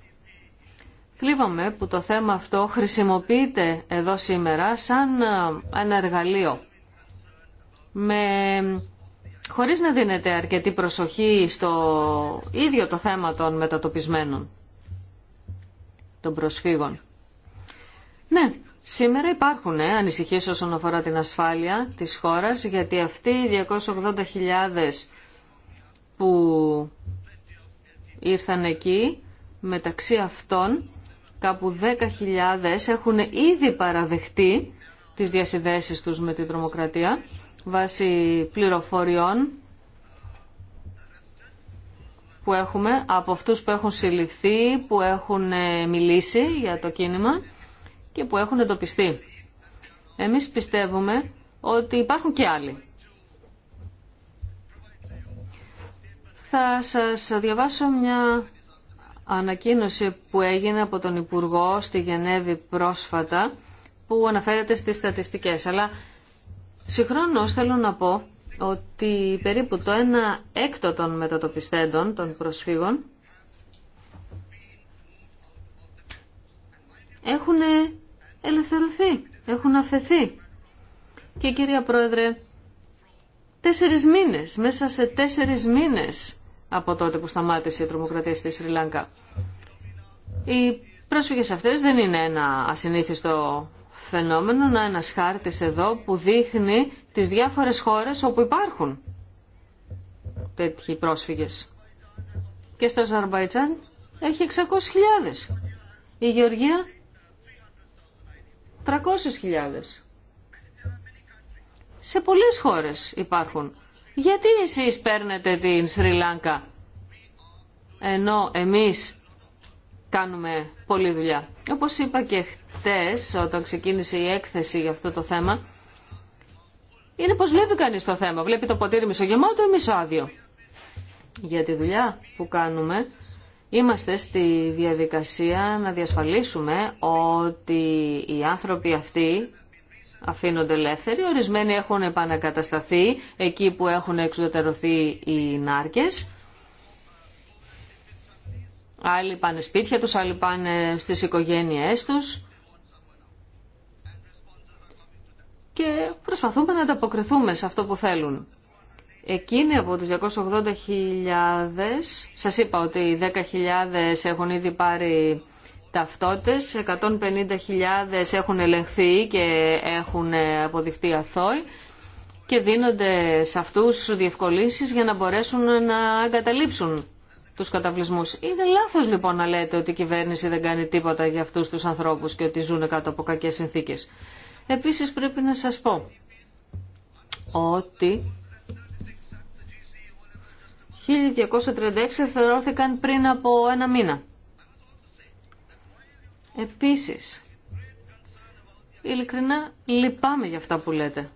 θλίβαμε που το θέμα αυτό χρησιμοποιείται εδώ σήμερα σαν ε, ένα εργαλείο με χωρίς να δίνεται αρκετή προσοχή στο ίδιο το θέμα των μετατοπισμένων των προσφύγων. Ναι, σήμερα υπάρχουν ε, ανησυχίες όσον αφορά την ασφάλεια της χώρας, γιατί αυτοί οι 280.000 που ήρθαν εκεί, μεταξύ αυτών κάπου 10.000 έχουν ήδη παραδεχτεί τις διασυνδέσεις τους με την τρομοκρατία βάσει πληροφοριών που έχουμε από αυτούς που έχουν συλληφθεί, που έχουν ε, μιλήσει για το κίνημα και που έχουν εντοπιστεί. Εμείς πιστεύουμε ότι υπάρχουν και άλλοι. Θα σας διαβάσω μια ανακοίνωση που έγινε από τον Υπουργό στη Γενέβη πρόσφατα που αναφέρεται στις στατιστικές. Αλλά συγχρόνως θέλω να πω ότι περίπου το ένα έκτο των μετατοπιστέντων, των προσφύγων, έχουν ελευθερωθεί, έχουν αφαιθεί. Και κυρία Πρόεδρε, τέσσερις μήνες, μέσα σε τέσσερις μήνες από τότε που σταμάτησε η τρομοκρατία στη Σρι Οι πρόσφυγες αυτές δεν είναι ένα ασυνήθιστο φαινόμενο να ένα χάρτη εδώ που δείχνει τις διάφορες χώρες όπου υπάρχουν τέτοιοι πρόσφυγες. Και στο Αζερβαϊτζάν έχει 600.000. Η Γεωργία 300.000. Σε πολλές χώρες υπάρχουν. Γιατί εσείς παίρνετε την Σρι Λάνκα ενώ εμείς κάνουμε πολλή δουλειά. Όπως είπα και χτες, όταν ξεκίνησε η έκθεση για αυτό το θέμα, είναι πως βλέπει κανείς το θέμα. Βλέπει το ποτήρι μισογεμάτο ή μισοάδιο. Για τη δουλειά που κάνουμε, είμαστε στη διαδικασία να διασφαλίσουμε ότι οι άνθρωποι αυτοί αφήνονται ελεύθεροι. Ορισμένοι έχουν επανακατασταθεί εκεί που έχουν εξουδετερωθεί οι νάρκες Άλλοι πάνε σπίτια τους, άλλοι πάνε στις οικογένειές τους. Και προσπαθούμε να ανταποκριθούμε σε αυτό που θέλουν. Εκείνοι από τις 280.000, σας είπα ότι 10.000 έχουν ήδη πάρει ταυτότητες, 150.000 έχουν ελεγχθεί και έχουν αποδειχθεί αθώοι και δίνονται σε αυτούς διευκολύνσεις για να μπορέσουν να εγκαταλείψουν τους καταβλισμού. Είναι λάθος λοιπόν να λέτε ότι η κυβέρνηση δεν κάνει τίποτα για αυτού τους ανθρώπους και ότι ζουν κάτω από κακές συνθήκες. Επίσης πρέπει να σας πω ότι 1236 ευθερώθηκαν πριν από ένα μήνα. Επίσης, ειλικρινά λυπάμαι για αυτά που λέτε.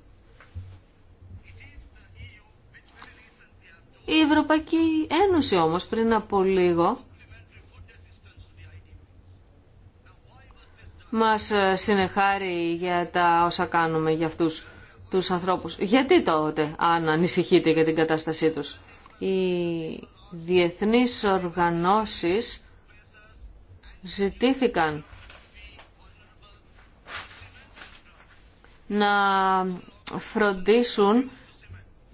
Η Ευρωπαϊκή Ένωση όμως πριν από λίγο μας ε, συνεχάρει για τα όσα κάνουμε για αυτούς τους ανθρώπους. Γιατί τότε αν ανησυχείτε για την κατάστασή τους. Οι διεθνείς οργανώσεις ζητήθηκαν να φροντίσουν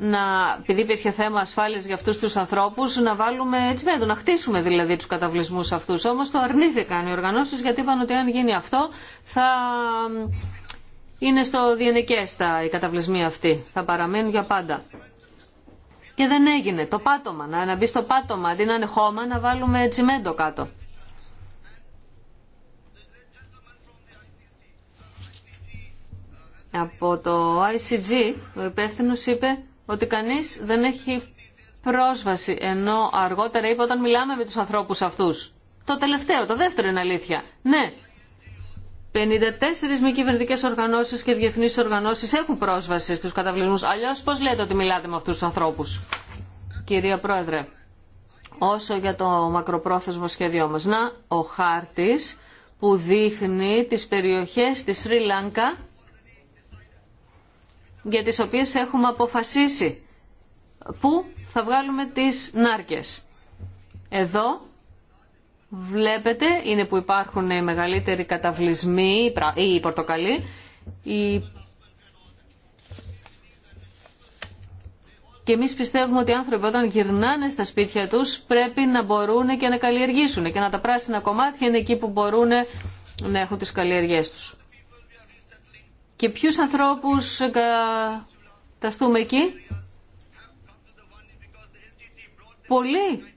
να, επειδή υπήρχε θέμα ασφάλειας για αυτούς τους ανθρώπους, να βάλουμε έτσι να χτίσουμε δηλαδή τους καταβλισμούς αυτούς. Όμως το αρνήθηκαν οι οργανώσεις γιατί είπαν ότι αν γίνει αυτό θα είναι στο διενικέστα οι καταβλισμοί αυτοί, θα παραμένουν για πάντα. Και δεν έγινε. Το πάτωμα, να, να μπει στο πάτωμα, αντί να είναι χώμα, να βάλουμε τσιμέντο κάτω. Από το ICG ο υπεύθυνο είπε ότι κανείς δεν έχει πρόσβαση, ενώ αργότερα είπε όταν μιλάμε με τους ανθρώπους αυτούς. Το τελευταίο, το δεύτερο είναι αλήθεια. Ναι, 54 μη κυβερνητικέ οργανώσει και διεθνεί οργανώσει έχουν πρόσβαση στου καταβλισμού. Αλλιώ πώ λέτε ότι μιλάτε με αυτού του ανθρώπου, κυρία Πρόεδρε. Όσο για το μακροπρόθεσμο σχέδιό μα. Να, ο χάρτη που δείχνει τι περιοχέ στη Σρι Λάνκα για τις οποίες έχουμε αποφασίσει πού θα βγάλουμε τις νάρκες. Εδώ βλέπετε είναι που υπάρχουν οι μεγαλύτεροι καταβλισμοί ή οι πορτοκαλί. Οι... Και εμείς πιστεύουμε ότι οι άνθρωποι όταν γυρνάνε στα σπίτια τους πρέπει να μπορούν και να καλλιεργήσουν και να τα πράσινα κομμάτια είναι εκεί που μπορούν να έχουν τις καλλιεργίες τους. Και ποιους ανθρώπους καταστούμε εκεί. Πολλοί.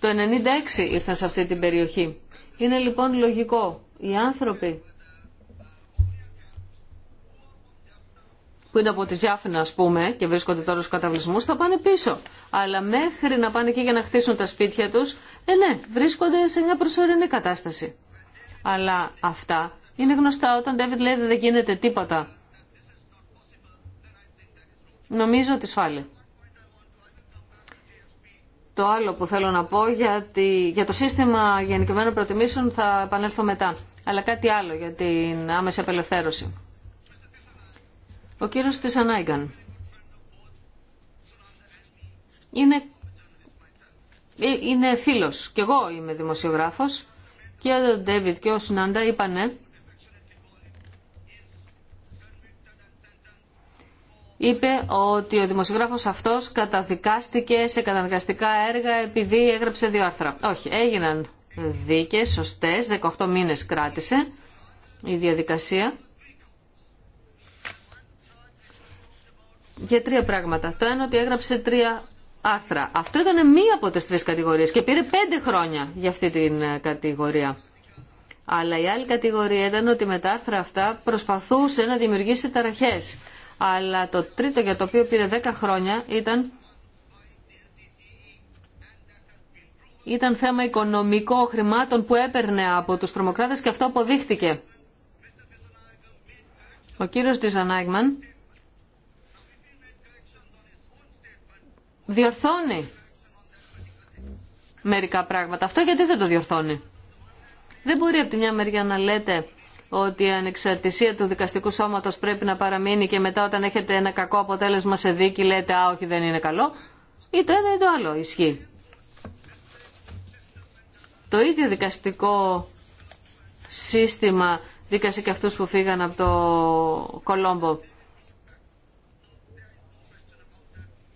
Το 96 ήρθαν σε αυτή την περιοχή. Είναι λοιπόν λογικό οι άνθρωποι που είναι από τη Ζιάφνα, ας πούμε και βρίσκονται τώρα στους καταβλισμούς θα πάνε πίσω. Αλλά μέχρι να πάνε εκεί για να χτίσουν τα σπίτια τους, ε ναι, βρίσκονται σε μια προσωρινή κατάσταση. Αλλά αυτά είναι γνωστά. Όταν David λέει ότι δεν γίνεται τίποτα, νομίζω ότι σφάλει. Το άλλο που θέλω να πω για, για το σύστημα γενικευμένων προτιμήσεων θα επανέλθω μετά. Αλλά κάτι άλλο για την άμεση απελευθέρωση. Ο κύριος της Ανάγκαν. Είναι, ε, είναι φίλος. Κι εγώ είμαι δημοσιογράφος. Και ο Ντέβιτ και ο Σουνάντα είπανε είπε ότι ο δημοσιογράφος αυτός καταδικάστηκε σε καταναγκαστικά έργα επειδή έγραψε δύο άρθρα. Όχι, έγιναν δίκες, σωστές, 18 μήνες κράτησε η διαδικασία. Για τρία πράγματα. Το ένα ότι έγραψε τρία άρθρα. Αυτό ήταν μία από τις τρεις κατηγορίες και πήρε πέντε χρόνια για αυτή την ε, κατηγορία. Αλλά η άλλη κατηγορία ήταν ότι με τα άρθρα αυτά προσπαθούσε να δημιουργήσει ταραχές αλλά το τρίτο για το οποίο πήρε 10 χρόνια ήταν, ήταν θέμα οικονομικό χρημάτων που έπαιρνε από τους τρομοκράτες και αυτό αποδείχτηκε. Ο κύριος Τιζανάγκμαν διορθώνει μερικά πράγματα. Αυτό γιατί δεν το διορθώνει. Δεν μπορεί από τη μια μεριά να λέτε ότι η ανεξαρτησία του δικαστικού σώματο πρέπει να παραμείνει και μετά όταν έχετε ένα κακό αποτέλεσμα σε δίκη λέτε «Α, όχι, δεν είναι καλό». Ή το ένα ή το άλλο ισχύει. Το ίδιο δικαστικό σύστημα δίκασε και αυτούς που φύγαν από το Κολόμπο.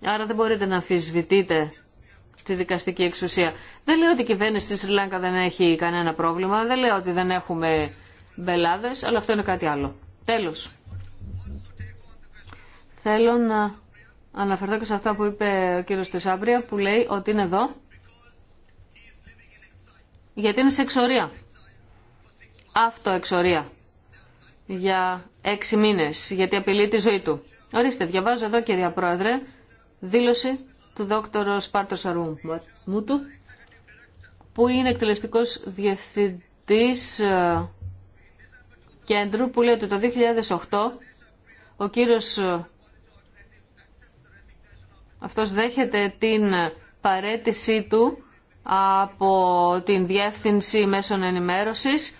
Άρα δεν μπορείτε να αμφισβητείτε τη δικαστική εξουσία. Δεν λέω ότι η κυβέρνηση της Σρι δεν έχει κανένα πρόβλημα, δεν λέω ότι δεν έχουμε μπελάδες, αλλά αυτό είναι κάτι άλλο. Τέλος. Θέλω να αναφερθώ και σε αυτά που είπε ο κύριο Τεσάμπρια που λέει ότι είναι εδώ γιατί είναι σε εξορία. Αυτό εξορία. Για έξι μήνες, γιατί απειλεί τη ζωή του. Ορίστε, διαβάζω εδώ κυρία Πρόεδρε, δήλωση του δόκτωρο Σπάρτος του που είναι εκτελεστικός διευθυντής ε, κέντρου που λέει ότι το 2008 ο κύριος ε, αυτός δέχεται την παρέτησή του από την Διεύθυνση Μέσων Ενημέρωσης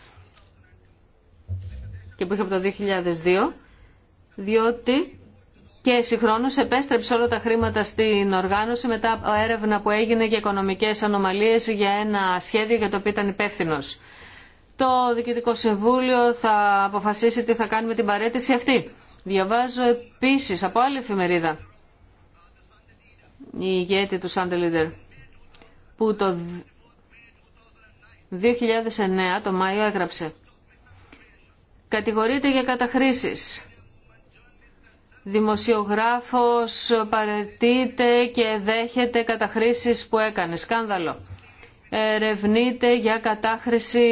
και που είχε από το 2002 διότι και συγχρόνω επέστρεψε όλα τα χρήματα στην οργάνωση μετά από έρευνα που έγινε για οικονομικέ ανομαλίε για ένα σχέδιο για το οποίο ήταν υπεύθυνο το Διοικητικό Συμβούλιο θα αποφασίσει τι θα κάνει με την παρέτηση αυτή. Διαβάζω επίσης από άλλη εφημερίδα η ηγέτη του Σάντε που το 2009 το Μάιο έγραψε κατηγορείται για καταχρήσεις δημοσιογράφος παρετείται και δέχεται καταχρήσεις που έκανε σκάνδαλο ερευνείται για κατάχρηση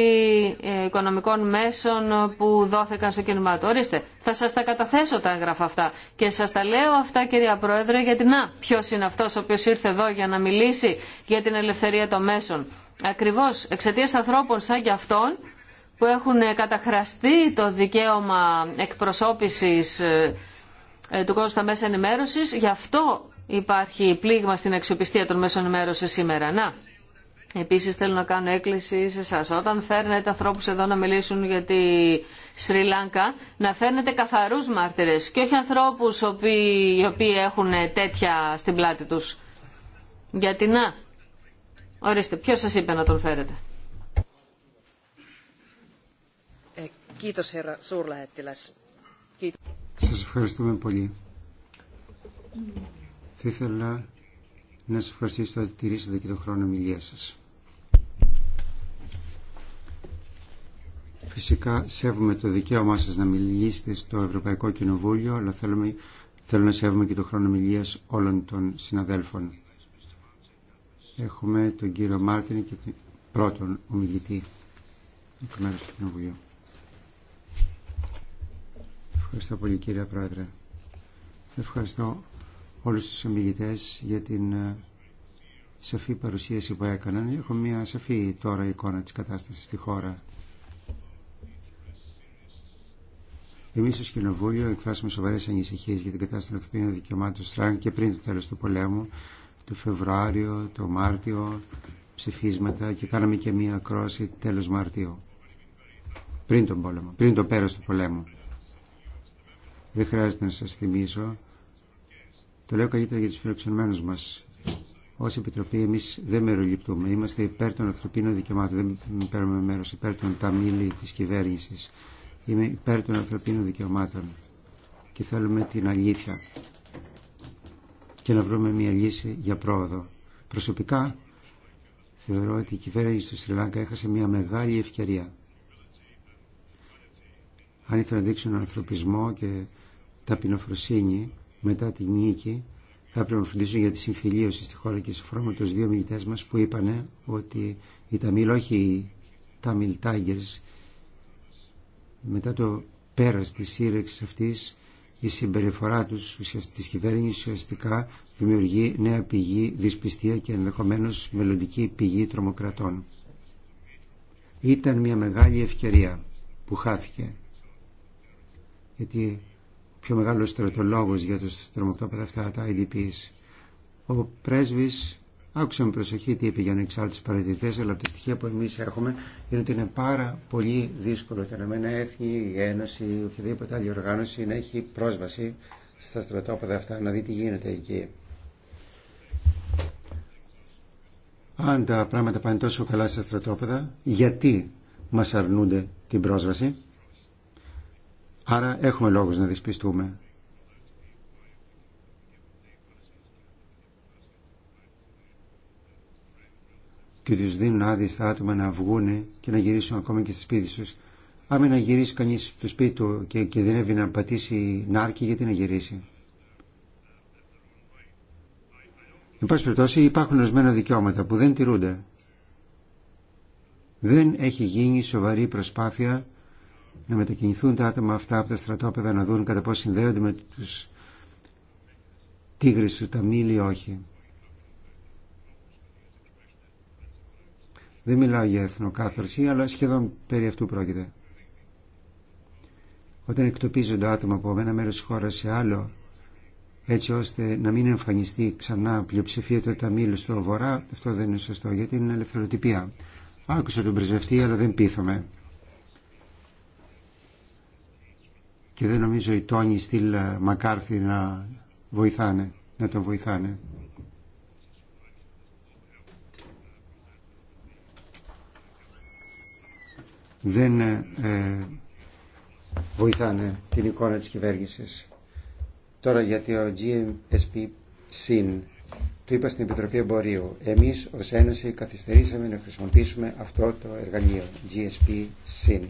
ε, οικονομικών μέσων που δόθηκαν στο κινημάτο. Ορίστε, θα σας τα καταθέσω τα έγγραφα αυτά και σας τα λέω αυτά κυρία Πρόεδρε γιατί να, ποιος είναι αυτός ο οποίος ήρθε εδώ για να μιλήσει για την ελευθερία των μέσων. Ακριβώς εξαιτίας ανθρώπων σαν και αυτών που έχουν καταχραστεί το δικαίωμα εκπροσώπησης ε, ε, του κόσμου στα μέσα ενημέρωσης, γι' αυτό υπάρχει πλήγμα στην αξιοπιστία των μέσων ενημέρωσης σήμερα. Να, Επίσης θέλω να κάνω έκκληση σε εσά. Όταν φέρνετε ανθρώπους εδώ να μιλήσουν για τη Σρι Λάνκα, να φέρνετε καθαρούς μάρτυρες και όχι ανθρώπους οι οποίοι έχουν τέτοια στην πλάτη του. Γιατί να. Ορίστε, ποιο σας είπε να τον φέρετε. Ε, σας ευχαριστούμε πολύ. Θα ήθελα να σας ευχαριστήσω ότι τηρήσατε και τον χρόνο μιλία σας. Φυσικά σέβομαι το δικαίωμά σας να μιλήσετε στο Ευρωπαϊκό Κοινοβούλιο, αλλά θέλουμε, θέλω να σέβομαι και το χρόνο μιλίας όλων των συναδέλφων. Έχουμε τον κύριο Μάρτιν και τον πρώτον ομιλητή εκ μέρους του Κοινοβουλίου. Ευχαριστώ πολύ κύριε Πρόεδρε. Ευχαριστώ όλους τους ομιλητές για την ε, σαφή παρουσίαση που έκαναν. Έχω μια σαφή τώρα εικόνα της κατάστασης στη χώρα. Εμεί ω Κοινοβούλιο εκφράσαμε σοβαρέ ανησυχίε για την κατάσταση των ανθρωπίνων δικαιωμάτων και πριν το τέλο του πολέμου, το Φεβρουάριο, το Μάρτιο, ψηφίσματα και κάναμε και μία ακρόαση τέλο Μαρτίου. Πριν τον πόλεμο, πριν το πέρα του πολέμου. Δεν χρειάζεται να σα θυμίσω. Το λέω καλύτερα για του φιλοξενμένου μα. Ω Επιτροπή, εμεί δεν μεροληπτούμε. Είμαστε υπέρ των ανθρωπίνων δικαιωμάτων. Δεν παίρνουμε μέρο υπέρ των ταμίλη τη κυβέρνηση. Είμαι υπέρ των ανθρωπίνων δικαιωμάτων και θέλουμε την αλήθεια και να βρούμε μια λύση για πρόοδο. Προσωπικά θεωρώ ότι η κυβέρνηση του Στριλάνκα έχασε μια μεγάλη ευκαιρία. Αν ήθελα να δείξουν ανθρωπισμό και ταπεινοφροσύνη μετά την νίκη, θα έπρεπε να φροντίσουν για τη συμφιλίωση στη χώρα και συμφωνώ με του δύο μιλητέ μα που είπαν ότι οι Ταμίλ, όχι οι Ταμίλ Τάγκερ, μετά το πέρας της σύρεξης αυτής η συμπεριφορά τους της κυβέρνησης ουσιαστικά δημιουργεί νέα πηγή δυσπιστία και ενδεχομένως μελλοντική πηγή τρομοκρατών. Ήταν μια μεγάλη ευκαιρία που χάθηκε γιατί ο πιο μεγάλος στρατολόγος για τους τρομοκτώπεδα αυτά τα IDPs ο πρέσβης Άκουσα με προσοχή τι είπε για ανεξάρτητου παρατηρητέ, αλλά από τα στοιχεία που εμεί έχουμε είναι ότι είναι πάρα πολύ δύσκολο τα Ηνωμένα Έθνη, η Ένωση, οποιαδήποτε άλλη οργάνωση να έχει πρόσβαση στα στρατόπεδα αυτά, να δει τι γίνεται εκεί. Αν τα πράγματα πάνε τόσο καλά στα στρατόπεδα, γιατί μας αρνούνται την πρόσβαση. Άρα έχουμε λόγους να δυσπιστούμε. και τους δίνουν άδειε στα άτομα να βγούνε και να γυρίσουν ακόμα και στις σπίτι τους. Άμα να γυρίσει κανείς στο σπίτι του και κινδυνεύει να πατήσει νάρκη, γιατί να γυρίσει. Εν πάση περιπτώσει υπάρχουν ορισμένα δικαιώματα που δεν τηρούνται. Δεν έχει γίνει σοβαρή προσπάθεια να μετακινηθούν τα άτομα αυτά από τα στρατόπεδα να δουν κατά πώς συνδέονται με τους τίγρες του τα ή όχι. Δεν μιλάω για εθνοκάθαρση, αλλά σχεδόν περί αυτού πρόκειται. Όταν εκτοπίζονται άτομα από ένα μέρο τη χώρα σε άλλο, έτσι ώστε να μην εμφανιστεί ξανά πλειοψηφία του Ταμίλου στο Βορρά, αυτό δεν είναι σωστό, γιατί είναι ελευθεροτυπία. Άκουσα τον πρεσβευτή, αλλά δεν πείθομαι. Και δεν νομίζω οι τόνοι στυλ ε, μακάρθι να βοηθάνε, να τον βοηθάνε. δεν ε, ε, βοηθάνε την εικόνα της κυβέρνησης. Τώρα γιατί ο gsp συν. Το είπα στην Επιτροπή Εμπορίου. Εμείς ως Ένωση καθυστερήσαμε να χρησιμοποιήσουμε αυτό το εργαλείο, GSP GSP-SIN,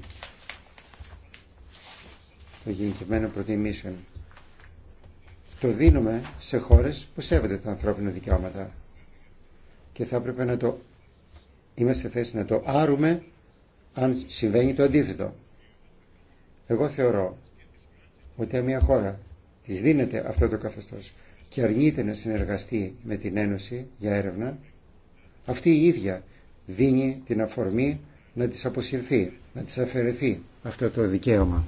Το γενικευμένο προτιμήσεων. Το δίνουμε σε χώρες που σέβονται τα ανθρώπινα δικαιώματα. Και θα έπρεπε να το είμαστε θέση να το άρουμε αν συμβαίνει το αντίθετο. Εγώ θεωρώ ότι μια χώρα της δίνεται αυτό το καθεστώς και αρνείται να συνεργαστεί με την Ένωση για έρευνα, αυτή η ίδια δίνει την αφορμή να της αποσυρθεί, να της αφαιρεθεί αυτό το δικαίωμα.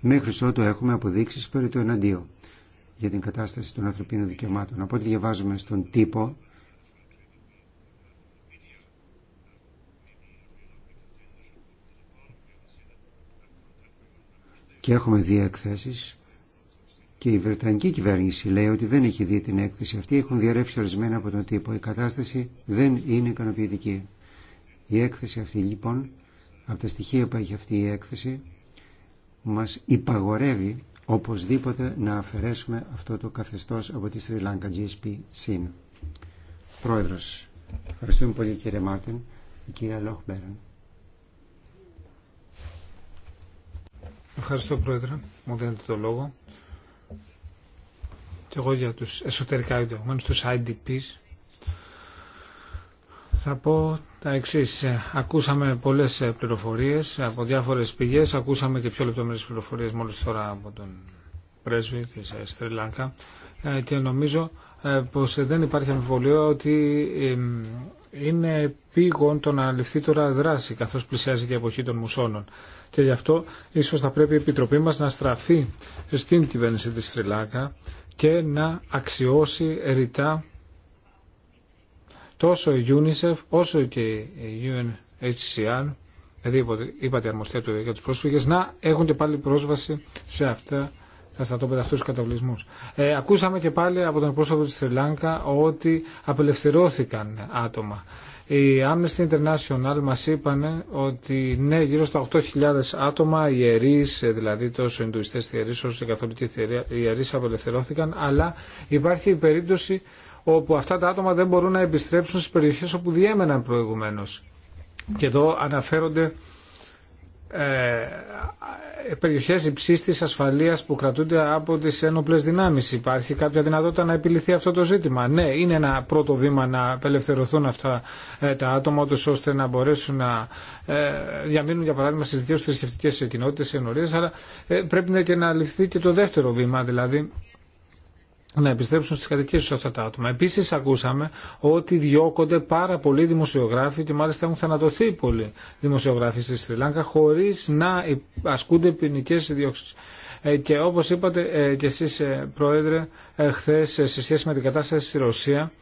Μέχρι ότου έχουμε αποδείξεις περί του εναντίου για την κατάσταση των ανθρωπίνων δικαιωμάτων. Από ό,τι διαβάζουμε στον τύπο, και έχουμε δύο εκθέσεις και η Βρετανική κυβέρνηση λέει ότι δεν έχει δει την έκθεση αυτή, έχουν διαρρεύσει ορισμένα από τον τύπο. Η κατάσταση δεν είναι ικανοποιητική. Η έκθεση αυτή λοιπόν, από τα στοιχεία που έχει αυτή η έκθεση, μας υπαγορεύει οπωσδήποτε να αφαιρέσουμε αυτό το καθεστώς από τη Sri Lanka GSP sin Πρόεδρος, ευχαριστούμε πολύ κύριε Μάρτιν, η κυρία Ευχαριστώ Πρόεδρε, μου δίνετε το λόγο. Και εγώ για τους εσωτερικά ιδιωγμένους, τους IDPs, θα πω τα εξή. Ακούσαμε πολλές πληροφορίες από διάφορες πηγές, ακούσαμε και πιο λεπτομέρειες πληροφορίες μόλις τώρα από τον πρέσβη της Στριλάνκα. Ε, και νομίζω ε, πως δεν υπάρχει αμφιβολία ότι είναι επίγον το να αναλυφθεί τώρα δράση καθώς πλησιάζει η εποχή των μουσώνων. Και γι' αυτό ίσως θα πρέπει η Επιτροπή μας να στραφεί στην κυβέρνηση της Στριλάκα και να αξιώσει ρητά τόσο η UNICEF όσο και η UNHCR δηλαδή είπατε αρμοστία του για τους πρόσφυγες να έχουν και πάλι πρόσβαση σε αυτά στα στρατόπεδα αυτού του καταβλισμού. Ε, ακούσαμε και πάλι από τον πρόσωπο τη Σριλάνκα ότι απελευθερώθηκαν άτομα. Οι Amnesty International μας είπαν ότι ναι, γύρω στα 8.000 άτομα, ιερείς, ε, δηλαδή τόσο Ινδουιστές ιερείς όσο και καθολικοί ιερείς απελευθερώθηκαν, αλλά υπάρχει η περίπτωση όπου αυτά τα άτομα δεν μπορούν να επιστρέψουν στις περιοχές όπου διέμεναν προηγουμένως. Και εδώ αναφέρονται ε, περιοχές υψής της ασφαλείας που κρατούνται από τις ένοπλες δυνάμεις. Υπάρχει κάποια δυνατότητα να επιληθεί αυτό το ζήτημα. Ναι, είναι ένα πρώτο βήμα να απελευθερωθούν αυτά ε, τα άτομα τους ώστε να μπορέσουν να ε, διαμείνουν για παράδειγμα στις δυο θρησκευτικέ κοινότητες ενωρίες αλλά πρέπει και να ληφθεί και το δεύτερο βήμα δηλαδή να επιστρέψουν στις κατοικίες τους αυτά τα άτομα. Επίσης ακούσαμε ότι διώκονται πάρα πολλοί δημοσιογράφοι και μάλιστα έχουν θανατωθεί πολλοί δημοσιογράφοι στη Σρι χωρίς να ασκούνται ποινικέ διώξεις. Ε, και όπως είπατε ε, και εσείς ε, Πρόεδρε χθες σε σχέση με την κατάσταση στη Ρωσία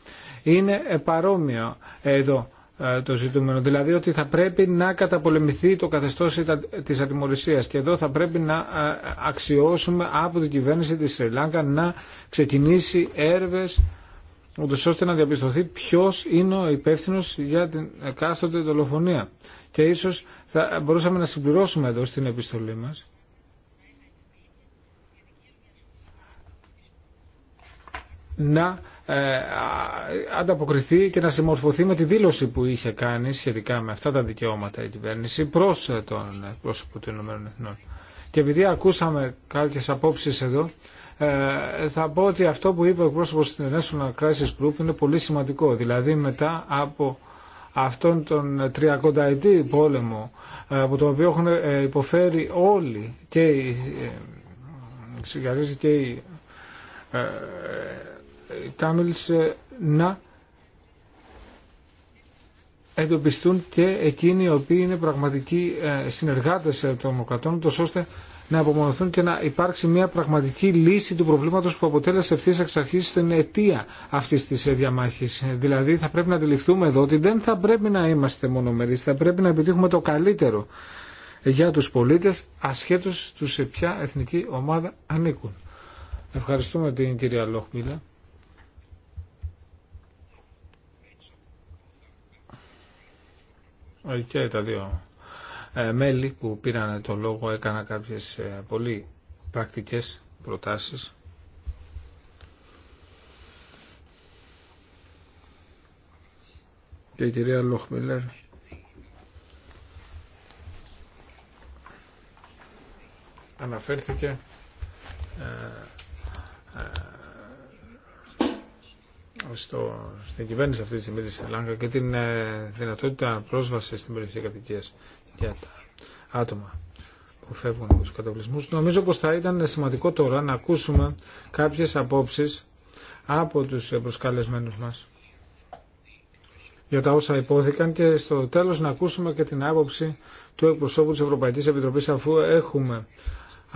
είναι παρόμοιο εδώ ε, το ζητούμενο. Δηλαδή ότι θα πρέπει να καταπολεμηθεί το καθεστώς της ατιμορρησία. και εδώ θα πρέπει να ε, αξιώσουμε από την κυβέρνηση της Σρι να ξεκινήσει έρευνε ούτως ώστε να διαπιστωθεί ποιος είναι ο υπεύθυνο για την εκάστοτε δολοφονία. Και ίσως θα μπορούσαμε να συμπληρώσουμε εδώ στην επιστολή μας να ε, ανταποκριθεί και να συμμορφωθεί με τη δήλωση που είχε κάνει σχετικά με αυτά τα δικαιώματα η κυβέρνηση προς ε, τον πρόσωπο των Ηνωμένων Εθνών. Και επειδή ακούσαμε κάποιες απόψεις εδώ, ε, θα πω ότι αυτό που είπε ο πρόσωπος του National Crisis Group είναι πολύ σημαντικό. Δηλαδή μετά από αυτόν τον 30 ετή πόλεμο από τον οποίο έχουν υποφέρει όλοι και οι ε, και οι ε, να εντοπιστούν και εκείνοι οι οποίοι είναι πραγματικοί ε, συνεργάτες ε, των ομοκρατών, ώστε να απομονωθούν και να υπάρξει μια πραγματική λύση του προβλήματο που αποτέλεσε ευθύ εξ αρχή την αιτία αυτή τη διαμάχη. Δηλαδή, θα πρέπει να αντιληφθούμε εδώ ότι δεν θα πρέπει να είμαστε μονομερεί, θα πρέπει να επιτύχουμε το καλύτερο για του πολίτε ασχέτω του σε ποια εθνική ομάδα ανήκουν. Ευχαριστούμε την κυρία Λόχμιλα. και τα δύο ε, μέλη που πήραν το λόγο έκανα κάποιες ε, πολύ πρακτικές προτάσεις. Και η κυρία Λοχμιλέρ αναφέρθηκε ε, στο, στην κυβέρνηση αυτή τη στιγμή της Λάγκα και την ε, δυνατότητα πρόσβασης στην περιοχή κατοικίας για τα άτομα που φεύγουν από τους καταβλισμούς. Νομίζω πως θα ήταν σημαντικό τώρα να ακούσουμε κάποιες απόψεις από τους προσκαλεσμένους μας για τα όσα υπόθηκαν και στο τέλος να ακούσουμε και την άποψη του εκπροσώπου της Ευρωπαϊκής Επιτροπής αφού έχουμε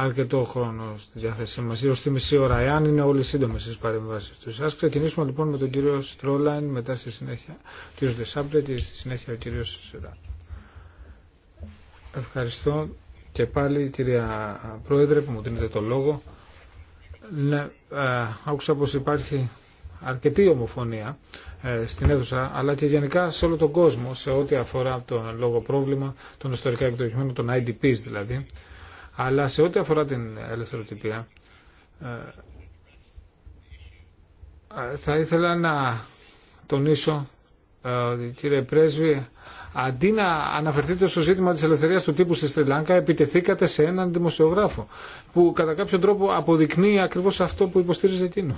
αρκετό χρόνο στη διάθεσή μα. γύρω στη μισή ώρα, εάν είναι όλοι σύντομε στι παρεμβάσει του. Α ξεκινήσουμε λοιπόν με τον κύριο Στρόλαν, μετά στη συνέχεια ο κύριο Δεσάμπλε και στη συνέχεια ο κύριο Σερά. Ευχαριστώ και πάλι κυρία Πρόεδρε που μου δίνετε το λόγο. Ναι, ε, άκουσα πως υπάρχει αρκετή ομοφωνία ε, στην αίθουσα, αλλά και γενικά σε όλο τον κόσμο, σε ό,τι αφορά το λόγο πρόβλημα των ιστορικά εκδοχημένων, των IDPs δηλαδή, αλλά σε ό,τι αφορά την ελευθεροτυπία, ε, θα ήθελα να τονίσω, ε, κύριε Πρέσβη, αντί να αναφερθείτε στο ζήτημα της ελευθερίας του τύπου στη Στριλάνκα επιτεθήκατε σε έναν δημοσιογράφο που κατά κάποιο τρόπο αποδεικνύει ακριβώς αυτό που υποστήριζε εκείνο.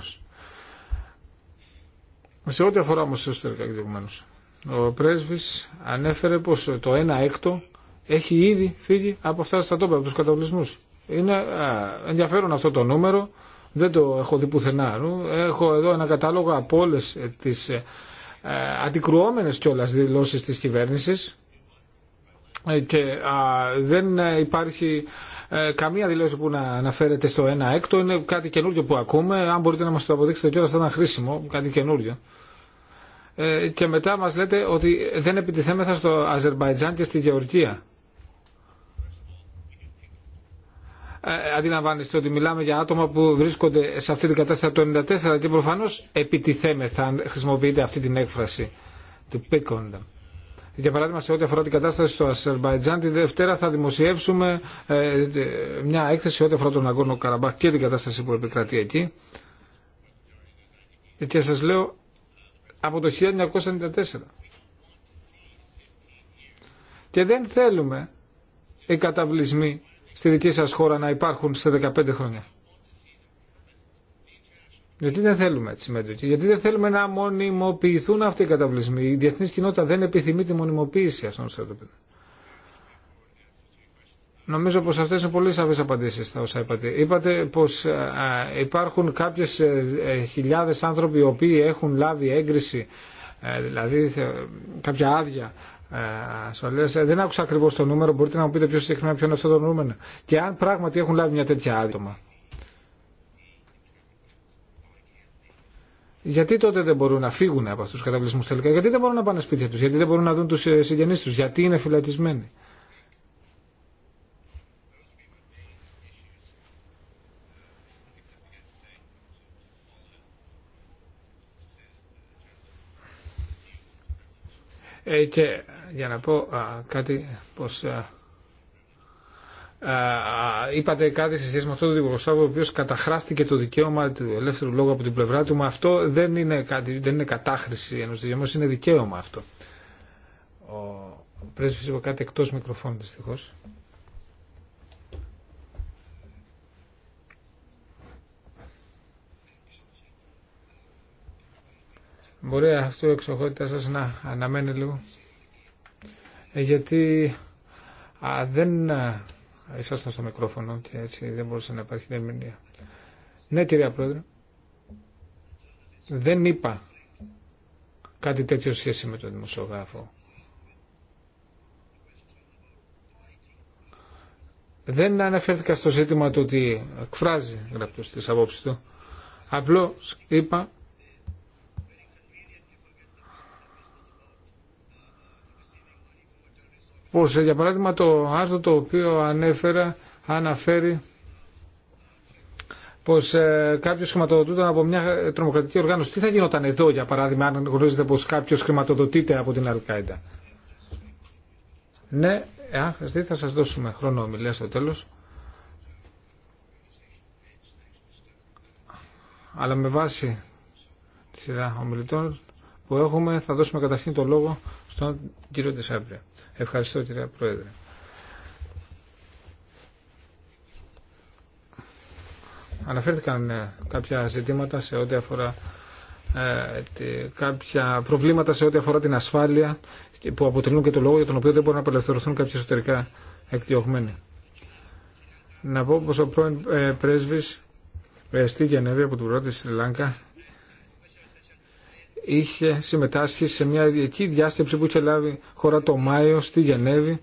Σε ό,τι αφορά όμως εσωτερικά και Ο πρέσβης ανέφερε πως το 1 έκτο έχει ήδη φύγει από αυτά τα τόπα, από του καταβλισμού. Είναι ενδιαφέρον αυτό το νούμερο, δεν το έχω δει πουθενά. Έχω εδώ ένα κατάλογο από όλε τι ε, αντικρουόμενε κιόλα δηλώσει τη κυβέρνηση, ε, και δεν υπάρχει ε, καμία δηλώση που να αναφέρεται στο 1 έκτο. Είναι κάτι καινούριο που ακούμε. Αν μπορείτε να μα το αποδείξετε κιόλα θα ήταν χρήσιμο, κάτι καινούριο και μετά μας λέτε ότι δεν επιτιθέμεθα στο Αζερμπαϊτζάν και στη Γεωργία. Ε, αντιλαμβάνεστε ότι μιλάμε για άτομα που βρίσκονται σε αυτή την κατάσταση από το 1994 και προφανώς επιτιθέμεθα αν χρησιμοποιείτε αυτή την έκφραση του πίκοντα. Για παράδειγμα, σε ό,τι αφορά την κατάσταση στο Αζερβαϊτζάν, τη Δευτέρα θα δημοσιεύσουμε ε, ε, μια έκθεση ό,τι αφορά τον Αγκόνο Καραμπάχ και την κατάσταση που επικρατεί εκεί. Και σα λέω από το 1994. Και δεν θέλουμε οι καταβλισμοί στη δική σας χώρα να υπάρχουν σε 15 χρόνια. Γιατί δεν θέλουμε έτσι Γιατί δεν θέλουμε να μονιμοποιηθούν αυτοί οι καταβλισμοί. Η διεθνή κοινότητα δεν επιθυμεί τη μονιμοποίηση αυτών των στρατοπέδων. Νομίζω πως αυτές είναι πολύ σαφές απαντήσεις στα όσα είπατε. Είπατε πως υπάρχουν κάποιες ε, ε, χιλιάδες άνθρωποι οι οποίοι έχουν λάβει έγκριση, ε, δηλαδή κάποια άδεια ε, δεν άκουσα ακριβώ το νούμερο. Μπορείτε να μου πείτε πιο συχνά ποιο είναι αυτό το νούμερο. Και αν πράγματι έχουν λάβει μια τέτοια άτομα. Γιατί τότε δεν μπορούν να φύγουν από αυτού του καταβλισμού τελικά, γιατί δεν μπορούν να πάνε σπίτια του, γιατί δεν μπορούν να δουν του ε, συγγενεί του, γιατί είναι φυλατισμένοι. Ε, και για να πω κάτι πως είπατε κάτι σε σχέση με αυτόν τον δημοσιογράφο ο οποίος καταχράστηκε το δικαίωμα του ελεύθερου λόγου από την πλευρά του, μα αυτό δεν είναι, κάτι, δεν είναι κατάχρηση ενός δικαιώματος, είναι δικαίωμα αυτό. Ο πρέσβης είπε κάτι εκτός μικροφώνου δυστυχώς. Μπορεί αυτό η εξοχότητά σας να αναμένει λίγο. Ε, γιατί α, δεν ήσασταν στο μικρόφωνο και έτσι δεν μπορούσε να υπάρχει ερμηνεία. Ναι κυρία Πρόεδρε, δεν είπα κάτι τέτοιο σχέση με τον δημοσιογράφο. Δεν αναφέρθηκα στο ζήτημα του ότι εκφράζει γραπτός τις απόψεις του. Απλώς είπα πως ε, για παράδειγμα το άρθρο το οποίο ανέφερα αναφέρει πως ε, κάποιο χρηματοδοτούνταν από μια τρομοκρατική οργάνωση. Τι θα γινόταν εδώ, για παράδειγμα, αν γνωρίζετε πως κάποιος χρηματοδοτείται από την Αλκάιντα. Ναι, εάν χρειαστεί, θα σας δώσουμε χρόνο ομιλία στο τέλος. Αλλά με βάση τη σειρά ομιλητών που έχουμε, θα δώσουμε καταρχήν το λόγο στον κύριο Τεσάμπρια. Ευχαριστώ κύριε Πρόεδρε. Αναφέρθηκαν ε, κάποια ζητήματα σε ό,τι αφορά ε, κάποια προβλήματα σε ό,τι αφορά την ασφάλεια που αποτελούν και το λόγο για τον οποίο δεν μπορούν να απελευθερωθούν κάποια εσωτερικά εκδιωγμένοι. Να πω πως ο πρώην ε, πρέσβης ε, στη Γενέβη από την πρώτη της Λάγκα είχε συμμετάσχει σε μια ειδική διάσκεψη που είχε λάβει χώρα το Μάιο στη Γενέβη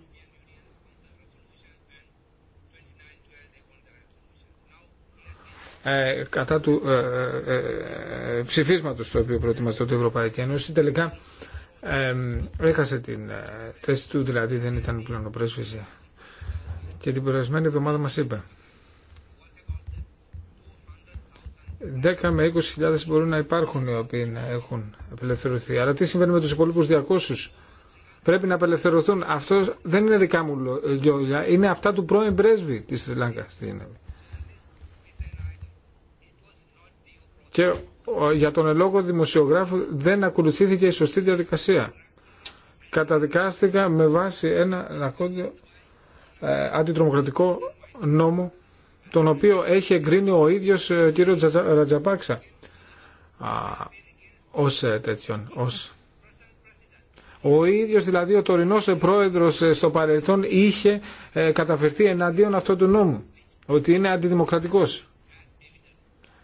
ε, κατά του ε, ε, ε, ψηφίσματος το οποίο προετοιμαστεί το Ευρωπαϊκή Ένωση τελικά ε, έχασε την θέση του δηλαδή δεν ήταν πλέον ο και την περασμένη εβδομάδα μας είπε 10 με 20.000 μπορεί να υπάρχουν οι οποίοι να έχουν απελευθερωθεί. Αλλά τι συμβαίνει με του υπόλοιπου 200 πρέπει να απελευθερωθούν. Αυτό δεν είναι δικά μου λόγια, είναι αυτά του πρώην πρέσβη τη Τριλάνκα Και για τον ελόγο δημοσιογράφου δεν ακολουθήθηκε η σωστή διαδικασία. Καταδικάστηκα με βάση ένα ε, αντιτρομοκρατικό νόμο τον οποίο έχει εγκρίνει ο ίδιος ε, ο κύριος Ρατζαπάξα α, ως ε, τέτοιον, ως ο ίδιος δηλαδή ο τωρινός ε, πρόεδρος στο παρελθόν είχε καταφερθεί εναντίον αυτού του νόμου, ότι είναι αντιδημοκρατικός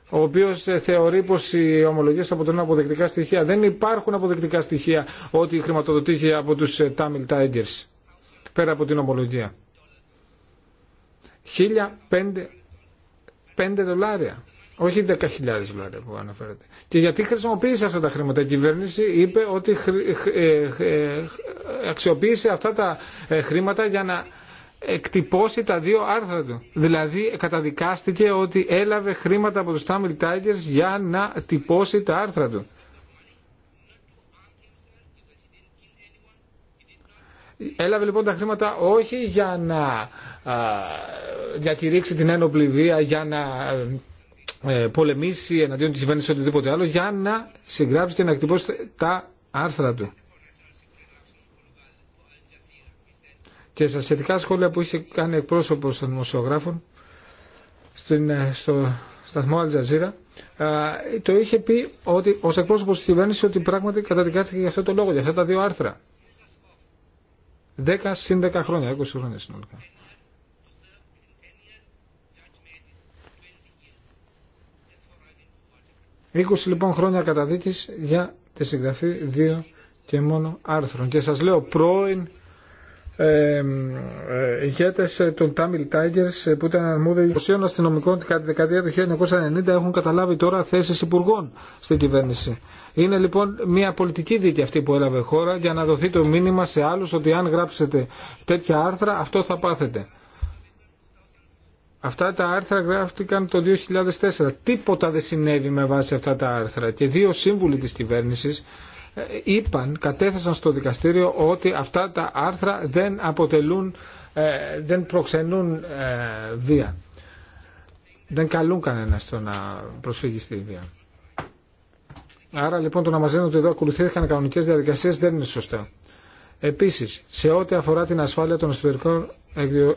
ο οποίο θεωρεί πω οι ομολογίε αποτελούν αποδεκτικά στοιχεία. Δεν υπάρχουν αποδεκτικά στοιχεία ότι χρηματοδοτήθηκε από του Tamil Tigers, πέρα από την ομολογία. 1.005 δολάρια. Όχι 10.000 δολάρια που αναφέρεται. Και γιατί χρησιμοποίησε αυτά τα χρήματα. Η κυβέρνηση είπε ότι ε, ε, αξιοποίησε αυτά τα ε, χρήματα για να εκτυπώσει τα δύο άρθρα του. Δηλαδή καταδικάστηκε ότι έλαβε χρήματα από τους Tamil Tigers για να τυπώσει τα άρθρα του. Έλαβε λοιπόν τα χρήματα όχι για να διακηρύξει την ένοπλη βία, για να ε, ε, πολεμήσει εναντίον της κυβέρνησης οτιδήποτε άλλο, για να συγγράψει και να εκτυπώσει τα άρθρα του. Και στα σχετικά σχόλια που είχε κάνει εκπρόσωπος των δημοσιογράφων στην, ε, στο σταθμό Αλτζαζίρα, το είχε πει ότι ως εκπρόσωπος της κυβέρνησης ότι πράγματι καταδικάστηκε για αυτό το λόγο, για αυτά τα δύο άρθρα. 10 συν 10 χρόνια, 20 χρόνια συνολικά. Είκοσι λοιπόν χρόνια καταδίκης για τη συγγραφή δύο και μόνο άρθρων. Και σας λέω πρώην ε, ε, ηγέτες των Tamil Tigers ε, που ήταν αρμόδιοι ουσίων αστυνομικών κατά τη δεκαετία του 1990 έχουν καταλάβει τώρα θέσεις υπουργών στην κυβέρνηση είναι λοιπόν μια πολιτική δίκη αυτή που έλαβε χώρα για να δοθεί το μήνυμα σε άλλους ότι αν γράψετε τέτοια άρθρα αυτό θα πάθετε. Αυτά τα άρθρα γράφτηκαν το 2004. Τίποτα δεν συνέβη με βάση αυτά τα άρθρα. Και δύο σύμβουλοι της κυβέρνησης ε, είπαν, κατέθεσαν στο δικαστήριο ότι αυτά τα άρθρα δεν αποτελούν, ε, δεν προξενούν ε, βία. Δεν καλούν κανένα στο να προσφύγει στη βία. Άρα λοιπόν το να μας λένε ότι εδώ ακολουθήθηκαν κανονικέ διαδικασίες δεν είναι σωστά. Επίσης, σε ό,τι αφορά την ασφάλεια των εσωτερικών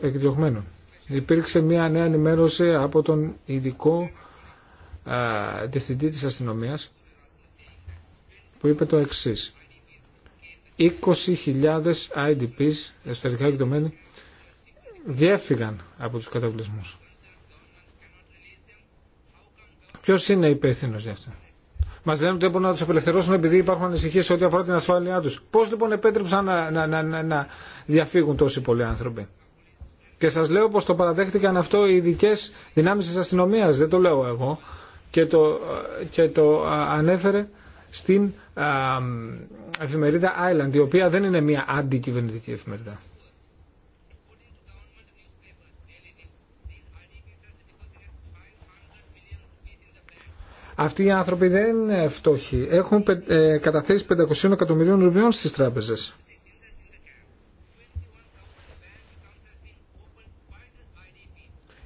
εκδιωγμένων, υπήρξε μια νέα ενημέρωση από τον ειδικό α, διευθυντή της αστυνομία, που είπε το εξή. 20.000 IDPs, εσωτερικά εκδιωγμένοι, διέφυγαν από τους καταβλισμούς. Ποιος είναι υπεύθυνο για αυτό μα λένε ότι έπρεπε να του απελευθερώσουν επειδή υπάρχουν ανησυχίε σε ό,τι αφορά την ασφάλειά του. Πώ λοιπόν επέτρεψαν να, να, να, να διαφύγουν τόσοι πολλοί άνθρωποι. Και σα λέω πω το παραδέχτηκαν αυτό οι ειδικέ δυνάμει τη αστυνομία, δεν το λέω εγώ. Και το, και το ανέφερε στην εφημερίδα Island, η οποία δεν είναι μια αντικυβερνητική εφημερίδα. Αυτοί οι άνθρωποι δεν είναι φτωχοί. Έχουν ε, καταθέσει 500 εκατομμυρίων ρουμιών στις τράπεζες.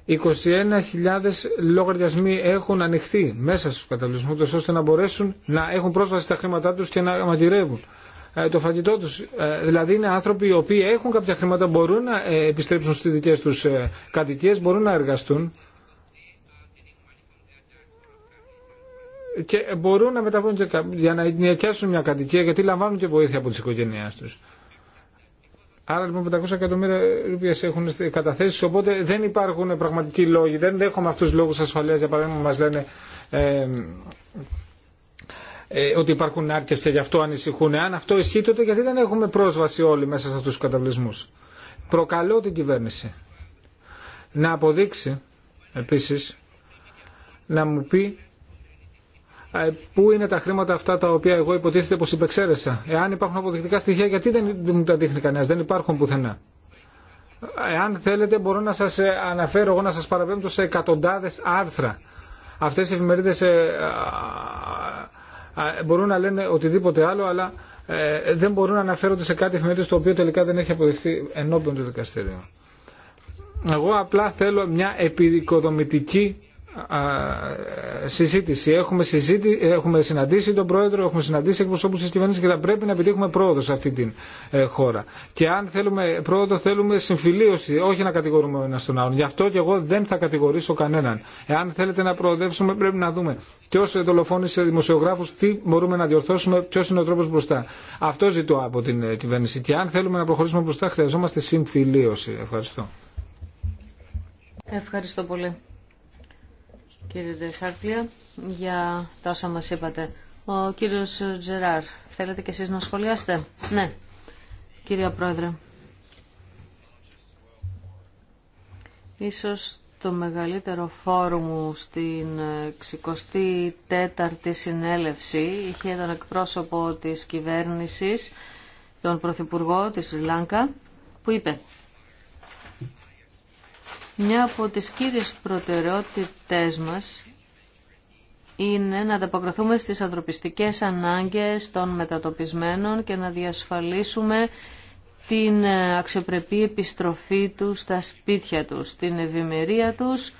«21.000 λογαριασμοί έχουν ανοιχθεί μέσα στους τους, ώστε να μπορέσουν να έχουν πρόσβαση στα χρήματά τους και να μαγειρεύουν ε, το φαγητό τους. Ε, δηλαδή είναι άνθρωποι οι οποίοι έχουν κάποια χρήματα, μπορούν να επιστρέψουν στις δικές τους κατοικίες, μπορούν να εργαστούν και μπορούν να μεταβούν για να νοικιάσουν μια κατοικία γιατί λαμβάνουν και βοήθεια από τις οικογένειε του. Άρα λοιπόν 500 εκατομμύρια ρούπια έχουν καταθέσει, οπότε δεν υπάρχουν πραγματικοί λόγοι. Δεν έχουμε αυτού του λόγου ασφαλεία, για παράδειγμα, μα λένε ε, ότι υπάρχουν άρκε και γι' αυτό ανησυχούν. Αν αυτό ισχύει, τότε γιατί δεν έχουμε πρόσβαση όλοι μέσα σε αυτού του καταβλισμού. Προκαλώ την κυβέρνηση να αποδείξει επίση να μου πει ε, πού είναι τα χρήματα αυτά τα οποία εγώ υποτίθεται πως υπεξαίρεσα. Εάν υπάρχουν αποδεικτικά στοιχεία, γιατί δεν μου τα δείχνει κανένας, δεν υπάρχουν πουθενά. Εάν θέλετε μπορώ να σας ε, αναφέρω εγώ να σας παραπέμπτω σε εκατοντάδες άρθρα. Αυτές οι εφημερίδες ε, μπορούν να λένε οτιδήποτε άλλο, αλλά δεν μπορούν να αναφέρονται σε κάτι εφημερίδες το οποίο τελικά δεν έχει αποδειχθεί ενώπιον του δικαστηρίου. Εγώ απλά θέλω μια επιδικοδομητική συζήτηση. Έχουμε, συζήτη, έχουμε συναντήσει τον Πρόεδρο, έχουμε συναντήσει εκπροσώπου τη κυβέρνηση και θα πρέπει να επιτύχουμε πρόοδο σε αυτή την ε, χώρα. Και αν θέλουμε πρόοδο, θέλουμε συμφιλίωση, όχι να κατηγορούμε ο ένα τον άλλον. Γι' αυτό και εγώ δεν θα κατηγορήσω κανέναν. Εάν θέλετε να προοδεύσουμε, πρέπει να δούμε ποιο δολοφόνησε δημοσιογράφου, τι μπορούμε να διορθώσουμε, ποιο είναι ο τρόπο μπροστά. Αυτό ζητώ από την ε, κυβέρνηση. Και αν θέλουμε να προχωρήσουμε μπροστά, χρειαζόμαστε συμφιλίωση. Ευχαριστώ. Ευχαριστώ πολύ κύριε Δεσάρκλια, για τα όσα μας είπατε. Ο κύριος Τζεράρ, θέλετε και εσείς να σχολιάσετε. Ναι, κυρία Πρόεδρε. Ίσως το μεγαλύτερο φόρουμ στην 64η συνέλευση είχε τον εκπρόσωπο της κυβέρνησης, τον Πρωθυπουργό της Λάνκα, που είπε μια από τις κύριες προτεραιότητές μας είναι να ανταποκριθούμε στις ανθρωπιστικές ανάγκες των μετατοπισμένων και να διασφαλίσουμε την ε, αξιοπρεπή επιστροφή τους στα σπίτια τους, την ευημερία τους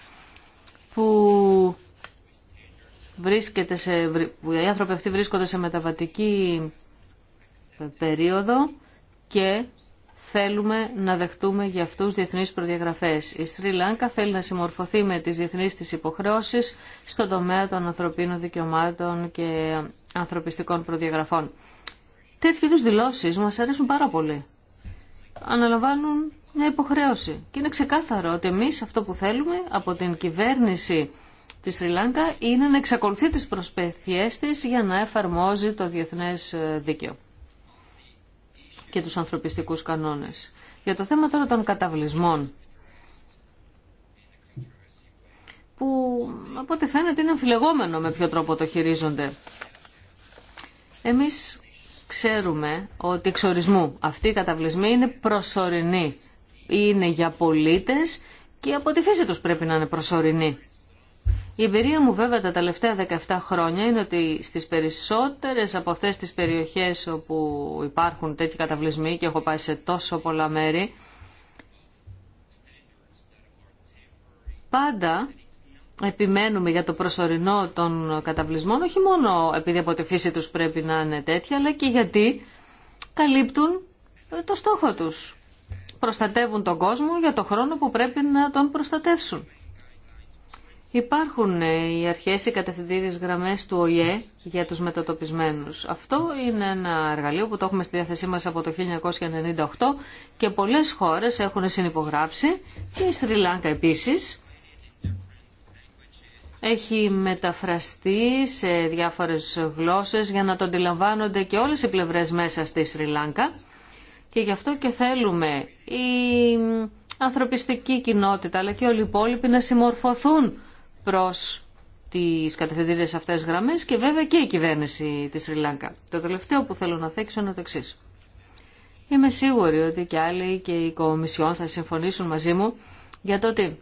που, βρίσκεται σε, που οι άνθρωποι αυτοί βρίσκονται σε μεταβατική ε, περίοδο και θέλουμε να δεχτούμε για αυτού διεθνεί προδιαγραφές. Η Σρι Λάνκα θέλει να συμμορφωθεί με τις διεθνείς τη υποχρέωσει στον τομέα των ανθρωπίνων δικαιωμάτων και ανθρωπιστικών προδιαγραφών. Τέτοιου είδου δηλώσεις μας αρέσουν πάρα πολύ. Αναλαμβάνουν μια υποχρέωση. Και είναι ξεκάθαρο ότι εμεί αυτό που θέλουμε από την κυβέρνηση τη Σρι Λάγκα είναι να εξακολουθεί τι προσπαθίε τη για να εφαρμόζει το διεθνέ δίκαιο και τους ανθρωπιστικούς κανόνες. Για το θέμα τώρα των καταβλισμών, που από ό,τι φαίνεται είναι αμφιλεγόμενο με ποιο τρόπο το χειρίζονται. Εμείς ξέρουμε ότι εξορισμού αυτοί οι καταβλισμοί είναι προσωρινοί. Είναι για πολίτες και από τη φύση τους πρέπει να είναι προσωρινοί. Η εμπειρία μου βέβαια τα τελευταία 17 χρόνια είναι ότι στις περισσότερες από αυτές τις περιοχές όπου υπάρχουν τέτοιοι καταβλισμοί και έχω πάει σε τόσο πολλά μέρη, πάντα επιμένουμε για το προσωρινό των καταβλισμών, όχι μόνο επειδή από τη φύση τους πρέπει να είναι τέτοια, αλλά και γιατί καλύπτουν ε, το στόχο τους. Προστατεύουν τον κόσμο για το χρόνο που πρέπει να τον προστατεύσουν. Υπάρχουν ε, οι αρχές, οι κατευθυντήριες γραμμές του ΟΗΕ για τους μετατοπισμένους. Αυτό είναι ένα εργαλείο που το έχουμε στη διάθεσή μας από το 1998 και πολλές χώρες έχουν συνυπογράψει και η Σρι Λάγκα επίσης. Έχει μεταφραστεί σε διάφορες γλώσσες για να το αντιλαμβάνονται και όλες οι πλευρές μέσα στη Σρι Λάγκα. Και γι' αυτό και θέλουμε η ανθρωπιστική κοινότητα αλλά και όλοι οι υπόλοιποι να συμμορφωθούν προς τις κατευθυντήρες αυτές γραμμές και βέβαια και η κυβέρνηση της Σριλάνκα. Το τελευταίο που θέλω να θέξω είναι το εξή. Είμαι σίγουρη ότι και άλλοι και οι Κομισιόν θα συμφωνήσουν μαζί μου για το ότι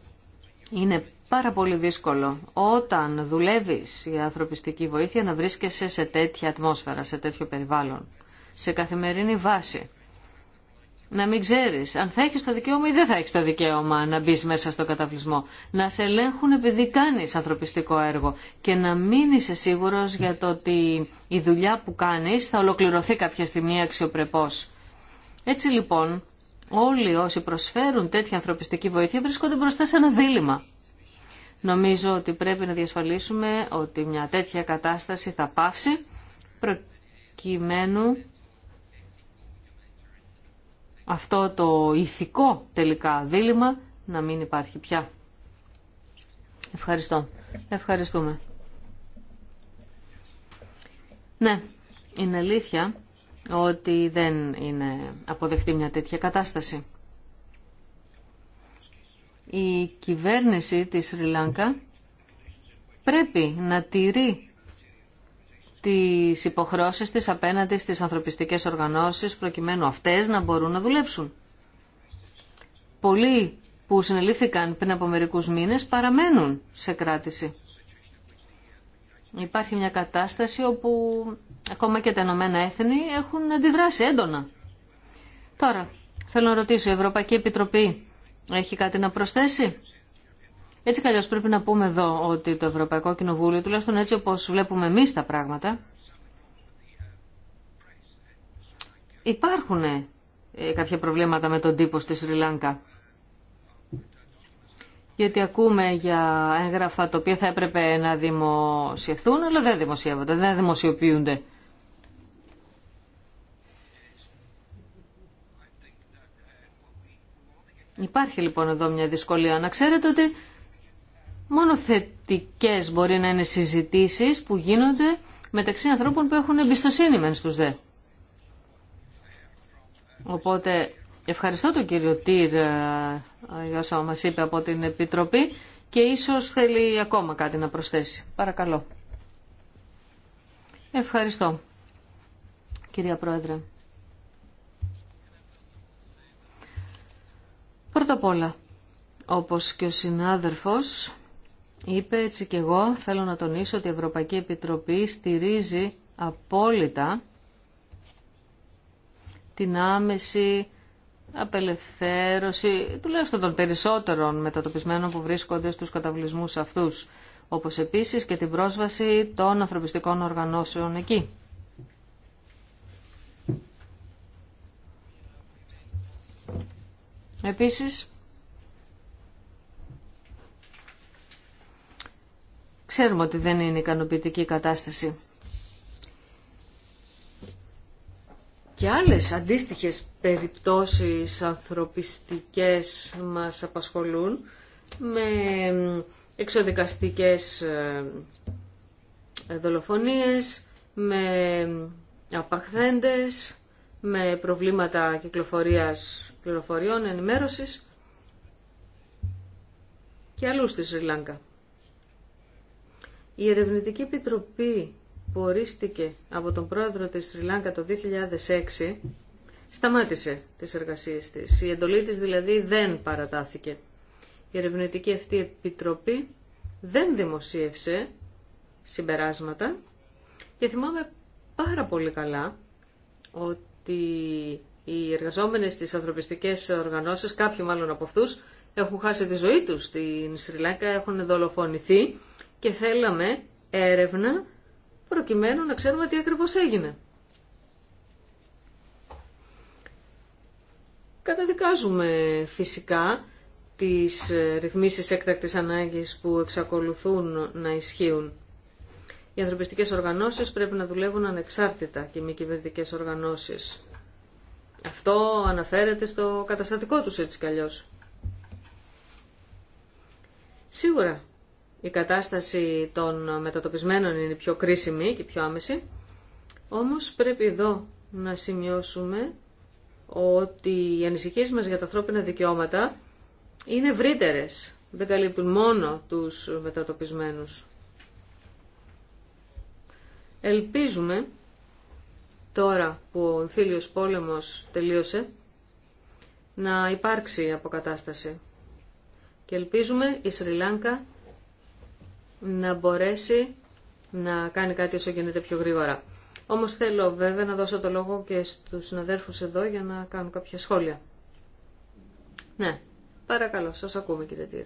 είναι πάρα πολύ δύσκολο όταν δουλεύεις για ανθρωπιστική βοήθεια να βρίσκεσαι σε τέτοια ατμόσφαιρα, σε τέτοιο περιβάλλον, σε καθημερινή βάση να μην ξέρει, αν θα έχει το δικαίωμα ή δεν θα έχει το δικαίωμα να μπει μέσα στο καταβλισμό. Να σε ελέγχουν επειδή κάνει ανθρωπιστικό έργο και να μην είσαι σίγουρος για το ότι η δουλειά που κάνει θα ολοκληρωθεί κάποια στιγμή αξιοπρεπώς. Έτσι λοιπόν όλοι όσοι προσφέρουν τέτοια ανθρωπιστική βοήθεια βρίσκονται μπροστά σε ένα δίλημα. Νομίζω ότι πρέπει να διασφαλίσουμε ότι μια τέτοια κατάσταση θα πάυσει προκειμένου αυτό το ηθικό τελικά δίλημα να μην υπάρχει πια. Ευχαριστώ. Ευχαριστούμε. Ναι, είναι αλήθεια ότι δεν είναι αποδεκτή μια τέτοια κατάσταση. Η κυβέρνηση της Σρι πρέπει να τηρεί τις υποχρώσεις της απέναντι στις ανθρωπιστικές οργανώσεις προκειμένου αυτές να μπορούν να δουλέψουν. Πολλοί που συνελήφθηκαν πριν από μερικούς μήνες παραμένουν σε κράτηση. Υπάρχει μια κατάσταση όπου ακόμα και τα Ηνωμένα Έθνη έχουν αντιδράσει έντονα. Τώρα, θέλω να ρωτήσω, η Ευρωπαϊκή Επιτροπή έχει κάτι να προσθέσει έτσι καλώς πρέπει να πούμε εδώ ότι το Ευρωπαϊκό Κοινοβούλιο, τουλάχιστον έτσι όπως βλέπουμε εμείς τα πράγματα, υπάρχουν ε, κάποια προβλήματα με τον τύπο στη Σρι Λάνκα. Γιατί ακούμε για έγγραφα τα οποία θα έπρεπε να δημοσιευθούν, αλλά δεν δημοσιεύονται, δεν δημοσιοποιούνται. Υπάρχει λοιπόν εδώ μια δυσκολία. Να ξέρετε ότι Μόνο θετικές μπορεί να είναι συζητήσεις που γίνονται μεταξύ ανθρώπων που έχουν εμπιστοσύνη μεν στους δε. Οπότε ευχαριστώ τον κύριο Τύρ ε, για όσα μας είπε από την Επιτροπή και ίσως θέλει ακόμα κάτι να προσθέσει. Παρακαλώ. Ευχαριστώ, κυρία Πρόεδρε. Πρώτα απ' όλα, όπως και ο συνάδελφος, είπε έτσι και εγώ θέλω να τονίσω ότι η Ευρωπαϊκή Επιτροπή στηρίζει απόλυτα την άμεση απελευθέρωση τουλάχιστον των περισσότερων μετατοπισμένων που βρίσκονται στους καταβλισμούς αυτούς όπως επίσης και την πρόσβαση των ανθρωπιστικών οργανώσεων εκεί. Επίσης, Ξέρουμε ότι δεν είναι ικανοποιητική η κατάσταση. Και άλλες αντίστοιχες περιπτώσεις ανθρωπιστικές μας απασχολούν με εξοδικαστικές ε, δολοφονίες, με απαχθέντες, με προβλήματα κυκλοφορίας πληροφοριών, ενημέρωσης και αλλού στη Σρι Λάγκα. Η Ερευνητική Επιτροπή που ορίστηκε από τον πρόεδρο της Σρι Λάγκα το 2006 σταμάτησε τις εργασίες της. Η εντολή της δηλαδή δεν παρατάθηκε. Η Ερευνητική αυτή Επιτροπή δεν δημοσίευσε συμπεράσματα και θυμάμαι πάρα πολύ καλά ότι οι εργαζόμενες στις ανθρωπιστικές οργανώσεις, κάποιοι μάλλον από αυτούς, έχουν χάσει τη ζωή τους στην Σρι έχουν δολοφονηθεί και θέλαμε έρευνα προκειμένου να ξέρουμε τι ακριβώς έγινε. Καταδικάζουμε φυσικά τις ρυθμίσεις έκτακτης ανάγκης που εξακολουθούν να ισχύουν. Οι ανθρωπιστικές οργανώσεις πρέπει να δουλεύουν ανεξάρτητα και οι μη κυβερνητικέ οργανώσεις. Αυτό αναφέρεται στο καταστατικό τους έτσι κι αλλιώς. Σίγουρα η κατάσταση των μετατοπισμένων είναι πιο κρίσιμη και πιο άμεση. Όμως πρέπει εδώ να σημειώσουμε ότι οι ανησυχίες μας για τα ανθρώπινα δικαιώματα είναι ευρύτερε. Δεν καλύπτουν μόνο τους μετατοπισμένους. Ελπίζουμε τώρα που ο εμφύλιος πόλεμος τελείωσε να υπάρξει αποκατάσταση. Και ελπίζουμε η Σρι να μπορέσει να κάνει κάτι όσο γίνεται πιο γρήγορα. Όμως θέλω βέβαια να δώσω το λόγο και στους συναδέρφους εδώ για να κάνουν κάποια σχόλια. Ναι, παρακαλώ, σας ακούμε κύριε Τύρ.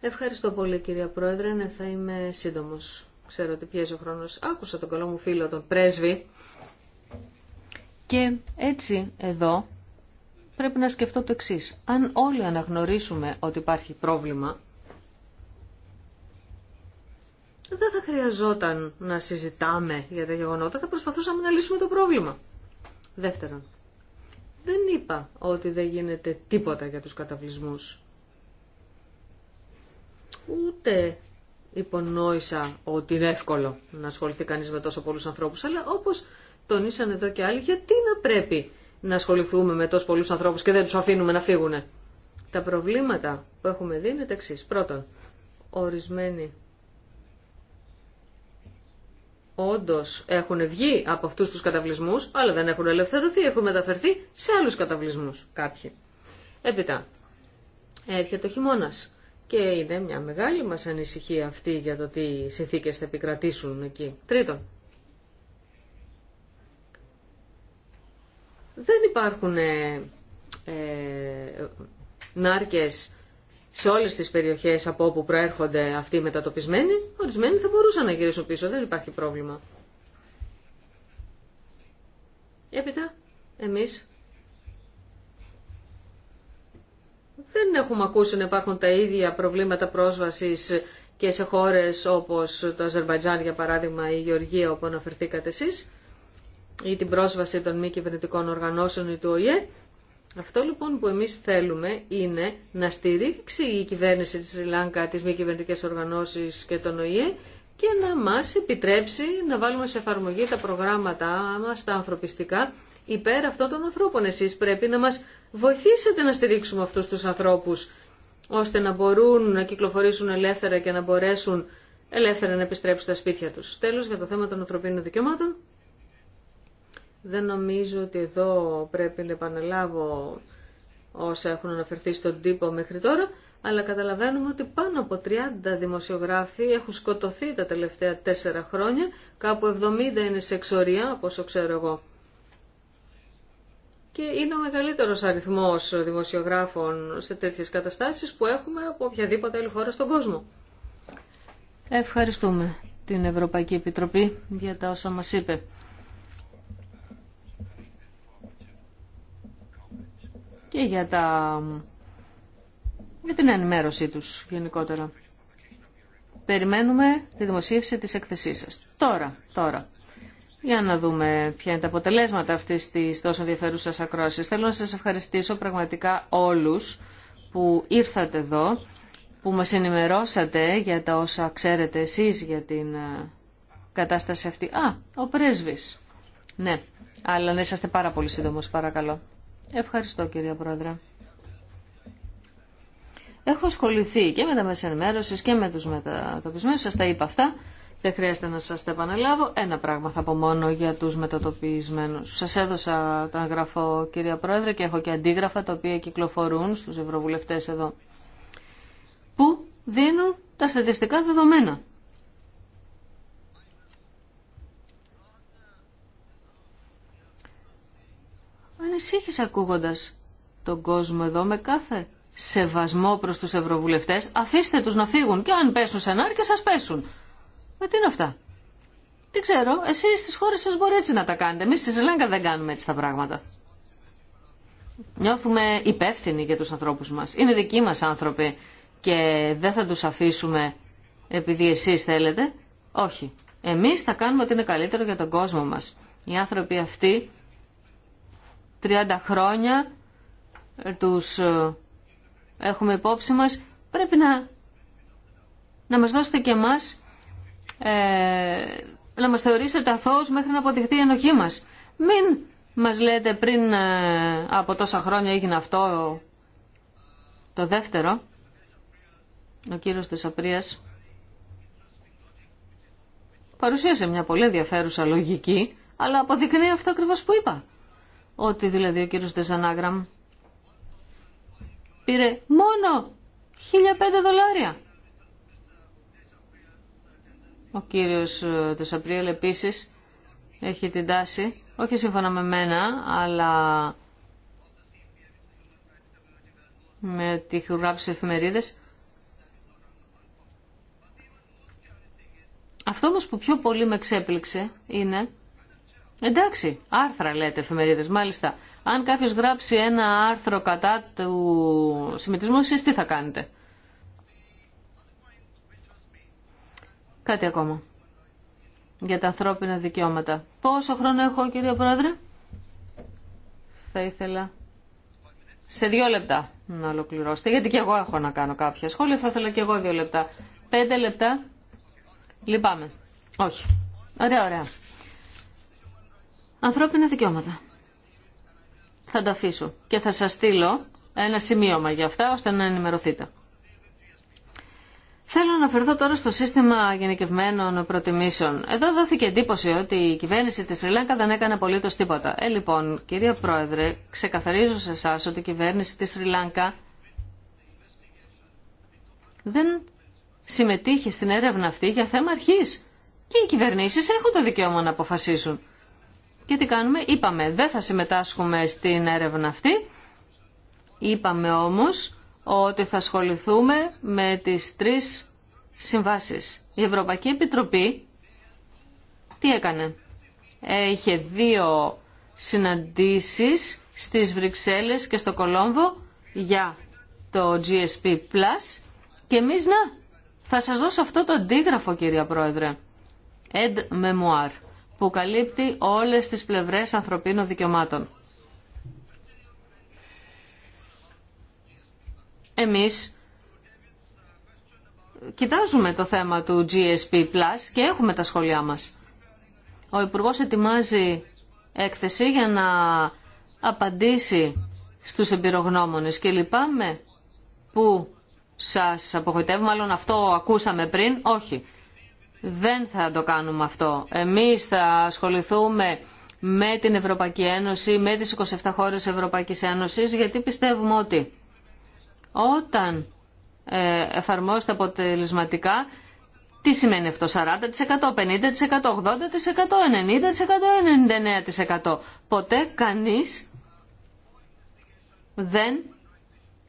Ευχαριστώ πολύ κυρία Πρόεδρε, ναι, θα είμαι σύντομος. Ξέρω ότι πιέζει ο χρόνος. Άκουσα τον καλό μου φίλο, τον πρέσβη. Και έτσι εδώ πρέπει να σκεφτώ το εξή. Αν όλοι αναγνωρίσουμε ότι υπάρχει πρόβλημα, δεν θα χρειαζόταν να συζητάμε για τα γεγονότα, θα προσπαθούσαμε να λύσουμε το πρόβλημα. Δεύτερον, δεν είπα ότι δεν γίνεται τίποτα για τους καταβλισμούς. Ούτε υπονόησα ότι είναι εύκολο να ασχοληθεί κανείς με τόσο πολλούς ανθρώπους, αλλά όπως τονίσανε εδώ και άλλοι, γιατί να πρέπει να ασχοληθούμε με τόσους πολλούς ανθρώπους και δεν τους αφήνουμε να φύγουν. Τα προβλήματα που έχουμε δει είναι τα εξή. Πρώτον, ορισμένοι όντως έχουν βγει από αυτούς τους καταβλισμούς, αλλά δεν έχουν ελευθερωθεί, έχουν μεταφερθεί σε άλλους καταβλισμούς κάποιοι. Έπειτα, έρχεται ο χειμώνα. Και είναι μια μεγάλη μα ανησυχία αυτή για το τι συνθήκε θα επικρατήσουν εκεί. Τρίτον, δεν υπάρχουν ε, ε, νάρκες σε όλες τις περιοχές από όπου προέρχονται αυτοί οι μετατοπισμένοι, ορισμένοι θα μπορούσαν να γυρίσουν πίσω, δεν υπάρχει πρόβλημα. Έπειτα, εμείς δεν έχουμε ακούσει να υπάρχουν τα ίδια προβλήματα πρόσβασης και σε χώρες όπως το Αζερβαϊτζάν για παράδειγμα ή η Γεωργία όπου αναφερθήκατε εσείς ή την πρόσβαση των μη κυβερνητικών οργανώσεων ή του ΟΗΕ αυτό λοιπόν που εμείς θέλουμε είναι να στηρίξει η κυβέρνηση της Ριλάνκα, τις μη κυβερνητικέ οργανώσεις και τον ΟΗΕ και να μας επιτρέψει να βάλουμε σε εφαρμογή τα προγράμματα μας, τα ανθρωπιστικά, υπέρ αυτών των ανθρώπων. Εσείς πρέπει να μας βοηθήσετε να στηρίξουμε αυτούς τους ανθρώπους, ώστε να μπορούν να κυκλοφορήσουν ελεύθερα και να μπορέσουν ελεύθερα να επιστρέψουν στα σπίτια τους. Τέλος, για το θέμα των ανθρωπίνων δικαιωμάτων. Δεν νομίζω ότι εδώ πρέπει να επαναλάβω όσα έχουν αναφερθεί στον τύπο μέχρι τώρα, αλλά καταλαβαίνουμε ότι πάνω από 30 δημοσιογράφοι έχουν σκοτωθεί τα τελευταία 4 χρόνια, κάπου 70 είναι σε εξορία, όπως ξέρω εγώ. Και είναι ο μεγαλύτερος αριθμός δημοσιογράφων σε τέτοιες καταστάσεις που έχουμε από οποιαδήποτε άλλη χώρα στον κόσμο. Ευχαριστούμε την Ευρωπαϊκή Επιτροπή για τα όσα μας είπε. και για, τα... την ενημέρωσή τους γενικότερα. Περιμένουμε τη δημοσίευση της εκθεσής σας. Τώρα, τώρα. Για να δούμε ποια είναι τα αποτελέσματα αυτής της τόσο ενδιαφέρουσα ακρόασης. Θέλω να σας ευχαριστήσω πραγματικά όλους που ήρθατε εδώ, που μας ενημερώσατε για τα όσα ξέρετε εσείς για την ε, κατάσταση αυτή. Α, ο πρέσβης. Ναι, αλλά να είσαστε πάρα πολύ σύντομος, παρακαλώ. Ευχαριστώ κυρία Πρόεδρε. Έχω ασχοληθεί και με τα μέσα ενημέρωση και με του μετατοπισμένου. σας τα είπα αυτά. Δεν χρειάζεται να σας τα επαναλάβω. Ένα πράγμα θα πω μόνο για τους μετατοπισμένους. Σας έδωσα τα γραφό, κυρία Πρόεδρε και έχω και αντίγραφα τα οποία κυκλοφορούν στους ευρωβουλευτές εδώ. Που δίνουν τα στατιστικά δεδομένα. ανησύχησα ακούγοντας τον κόσμο εδώ με κάθε σεβασμό προς τους ευρωβουλευτές. Αφήστε τους να φύγουν και αν πέσουν σε και σας πέσουν. Με τι είναι αυτά. Τι ξέρω, εσείς στις χώρες σας μπορεί έτσι να τα κάνετε. Εμείς στη Σελέγκα δεν κάνουμε έτσι τα πράγματα. Νιώθουμε υπεύθυνοι για τους ανθρώπους μας. Είναι δικοί μας άνθρωποι και δεν θα τους αφήσουμε επειδή εσείς θέλετε. Όχι. Εμείς θα κάνουμε ότι είναι καλύτερο για τον κόσμο μας. Οι άνθρωποι αυτοί 30 χρόνια ε, τους ε, έχουμε υπόψη μας, πρέπει να, να μας δώσετε και εμάς, ε, να μας θεωρήσετε αθώους μέχρι να αποδειχθεί η ενοχή μας. Μην μας λέτε πριν από τόσα χρόνια έγινε αυτό το δεύτερο, ο κύριος της Απρίας παρουσίασε μια πολύ ενδιαφέρουσα λογική, αλλά αποδεικνύει αυτό ακριβώς που είπα ότι δηλαδή ο κύριος Τεζανάγραμ πήρε μόνο 1.500 δολάρια. Ο κύριος ε, Τεσαπριέλ επίσης έχει την τάση, όχι σύμφωνα με μένα, αλλά με τη χειρογράψη εφημερίδες. Αυτό όμως που πιο πολύ με ξέπληξε είναι Εντάξει, άρθρα λέτε, εφημερίδε, μάλιστα. Αν κάποιο γράψει ένα άρθρο κατά του συμμετισμού, εσεί τι θα κάνετε. Κάτι ακόμα. Για τα ανθρώπινα δικαιώματα. Πόσο χρόνο έχω, κύριε Πρόεδρε. Θα ήθελα σε δύο λεπτά να ολοκληρώσετε, γιατί και εγώ έχω να κάνω κάποια σχόλια. Θα ήθελα και εγώ δύο λεπτά. Πέντε λεπτά. Λυπάμαι. Όχι. Ωραία, ωραία. Ανθρώπινα δικαιώματα. Θα τα αφήσω και θα σας στείλω ένα σημείωμα για αυτά ώστε να ενημερωθείτε. Θέλω να αναφερθώ τώρα στο σύστημα γενικευμένων προτιμήσεων. Εδώ δόθηκε εντύπωση ότι η κυβέρνηση της Σριλάνκα δεν έκανε απολύτως τίποτα. Ε, λοιπόν, κυρία Πρόεδρε, ξεκαθαρίζω σε εσά ότι η κυβέρνηση της Σριλάνκα δεν συμμετείχε στην έρευνα αυτή για θέμα αρχής. Και οι κυβερνήσεις έχουν το δικαίωμα να αποφασίσουν. Και τι κάνουμε, είπαμε δεν θα συμμετάσχουμε στην έρευνα αυτή, είπαμε όμως ότι θα ασχοληθούμε με τις τρεις συμβάσεις. Η Ευρωπαϊκή Επιτροπή τι έκανε. Είχε δύο συναντήσεις στις Βρυξέλλες και στο Κολόμβο για το GSP και εμείς να, θα σας δώσω αυτό το αντίγραφο κυρία Πρόεδρε. Ed Memoir που καλύπτει όλες τις πλευρές ανθρωπίνων δικαιωμάτων. Εμείς κοιτάζουμε το θέμα του GSP Plus και έχουμε τα σχόλιά μας. Ο Υπουργός ετοιμάζει έκθεση για να απαντήσει στους εμπειρογνώμονες και λυπάμαι που σας απογοητεύουμε, μάλλον αυτό ακούσαμε πριν, όχι. Δεν θα το κάνουμε αυτό. Εμείς θα ασχοληθούμε με την Ευρωπαϊκή Ένωση, με τις 27 χώρες Ευρωπαϊκής Ένωσης, γιατί πιστεύουμε ότι όταν ε, εφαρμόζεται αποτελεσματικά, τι σημαίνει αυτό, 40%, 50%, 80%, 90%, 99%. Ποτέ κανείς δεν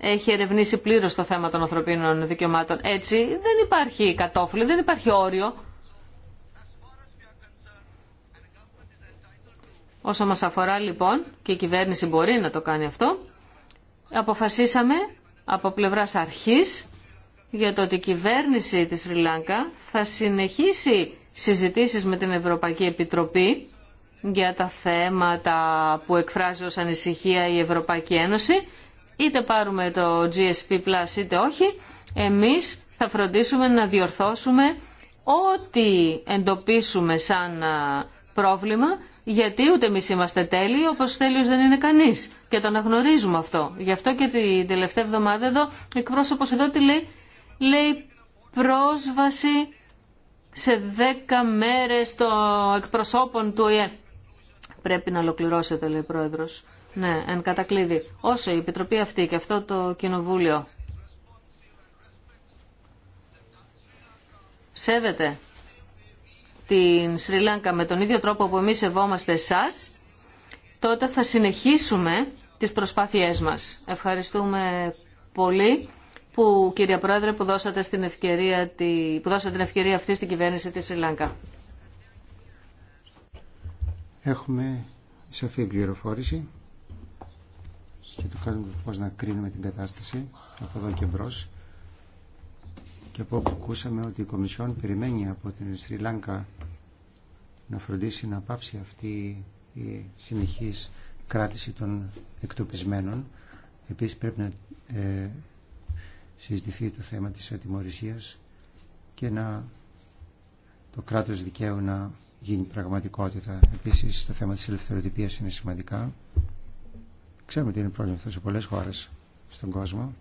έχει ερευνήσει πλήρω το θέμα των ανθρωπίνων δικαιωμάτων. Έτσι δεν υπάρχει κατόφλι, δεν υπάρχει όριο. Όσο μας αφορά λοιπόν, και η κυβέρνηση μπορεί να το κάνει αυτό, αποφασίσαμε από πλευράς αρχής για το ότι η κυβέρνηση της Ριλάνκα θα συνεχίσει συζητήσεις με την Ευρωπαϊκή Επιτροπή για τα θέματα που εκφράζει ως ανησυχία η Ευρωπαϊκή Ένωση είτε πάρουμε το GSP είτε όχι, εμείς θα φροντίσουμε να διορθώσουμε ό,τι εντοπίσουμε σαν πρόβλημα, γιατί ούτε εμείς είμαστε τέλειοι, όπως τέλειος δεν είναι κανείς. Και το αναγνωρίζουμε αυτό. Γι' αυτό και την τελευταία εβδομάδα εδώ, εκπρόσωπος εδώ τι λέει, λέει πρόσβαση σε 10 μέρες των εκπροσώπων του ΟΗΕ. Πρέπει να ολοκληρώσετε, λέει ο Πρόεδρος. Ναι, εν κατακλείδη. Όσο η Επιτροπή αυτή και αυτό το Κοινοβούλιο σέβεται την Σρι με τον ίδιο τρόπο που εμείς σεβόμαστε εσάς, τότε θα συνεχίσουμε τις προσπάθειές μας. Ευχαριστούμε πολύ που, κυρία Πρόεδρε, που δώσατε, στην ευκαιρία, που δώσατε την ευκαιρία αυτή στην κυβέρνηση της Σρι Έχουμε σαφή πληροφόρηση και το κάνουμε πώς να κρίνουμε την κατάσταση από εδώ και μπρο, και από όπου ακούσαμε ότι η Κομισιόν περιμένει από την Σρι Λάγκα να φροντίσει να πάψει αυτή η συνεχής κράτηση των εκτοπισμένων. Επίσης πρέπει να ε, συζητηθεί το θέμα της ατιμορρησίας και να το κράτος δικαίου να γίνει πραγματικότητα. Επίσης το θέμα της ελευθεροτυπίας είναι σημαντικά Ξέρουμε ότι είναι πρόβλημα αυτό σε πολλές χώρες στον κόσμο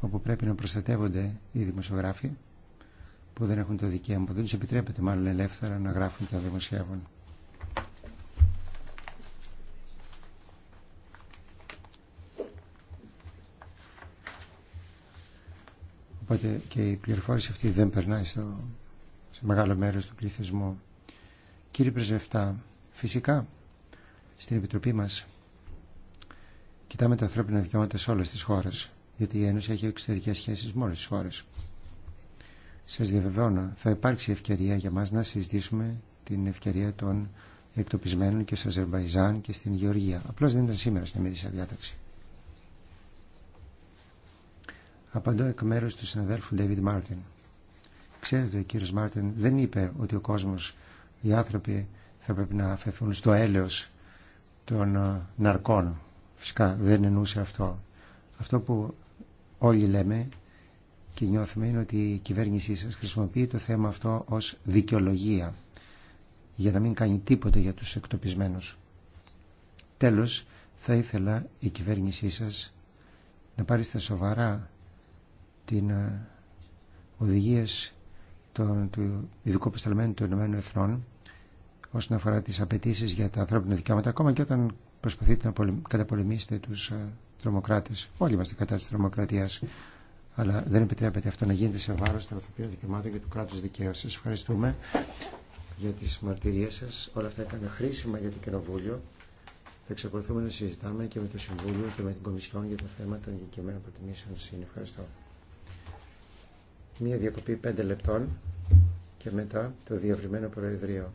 όπου πρέπει να προστατεύονται οι δημοσιογράφοι που δεν έχουν το δικαίωμα, που δεν τους επιτρέπεται μάλλον ελεύθερα να γράφουν και να δημοσιεύουν. Οπότε και η πληροφόρηση αυτή δεν περνάει στο, σε μεγάλο μέρος του πληθυσμού. Κύριε Πρεσβευτά, φυσικά στην Επιτροπή μας κοιτάμε τα ανθρώπινα δικαιώματα σε όλε τι χώρε γιατί η Ένωση έχει εξωτερικέ σχέσει με όλε τι χώρε. Σας διαβεβαιώνω, θα υπάρξει ευκαιρία για μα να συζητήσουμε την ευκαιρία των εκτοπισμένων και στο Αζερβαϊζάν και στην Γεωργία. Απλώ δεν ήταν σήμερα στην εμερήσια διάταξη. Απαντώ εκ μέρου του συναδέλφου David Μάρτιν. Ξέρετε, ο κύριο Μάρτιν δεν είπε ότι ο κόσμο οι άνθρωποι θα πρέπει να αφαιθούν στο έλεος των ε, ναρκών. Φυσικά δεν εννοούσε αυτό. Αυτό που όλοι λέμε και νιώθουμε είναι ότι η κυβέρνησή σας χρησιμοποιεί το θέμα αυτό ως δικαιολογία για να μην κάνει τίποτα για τους εκτοπισμένους. Τέλος, θα ήθελα η κυβέρνησή σας να πάρει στα σοβαρά την ε, οδηγίες του ειδικού απεσταλμένου των ΗΕ Εθνών όσον αφορά τις απαιτήσει για τα ανθρώπινα δικαιώματα ακόμα και όταν προσπαθείτε να καταπολεμήσετε τους ε, τρομοκράτες. Όλοι είμαστε κατά της τρομοκρατίας, αλλά δεν επιτρέπεται αυτό να γίνεται σε βάρος των ανθρωπίνων δικαιωμάτων και του κράτους δικαίου. Σας ευχαριστούμε για τις μαρτυρίες σας. Όλα αυτά ήταν χρήσιμα για το Κοινοβούλιο. Θα εξακολουθούμε να συζητάμε και με το Συμβούλιο και με την Κομισιόν για το θέμα των εγκεκριμένων προτιμήσεων. Σας ΕΕ. Ευχαριστώ. Μία διακοπή πέντε λεπτών και μετά το διαβριμένο Προεδρείο.